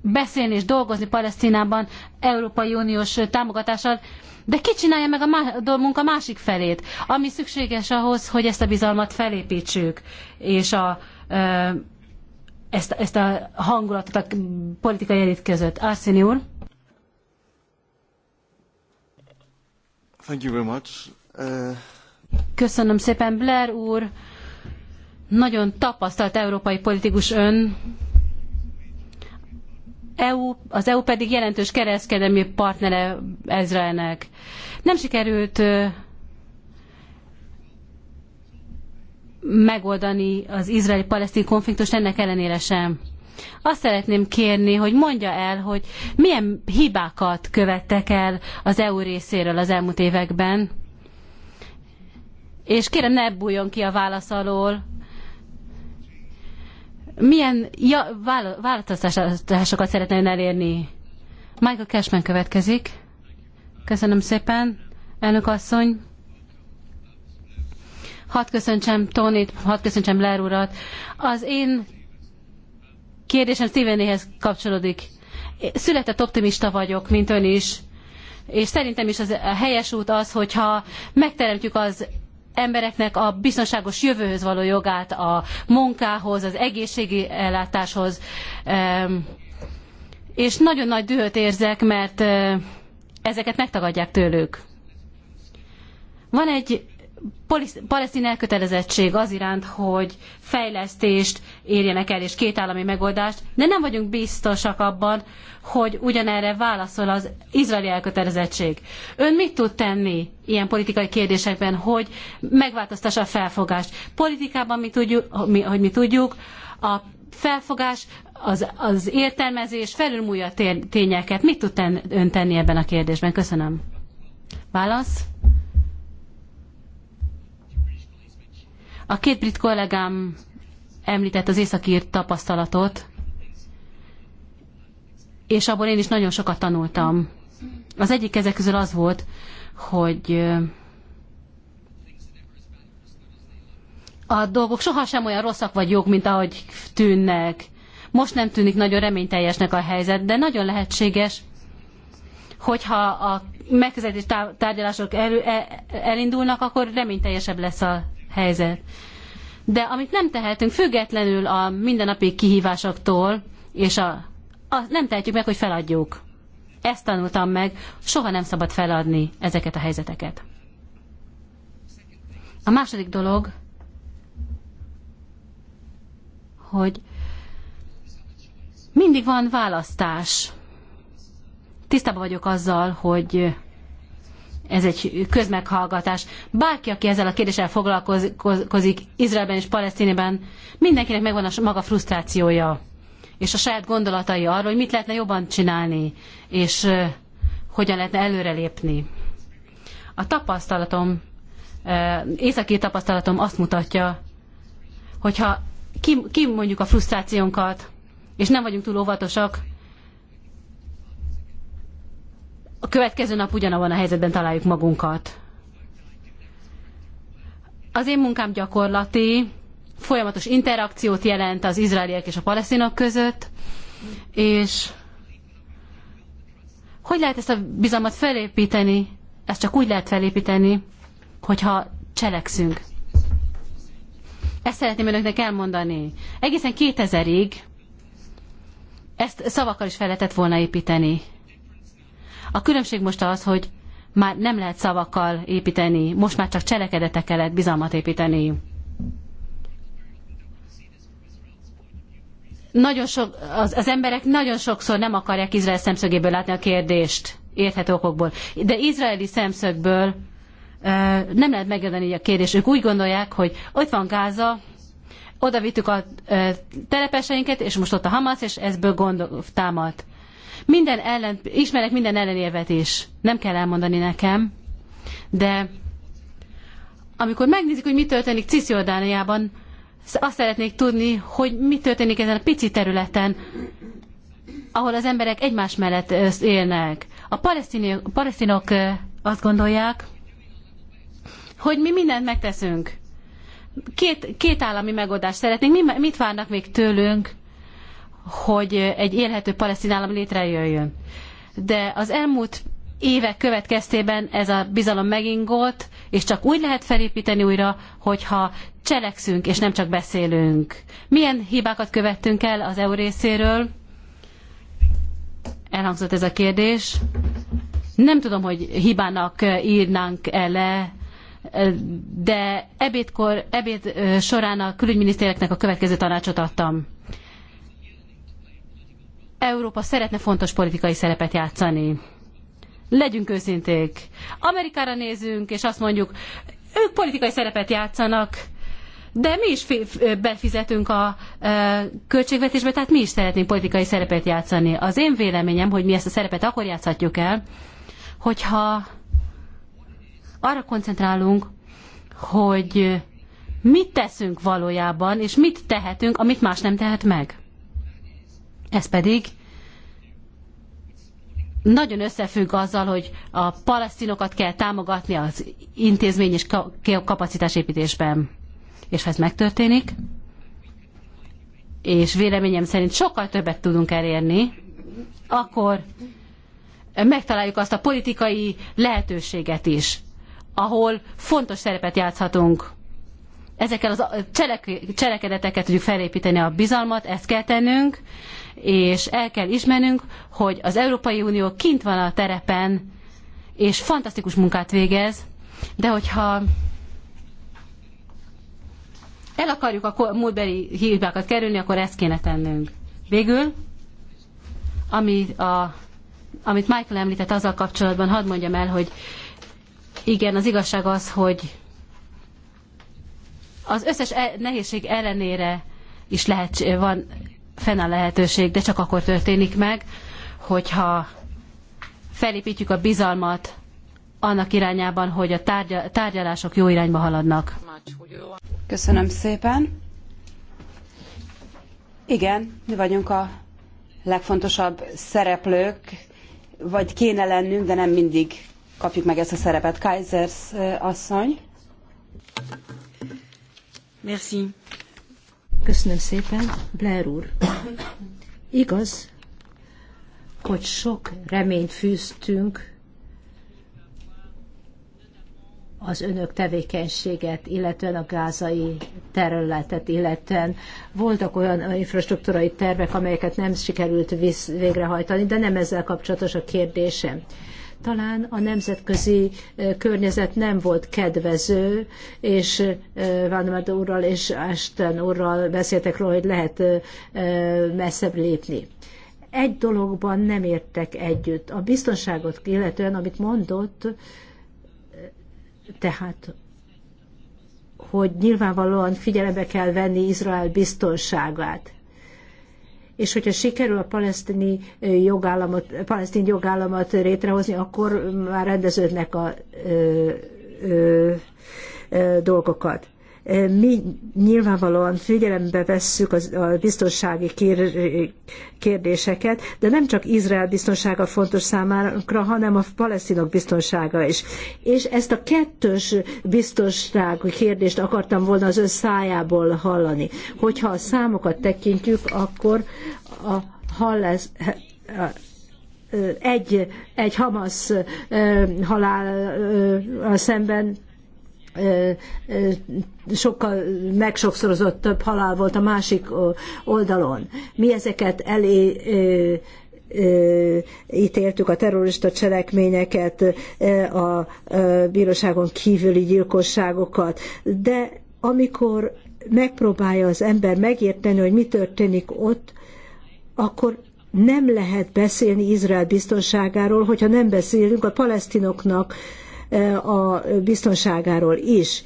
beszélni és dolgozni Palesztinában Európai Uniós támogatással, de ki csinálja meg a, má- a munka másik felét, ami szükséges ahhoz, hogy ezt a bizalmat felépítsük, és a ezt, ezt a hangulatot a politikai elit között. Arszini úr. Thank you very much. Uh... Köszönöm szépen, Blair úr. Nagyon tapasztalt európai politikus ön. EU, az EU pedig jelentős kereskedelmi partnere Ezraelnek. Nem sikerült uh, megoldani az izraeli-palesztin konfliktust, ennek ellenére sem. Azt szeretném kérni, hogy mondja el, hogy milyen hibákat követtek el az EU részéről az elmúlt években, és kérem ne bújjon ki a válasz alól, milyen ja, változtatásokat szeretne ön elérni? Michael Cashman következik. Köszönöm szépen, elnök asszony hadd köszöntsem Tonit, hadd köszöntsem Blair urat. Az én kérdésem Stevenéhez kapcsolódik. Született optimista vagyok, mint ön is, és szerintem is az, a helyes út az, hogyha megteremtjük az embereknek a biztonságos jövőhöz való jogát, a munkához, az egészségi ellátáshoz. És nagyon nagy dühöt érzek, mert ezeket megtagadják tőlük. Van egy palesztin elkötelezettség az iránt, hogy fejlesztést érjenek el, és kétállami megoldást, de nem vagyunk biztosak abban, hogy ugyanerre válaszol az izraeli elkötelezettség. Ön mit tud tenni ilyen politikai kérdésekben, hogy megváltoztassa a felfogást? Politikában mi tudjuk, hogy mi tudjuk, a felfogás, az, az értelmezés felülmúlja tényeket. Mit tud ten, ön tenni ebben a kérdésben? Köszönöm. Válasz? A két brit kollégám említett az északír tapasztalatot, és abból én is nagyon sokat tanultam. Az egyik ezek közül az volt, hogy a dolgok sohasem olyan rosszak vagy jók, mint ahogy tűnnek. Most nem tűnik nagyon reményteljesnek a helyzet, de nagyon lehetséges, hogyha a megközelítés tárgyalások e- elindulnak, akkor reményteljesebb lesz a helyzet. De amit nem tehetünk, függetlenül a mindennapi kihívásoktól, és a, a, nem tehetjük meg, hogy feladjuk. Ezt tanultam meg, soha nem szabad feladni ezeket a helyzeteket. A második dolog, hogy mindig van választás. Tisztában vagyok azzal, hogy ez egy közmeghallgatás. Bárki, aki ezzel a kérdéssel foglalkozik Izraelben és Palesztinében, mindenkinek megvan a maga frusztrációja, és a saját gondolatai arról, hogy mit lehetne jobban csinálni, és hogyan lehetne előrelépni. A tapasztalatom, északi tapasztalatom azt mutatja, hogyha kimondjuk a frusztrációnkat, és nem vagyunk túl óvatosak, a következő nap ugyanabban a helyzetben találjuk magunkat. Az én munkám gyakorlati, folyamatos interakciót jelent az izraeliek és a palesztinok között, és hogy lehet ezt a bizalmat felépíteni? Ezt csak úgy lehet felépíteni, hogyha cselekszünk. Ezt szeretném önöknek elmondani. Egészen 2000-ig ezt szavakkal is fel lehetett volna építeni. A különbség most az, hogy már nem lehet szavakkal építeni, most már csak cselekedetekkel lehet bizalmat építeni. Nagyon sok, az, az emberek nagyon sokszor nem akarják Izrael szemszögéből látni a kérdést, érthető okokból. De izraeli szemszögből nem lehet megoldani a kérdést. Ők úgy gondolják, hogy ott van Gáza, oda vittük a telepeseinket, és most ott a Hamas, és ezből gond támadt. Minden ellen, ismerek minden ellenérvet is. Nem kell elmondani nekem, de amikor megnézik, hogy mi történik Cisziordániában, azt szeretnék tudni, hogy mi történik ezen a pici területen, ahol az emberek egymás mellett élnek. A palesztinok azt gondolják, hogy mi mindent megteszünk. Két, két állami megoldást szeretnénk. Mi, mit várnak még tőlünk? hogy egy élhető palesztin állam létrejöjjön. De az elmúlt évek következtében ez a bizalom megingott, és csak úgy lehet felépíteni újra, hogyha cselekszünk, és nem csak beszélünk. Milyen hibákat követtünk el az EU részéről? Elhangzott ez a kérdés. Nem tudom, hogy hibának írnánk ele, de ebédkor, ebéd során a külügyminisztereknek a következő tanácsot adtam. Európa szeretne fontos politikai szerepet játszani. Legyünk őszinték. Amerikára nézünk, és azt mondjuk, ők politikai szerepet játszanak, de mi is befizetünk a e, költségvetésbe, tehát mi is szeretnénk politikai szerepet játszani. Az én véleményem, hogy mi ezt a szerepet akkor játszhatjuk el, hogyha arra koncentrálunk, hogy mit teszünk valójában, és mit tehetünk, amit más nem tehet meg. Ez pedig nagyon összefügg azzal, hogy a palesztinokat kell támogatni az intézmény és kapacitásépítésben. És ha ez megtörténik, és véleményem szerint sokkal többet tudunk elérni, akkor megtaláljuk azt a politikai lehetőséget is, ahol fontos szerepet játszhatunk. Ezekkel a cselek- cselekedeteket tudjuk felépíteni a bizalmat, ezt kell tennünk, és el kell ismernünk, hogy az Európai Unió kint van a terepen, és fantasztikus munkát végez, de hogyha el akarjuk a múltbeli hibákat kerülni, akkor ezt kéne tennünk. Végül, ami a, amit Michael említett azzal kapcsolatban, hadd mondjam el, hogy igen, az igazság az, hogy az összes e- nehézség ellenére is lehet, van a lehetőség, de csak akkor történik meg, hogyha felépítjük a bizalmat annak irányában, hogy a tárgyalások jó irányba haladnak. Köszönöm szépen. Igen, mi vagyunk a legfontosabb szereplők, vagy kéne lennünk, de nem mindig kapjuk meg ezt a szerepet. Kaisers eh, asszony. Merci. Köszönöm szépen, Blair úr. Igaz, hogy sok reményt fűztünk az önök tevékenységet, illetően a gázai területet, illetően voltak olyan infrastruktúrai tervek, amelyeket nem sikerült végrehajtani, de nem ezzel kapcsolatos a kérdésem. Talán a nemzetközi környezet nem volt kedvező, és Vannemert úrral és Ashton úrral beszéltek róla, hogy lehet messzebb lépni. Egy dologban nem értek együtt. A biztonságot illetően, amit mondott, tehát hogy nyilvánvalóan figyelembe kell venni Izrael biztonságát és hogyha sikerül a palesztini jogállamot, palesztin jogállamot létrehozni, akkor már rendeződnek a ö, ö, ö, dolgokat. Mi nyilvánvalóan figyelembe vesszük a biztonsági kérdéseket, de nem csak Izrael biztonsága fontos számára, hanem a palesztinok biztonsága is. És ezt a kettős biztonsági kérdést akartam volna az ön szájából hallani. Hogyha a számokat tekintjük, akkor a, hallás, egy, egy Hamas halál szemben sokkal megsokszorozott több halál volt a másik oldalon. Mi ezeket elé ítéltük a terrorista cselekményeket, a bíróságon kívüli gyilkosságokat, de amikor megpróbálja az ember megérteni, hogy mi történik ott, akkor nem lehet beszélni Izrael biztonságáról, hogyha nem beszélünk a palesztinoknak E, a biztonságáról is.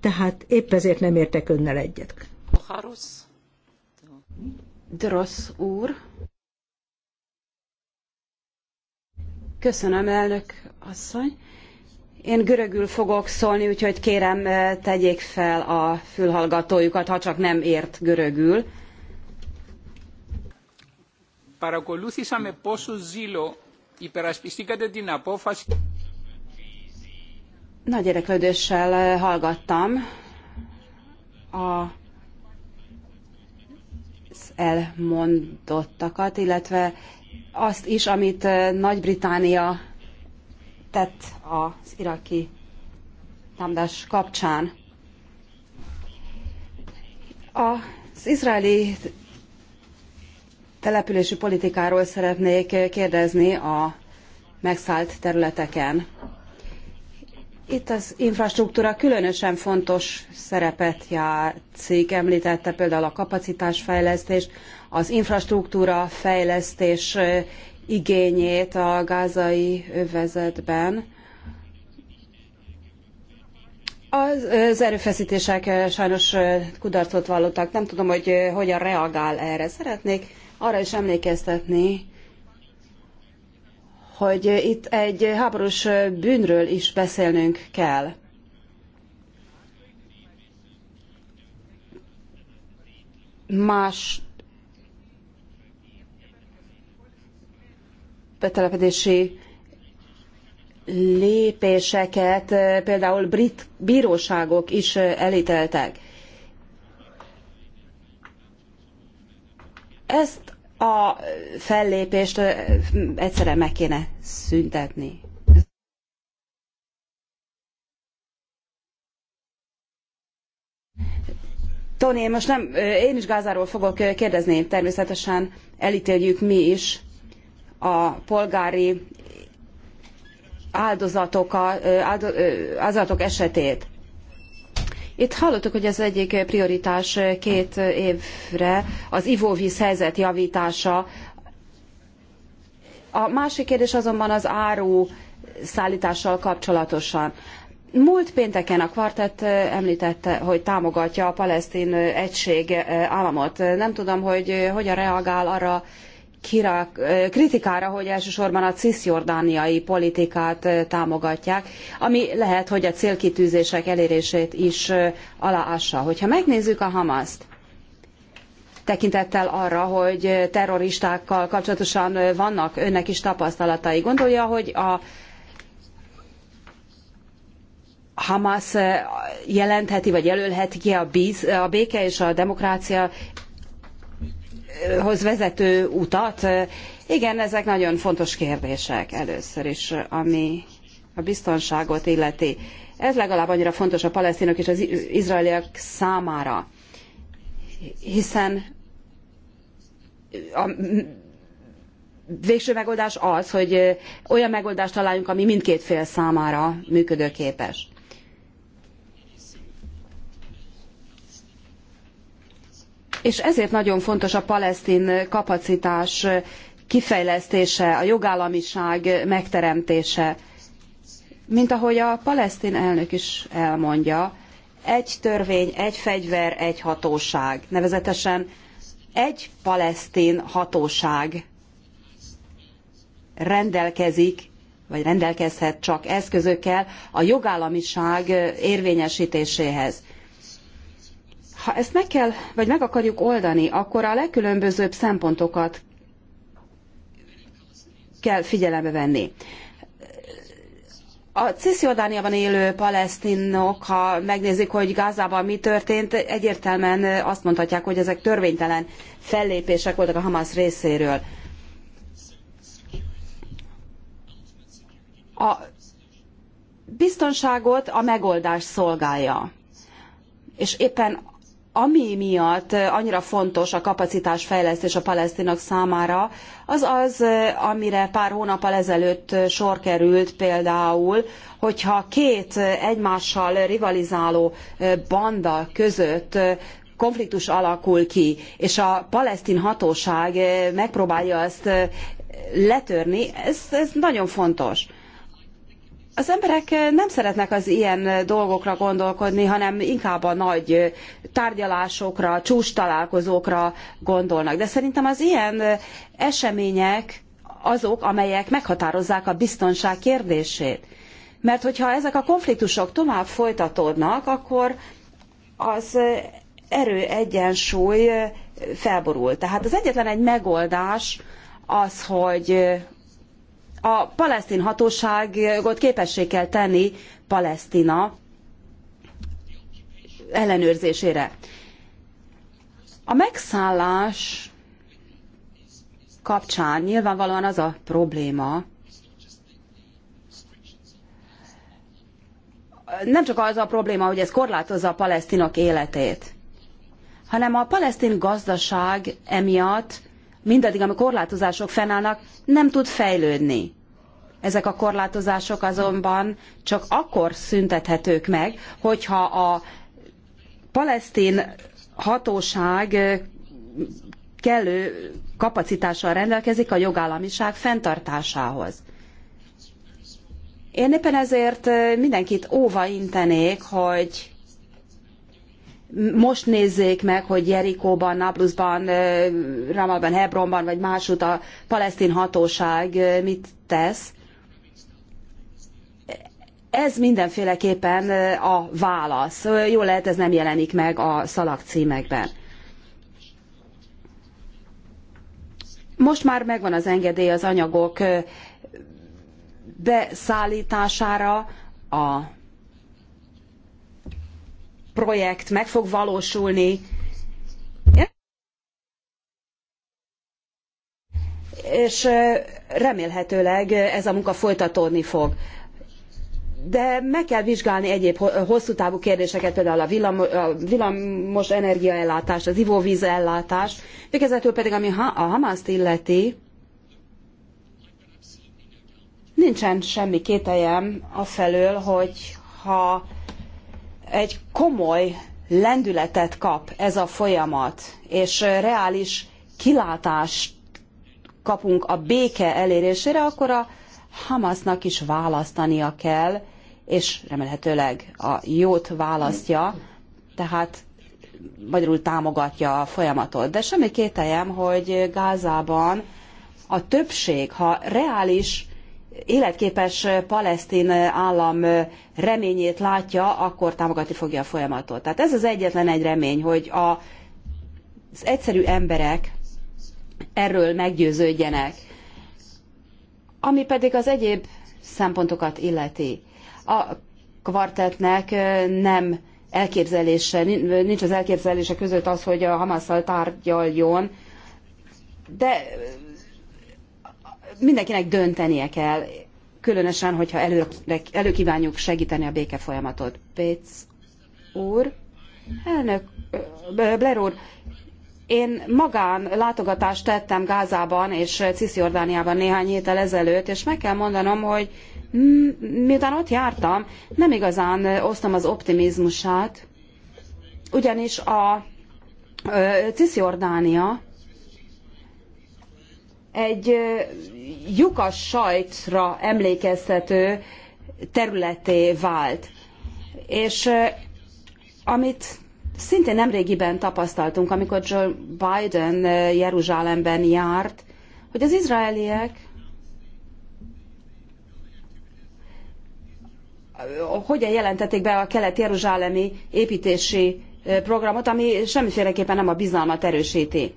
Tehát épp ezért nem értek önnel egyet. Harusz. Drosz úr. Köszönöm, elnök asszony. Én görögül fogok szólni, úgyhogy kérem, e, tegyék fel a fülhallgatójukat, ha csak nem ért görögül. Παρακολούθησα με πόσο ζήλο υπερασπιστήκατε την απόφαση. Nagy érdeklődéssel eh, hallgattam a elmondottakat, illetve azt is, amit eh, Nagy-Británia tett az iraki támadás kapcsán. Az izraeli települési politikáról szeretnék eh, kérdezni a megszállt területeken. Itt az infrastruktúra különösen fontos szerepet játszik. Említette például a kapacitásfejlesztést, az infrastruktúra fejlesztés igényét a gázai övezetben. Az erőfeszítések sajnos kudarcot vallottak. Nem tudom, hogy hogyan reagál erre. Szeretnék arra is emlékeztetni, hogy itt egy háborús bűnről is beszélnünk kell. Más betelepedési lépéseket például brit bíróságok is elítéltek. Ezt a fellépést egyszerre meg kéne szüntetni. Tony, most nem, én is Gázáról fogok kérdezni, természetesen elítéljük mi is a polgári áldozatok, áldozatok esetét. Itt hallottuk, hogy ez egyik prioritás két évre az ivóvíz helyzet javítása. A másik kérdés azonban az áru szállítással kapcsolatosan. Múlt pénteken a kvartett eh, említette, hogy támogatja a palesztin eh, egység eh, államot. Nem tudom, hogy hogyan reagál arra kritikára, hogy elsősorban a ciszjordániai politikát támogatják, ami lehet, hogy a célkitűzések elérését is aláássa. Hogyha megnézzük a Hamaszt, tekintettel arra, hogy terroristákkal kapcsolatosan vannak önnek is tapasztalatai. Gondolja, hogy a Hamas jelentheti, vagy jelölheti ki a, bíz, a béke és a demokrácia hoz vezető utat. Igen, ezek nagyon fontos kérdések először is, ami a biztonságot illeti. Ez legalább annyira fontos a palesztinok és az izraeliek számára, hiszen a végső megoldás az, hogy olyan megoldást találjunk, ami mindkét fél számára működőképes. És ezért nagyon fontos a palesztin kapacitás kifejlesztése, a jogállamiság megteremtése. Mint ahogy a palesztin elnök is elmondja, egy törvény, egy fegyver, egy hatóság. Nevezetesen egy palesztin hatóság rendelkezik, vagy rendelkezhet csak eszközökkel a jogállamiság érvényesítéséhez. Ha ezt meg kell, vagy meg akarjuk oldani, akkor a legkülönbözőbb szempontokat kell figyelembe venni. A Cisjordániában élő palesztinok, ha megnézik, hogy Gázában mi történt, egyértelműen azt mondhatják, hogy ezek törvénytelen fellépések voltak a Hamas részéről. A biztonságot a megoldás szolgálja. És éppen ami miatt eh, annyira fontos a kapacitásfejlesztés a palesztinok számára, az az, eh, amire pár hónappal ezelőtt eh, sor került például, hogyha két egymással rivalizáló banda között konfliktus alakul ki, és a palesztin hatóság megpróbálja ezt letörni, ez, ez nagyon fontos. Az emberek nem szeretnek az ilyen dolgokra gondolkodni, hanem inkább a nagy tárgyalásokra, csúcstalálkozókra gondolnak. De szerintem az ilyen események azok, amelyek meghatározzák a biztonság kérdését. Mert hogyha ezek a konfliktusok tovább folytatódnak, akkor az erő egyensúly felborul. Tehát az egyetlen egy megoldás az, hogy a palesztin hatóságot képessé kell tenni Palesztina ellenőrzésére. A megszállás kapcsán nyilvánvalóan az a probléma, nem csak az a probléma, hogy ez korlátozza a palesztinok életét, hanem a palesztin gazdaság emiatt mindaddig, amíg korlátozások fennállnak, nem tud fejlődni. Ezek a korlátozások azonban csak akkor szüntethetők meg, hogyha a palesztin hatóság kellő kapacitással rendelkezik a jogállamiság fenntartásához. Én éppen ezért mindenkit óva intenék, hogy most nézzék meg, hogy Jerikóban, Nablusban, Ramalban, Hebronban vagy máshogy a palesztin hatóság mit tesz. Ez mindenféleképpen a válasz. Jó lehet, ez nem jelenik meg a címekben. Most már megvan az engedély az anyagok beszállítására, a projekt meg fog valósulni. És remélhetőleg ez a munka folytatódni fog. De meg kell vizsgálni egyéb hosszú távú kérdéseket, például a, villam, a villamos energiaellátást, az ivóvíz ellátás, végezetül pedig ami a Hamaszt illeti, nincsen semmi kételjem afelől, hogy ha egy komoly lendületet kap ez a folyamat, és reális kilátást kapunk a béke elérésére, akkor a Hamasnak is választania kell, és remélhetőleg a jót választja, tehát magyarul támogatja a folyamatot. De semmi kételjem, hogy Gázában a többség, ha reális életképes palesztin állam reményét látja, akkor támogatni fogja a folyamatot. Tehát ez az egyetlen egy remény, hogy a, az egyszerű emberek erről meggyőződjenek. Ami pedig az egyéb szempontokat illeti. A kvartetnek nem elképzelése, nincs az elképzelése között az, hogy a Hamasszal tárgyaljon, de mindenkinek döntenie kell, különösen, hogyha előre, elő kívánjuk segíteni a béke folyamatot. Pécs úr, elnök, Blair úr, én magán látogatást tettem Gázában és Cisziordániában néhány héttel ezelőtt, és meg kell mondanom, hogy miután ott jártam, nem igazán osztom az optimizmusát, ugyanis a Cisziordánia egy lyukas sajtra emlékeztető területé vált. És amit szintén nemrégiben tapasztaltunk, amikor Joe Biden Jeruzsálemben járt, hogy az izraeliek hogyan jelentették be a kelet-jeruzsálemi építési programot, ami semmiféleképpen nem a bizalmat erősíti.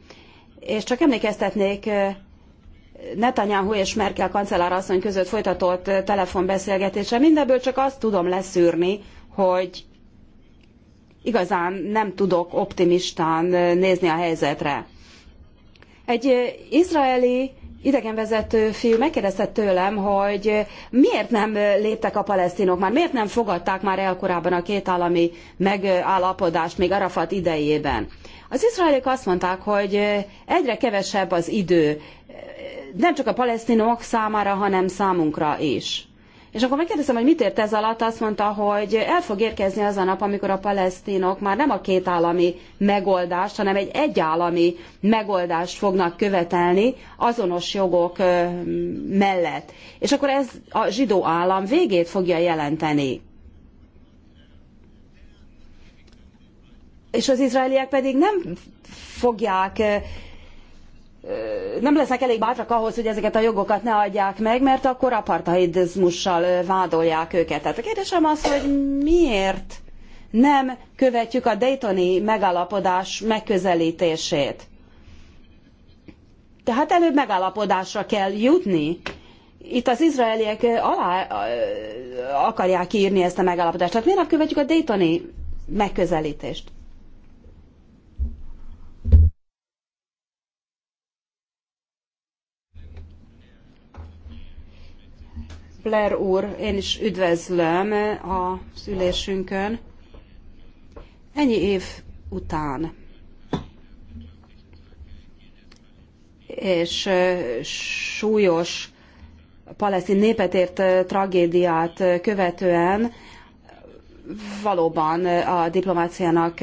És csak emlékeztetnék Netanyahu és Merkel asszony között folytatott telefonbeszélgetésre. Mindebből csak azt tudom leszűrni, hogy igazán nem tudok optimistán nézni a helyzetre. Egy izraeli idegenvezető fiú megkérdezte tőlem, hogy miért nem léptek a palesztinok már, miért nem fogadták már el korábban a kétállami megállapodást még Arafat idejében. Az izraeliek azt mondták, hogy egyre kevesebb az idő, nem csak a palesztinok számára, hanem számunkra is. És akkor megkérdeztem, hogy mit ért ez alatt, azt mondta, hogy el fog érkezni az a nap, amikor a palesztinok már nem a kétállami megoldást, hanem egy egyállami megoldást fognak követelni azonos jogok mellett. És akkor ez a zsidó állam végét fogja jelenteni. És az izraeliek pedig nem fogják nem lesznek elég bátrak ahhoz, hogy ezeket a jogokat ne adják meg, mert akkor apartheidizmussal vádolják őket. Tehát a kérdésem az, hogy miért nem követjük a Daytoni megállapodás megközelítését. Tehát előbb megállapodásra kell jutni. Itt az izraeliek alá akarják írni ezt a megállapodást. Tehát miért nem követjük a Daytoni megközelítést? Blair úr, én is üdvözlöm a szülésünkön. Ennyi év után. És súlyos palesztin népet ért tragédiát követően valóban a diplomáciának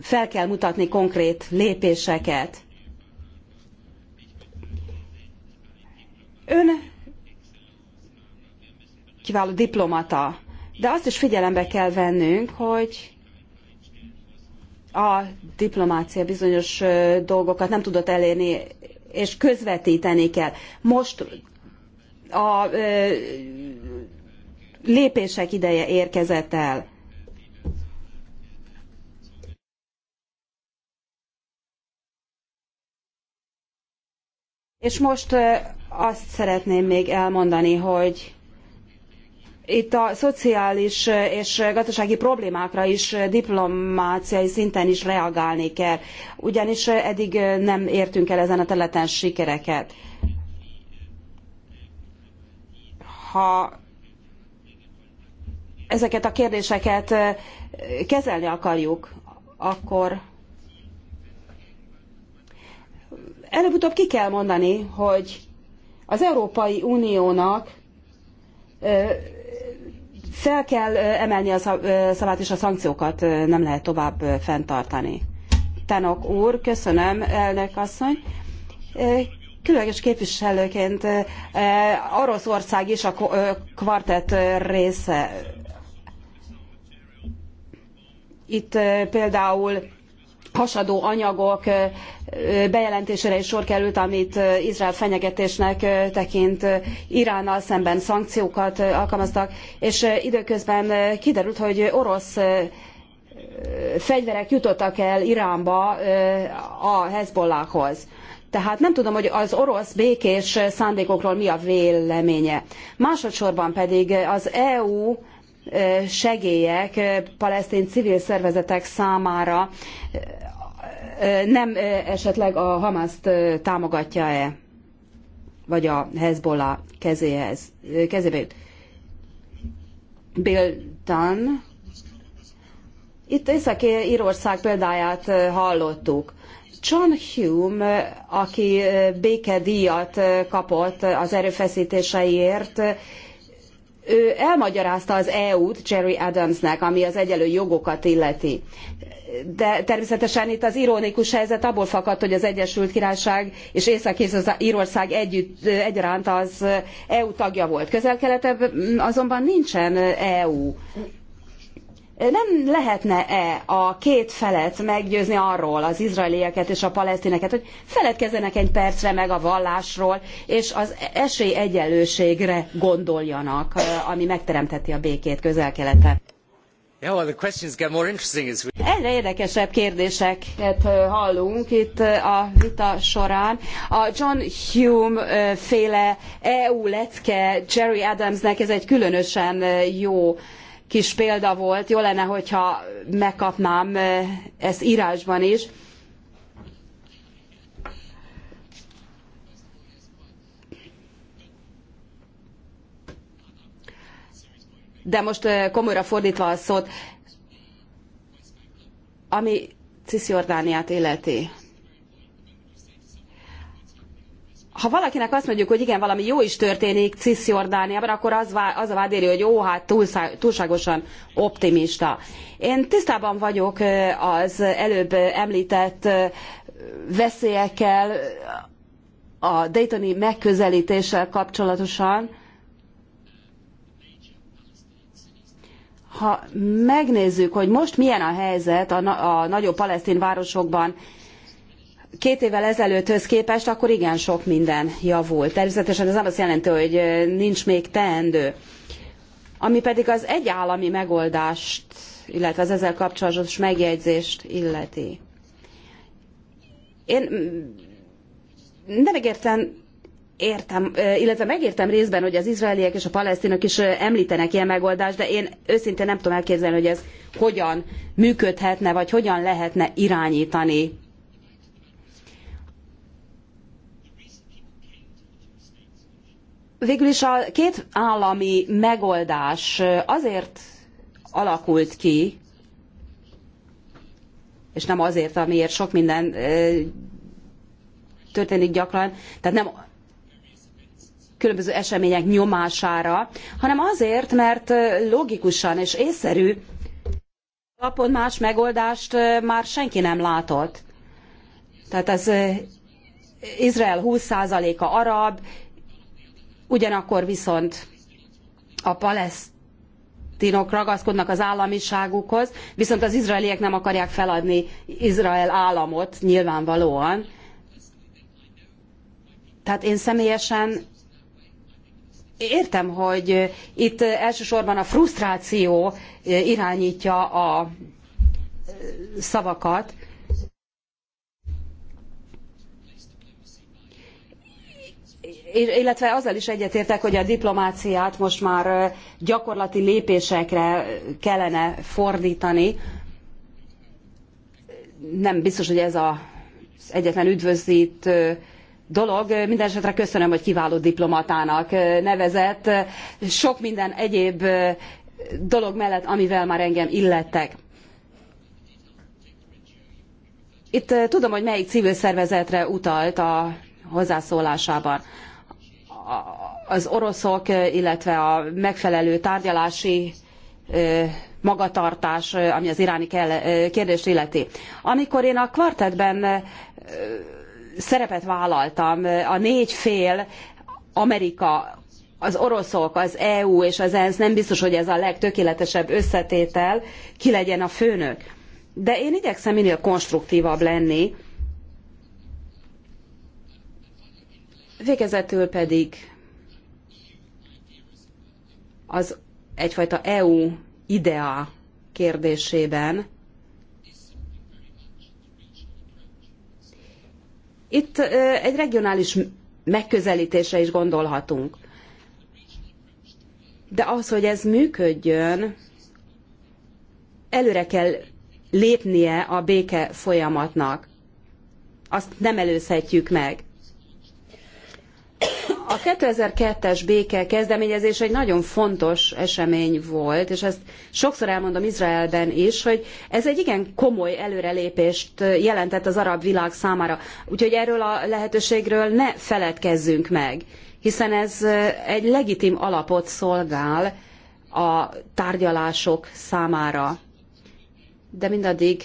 fel kell mutatni konkrét lépéseket. Ön kiváló diplomata. De azt is figyelembe kell vennünk, hogy a diplomácia bizonyos dolgokat nem tudott elérni, és közvetíteni kell. Most a ö, lépések ideje érkezett el. És most azt szeretném még elmondani, hogy itt a szociális eh, és eh, gazdasági problémákra is eh, diplomáciai szinten is reagálni kell, ugyanis eddig nem értünk el ezen a területen sikereket. Ha ezeket a kérdéseket kezelni akarjuk, akkor előbb-utóbb ki kell mondani, hogy az Európai Uniónak fel kell emelni a szavát, és a szankciókat nem lehet tovább fenntartani. Tenok úr, köszönöm, elnök asszony. Különleges képviselőként Oroszország is a kvartett része. Itt például hasadó anyagok bejelentésére is sor került, amit Izrael fenyegetésnek tekint. Iránnal szemben szankciókat alkalmaztak, és időközben kiderült, hogy orosz fegyverek jutottak el Iránba a Hezbollahhoz. Tehát nem tudom, hogy az orosz békés szándékokról mi a véleménye. Másodszorban pedig az EU segélyek palesztin civil szervezetek számára nem esetleg a Hamaszt támogatja-e, vagy a Hezbollah kezéhez, kezébe jut. Bill Itt Észak-Írország példáját hallottuk. John Hume, aki békedíjat kapott az erőfeszítéseiért, ő elmagyarázta az EU-t Jerry Adamsnek, ami az egyelő jogokat illeti de természetesen itt az ironikus helyzet abból fakad, hogy az Egyesült Királyság és Észak-Írország együtt egyaránt az EU tagja volt. közel azonban nincsen EU. Nem lehetne-e a két felet meggyőzni arról, az izraelieket és a palesztineket, hogy feledkezzenek egy percre meg a vallásról, és az esélyegyenlőségre gondoljanak, ami megteremteti a békét közel-keleten? Egyre érdekesebb kérdéseket eh, hallunk itt eh, a vita során. A John Hume eh, féle EU lecke Jerry Adamsnek ez egy különösen jó kis példa volt. Jó lenne, hogyha megkapnám ezt írásban is. de most komolyra fordítva a szót, ami Cisjordániát illeti. ha valakinek azt mondjuk, hogy igen, valami jó is történik Cisjordániában, akkor az, az a vád éri, hogy jó, hát túlságosan optimista. Én tisztában vagyok az előbb említett veszélyekkel, a Daytoni megközelítéssel kapcsolatosan, Ha megnézzük, hogy most milyen a helyzet a, a nagyobb palesztin városokban, két évvel ezelőtthöz képest, akkor igen sok minden javult. Természetesen ez nem azt jelenti, hogy nincs még teendő. Ami pedig az egyállami megoldást, illetve az ezzel kapcsolatos megjegyzést illeti. Én mm, nem értem értem, illetve megértem részben, hogy az izraeliek és a palesztinok is említenek ilyen megoldást, de én őszintén nem tudom elképzelni, hogy ez hogyan működhetne, vagy hogyan lehetne irányítani. Végül is a két állami megoldás azért alakult ki, és nem azért, amiért sok minden történik gyakran, tehát nem különböző események nyomására, hanem azért, mert logikusan és észszerű alapon más megoldást már senki nem látott. Tehát az Izrael 20%-a arab, ugyanakkor viszont a palesztinok ragaszkodnak az államiságukhoz, viszont az izraeliek nem akarják feladni Izrael államot nyilvánvalóan. Tehát én személyesen értem, hogy itt elsősorban a frusztráció irányítja a szavakat. Illetve azzal is egyetértek, hogy a diplomáciát most már gyakorlati lépésekre kellene fordítani. Nem biztos, hogy ez az egyetlen üdvözítő dolog. Mindenesetre köszönöm, hogy kiváló diplomatának eh, nevezett. Sok minden egyéb eh, dolog mellett, amivel már engem illettek. Itt eh, tudom, hogy melyik civil szervezetre utalt a hozzászólásában. Az oroszok, illetve a megfelelő tárgyalási magatartás, ami az iráni kérdést illeti. Amikor én a kvartetben szerepet vállaltam. A négy fél, Amerika, az oroszok, az EU és az ENSZ nem biztos, hogy ez a legtökéletesebb összetétel, ki legyen a főnök. De én igyekszem minél konstruktívabb lenni. Végezetül pedig az egyfajta EU idea kérdésében Itt egy regionális megközelítésre is gondolhatunk. De az, hogy ez működjön, előre kell lépnie a béke folyamatnak. Azt nem előzhetjük meg. A 2002-es béke kezdeményezés egy nagyon fontos esemény volt, és ezt sokszor elmondom Izraelben is, hogy ez egy igen komoly előrelépést jelentett az arab világ számára. Úgyhogy erről a lehetőségről ne feledkezzünk meg, hiszen ez egy legitim alapot szolgál a tárgyalások számára. De mindaddig,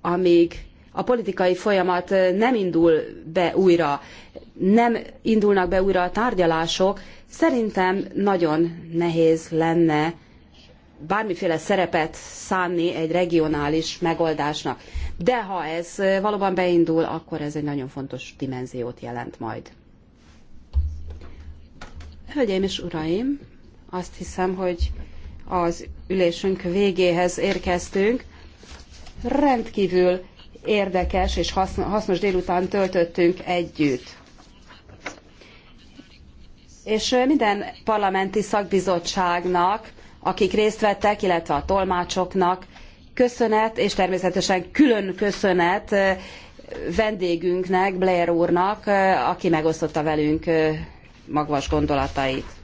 amíg a politikai folyamat nem indul be újra, nem indulnak be újra a tárgyalások, szerintem nagyon nehéz lenne bármiféle szerepet szánni egy regionális megoldásnak. De ha ez valóban beindul, akkor ez egy nagyon fontos dimenziót jelent majd. Hölgyeim és uraim, azt hiszem, hogy az ülésünk végéhez érkeztünk. Rendkívül érdekes és hasznos délután töltöttünk együtt. És minden parlamenti szakbizottságnak, akik részt vettek, illetve a tolmácsoknak köszönet, és természetesen külön köszönet vendégünknek, Blair úrnak, aki megosztotta velünk magvas gondolatait.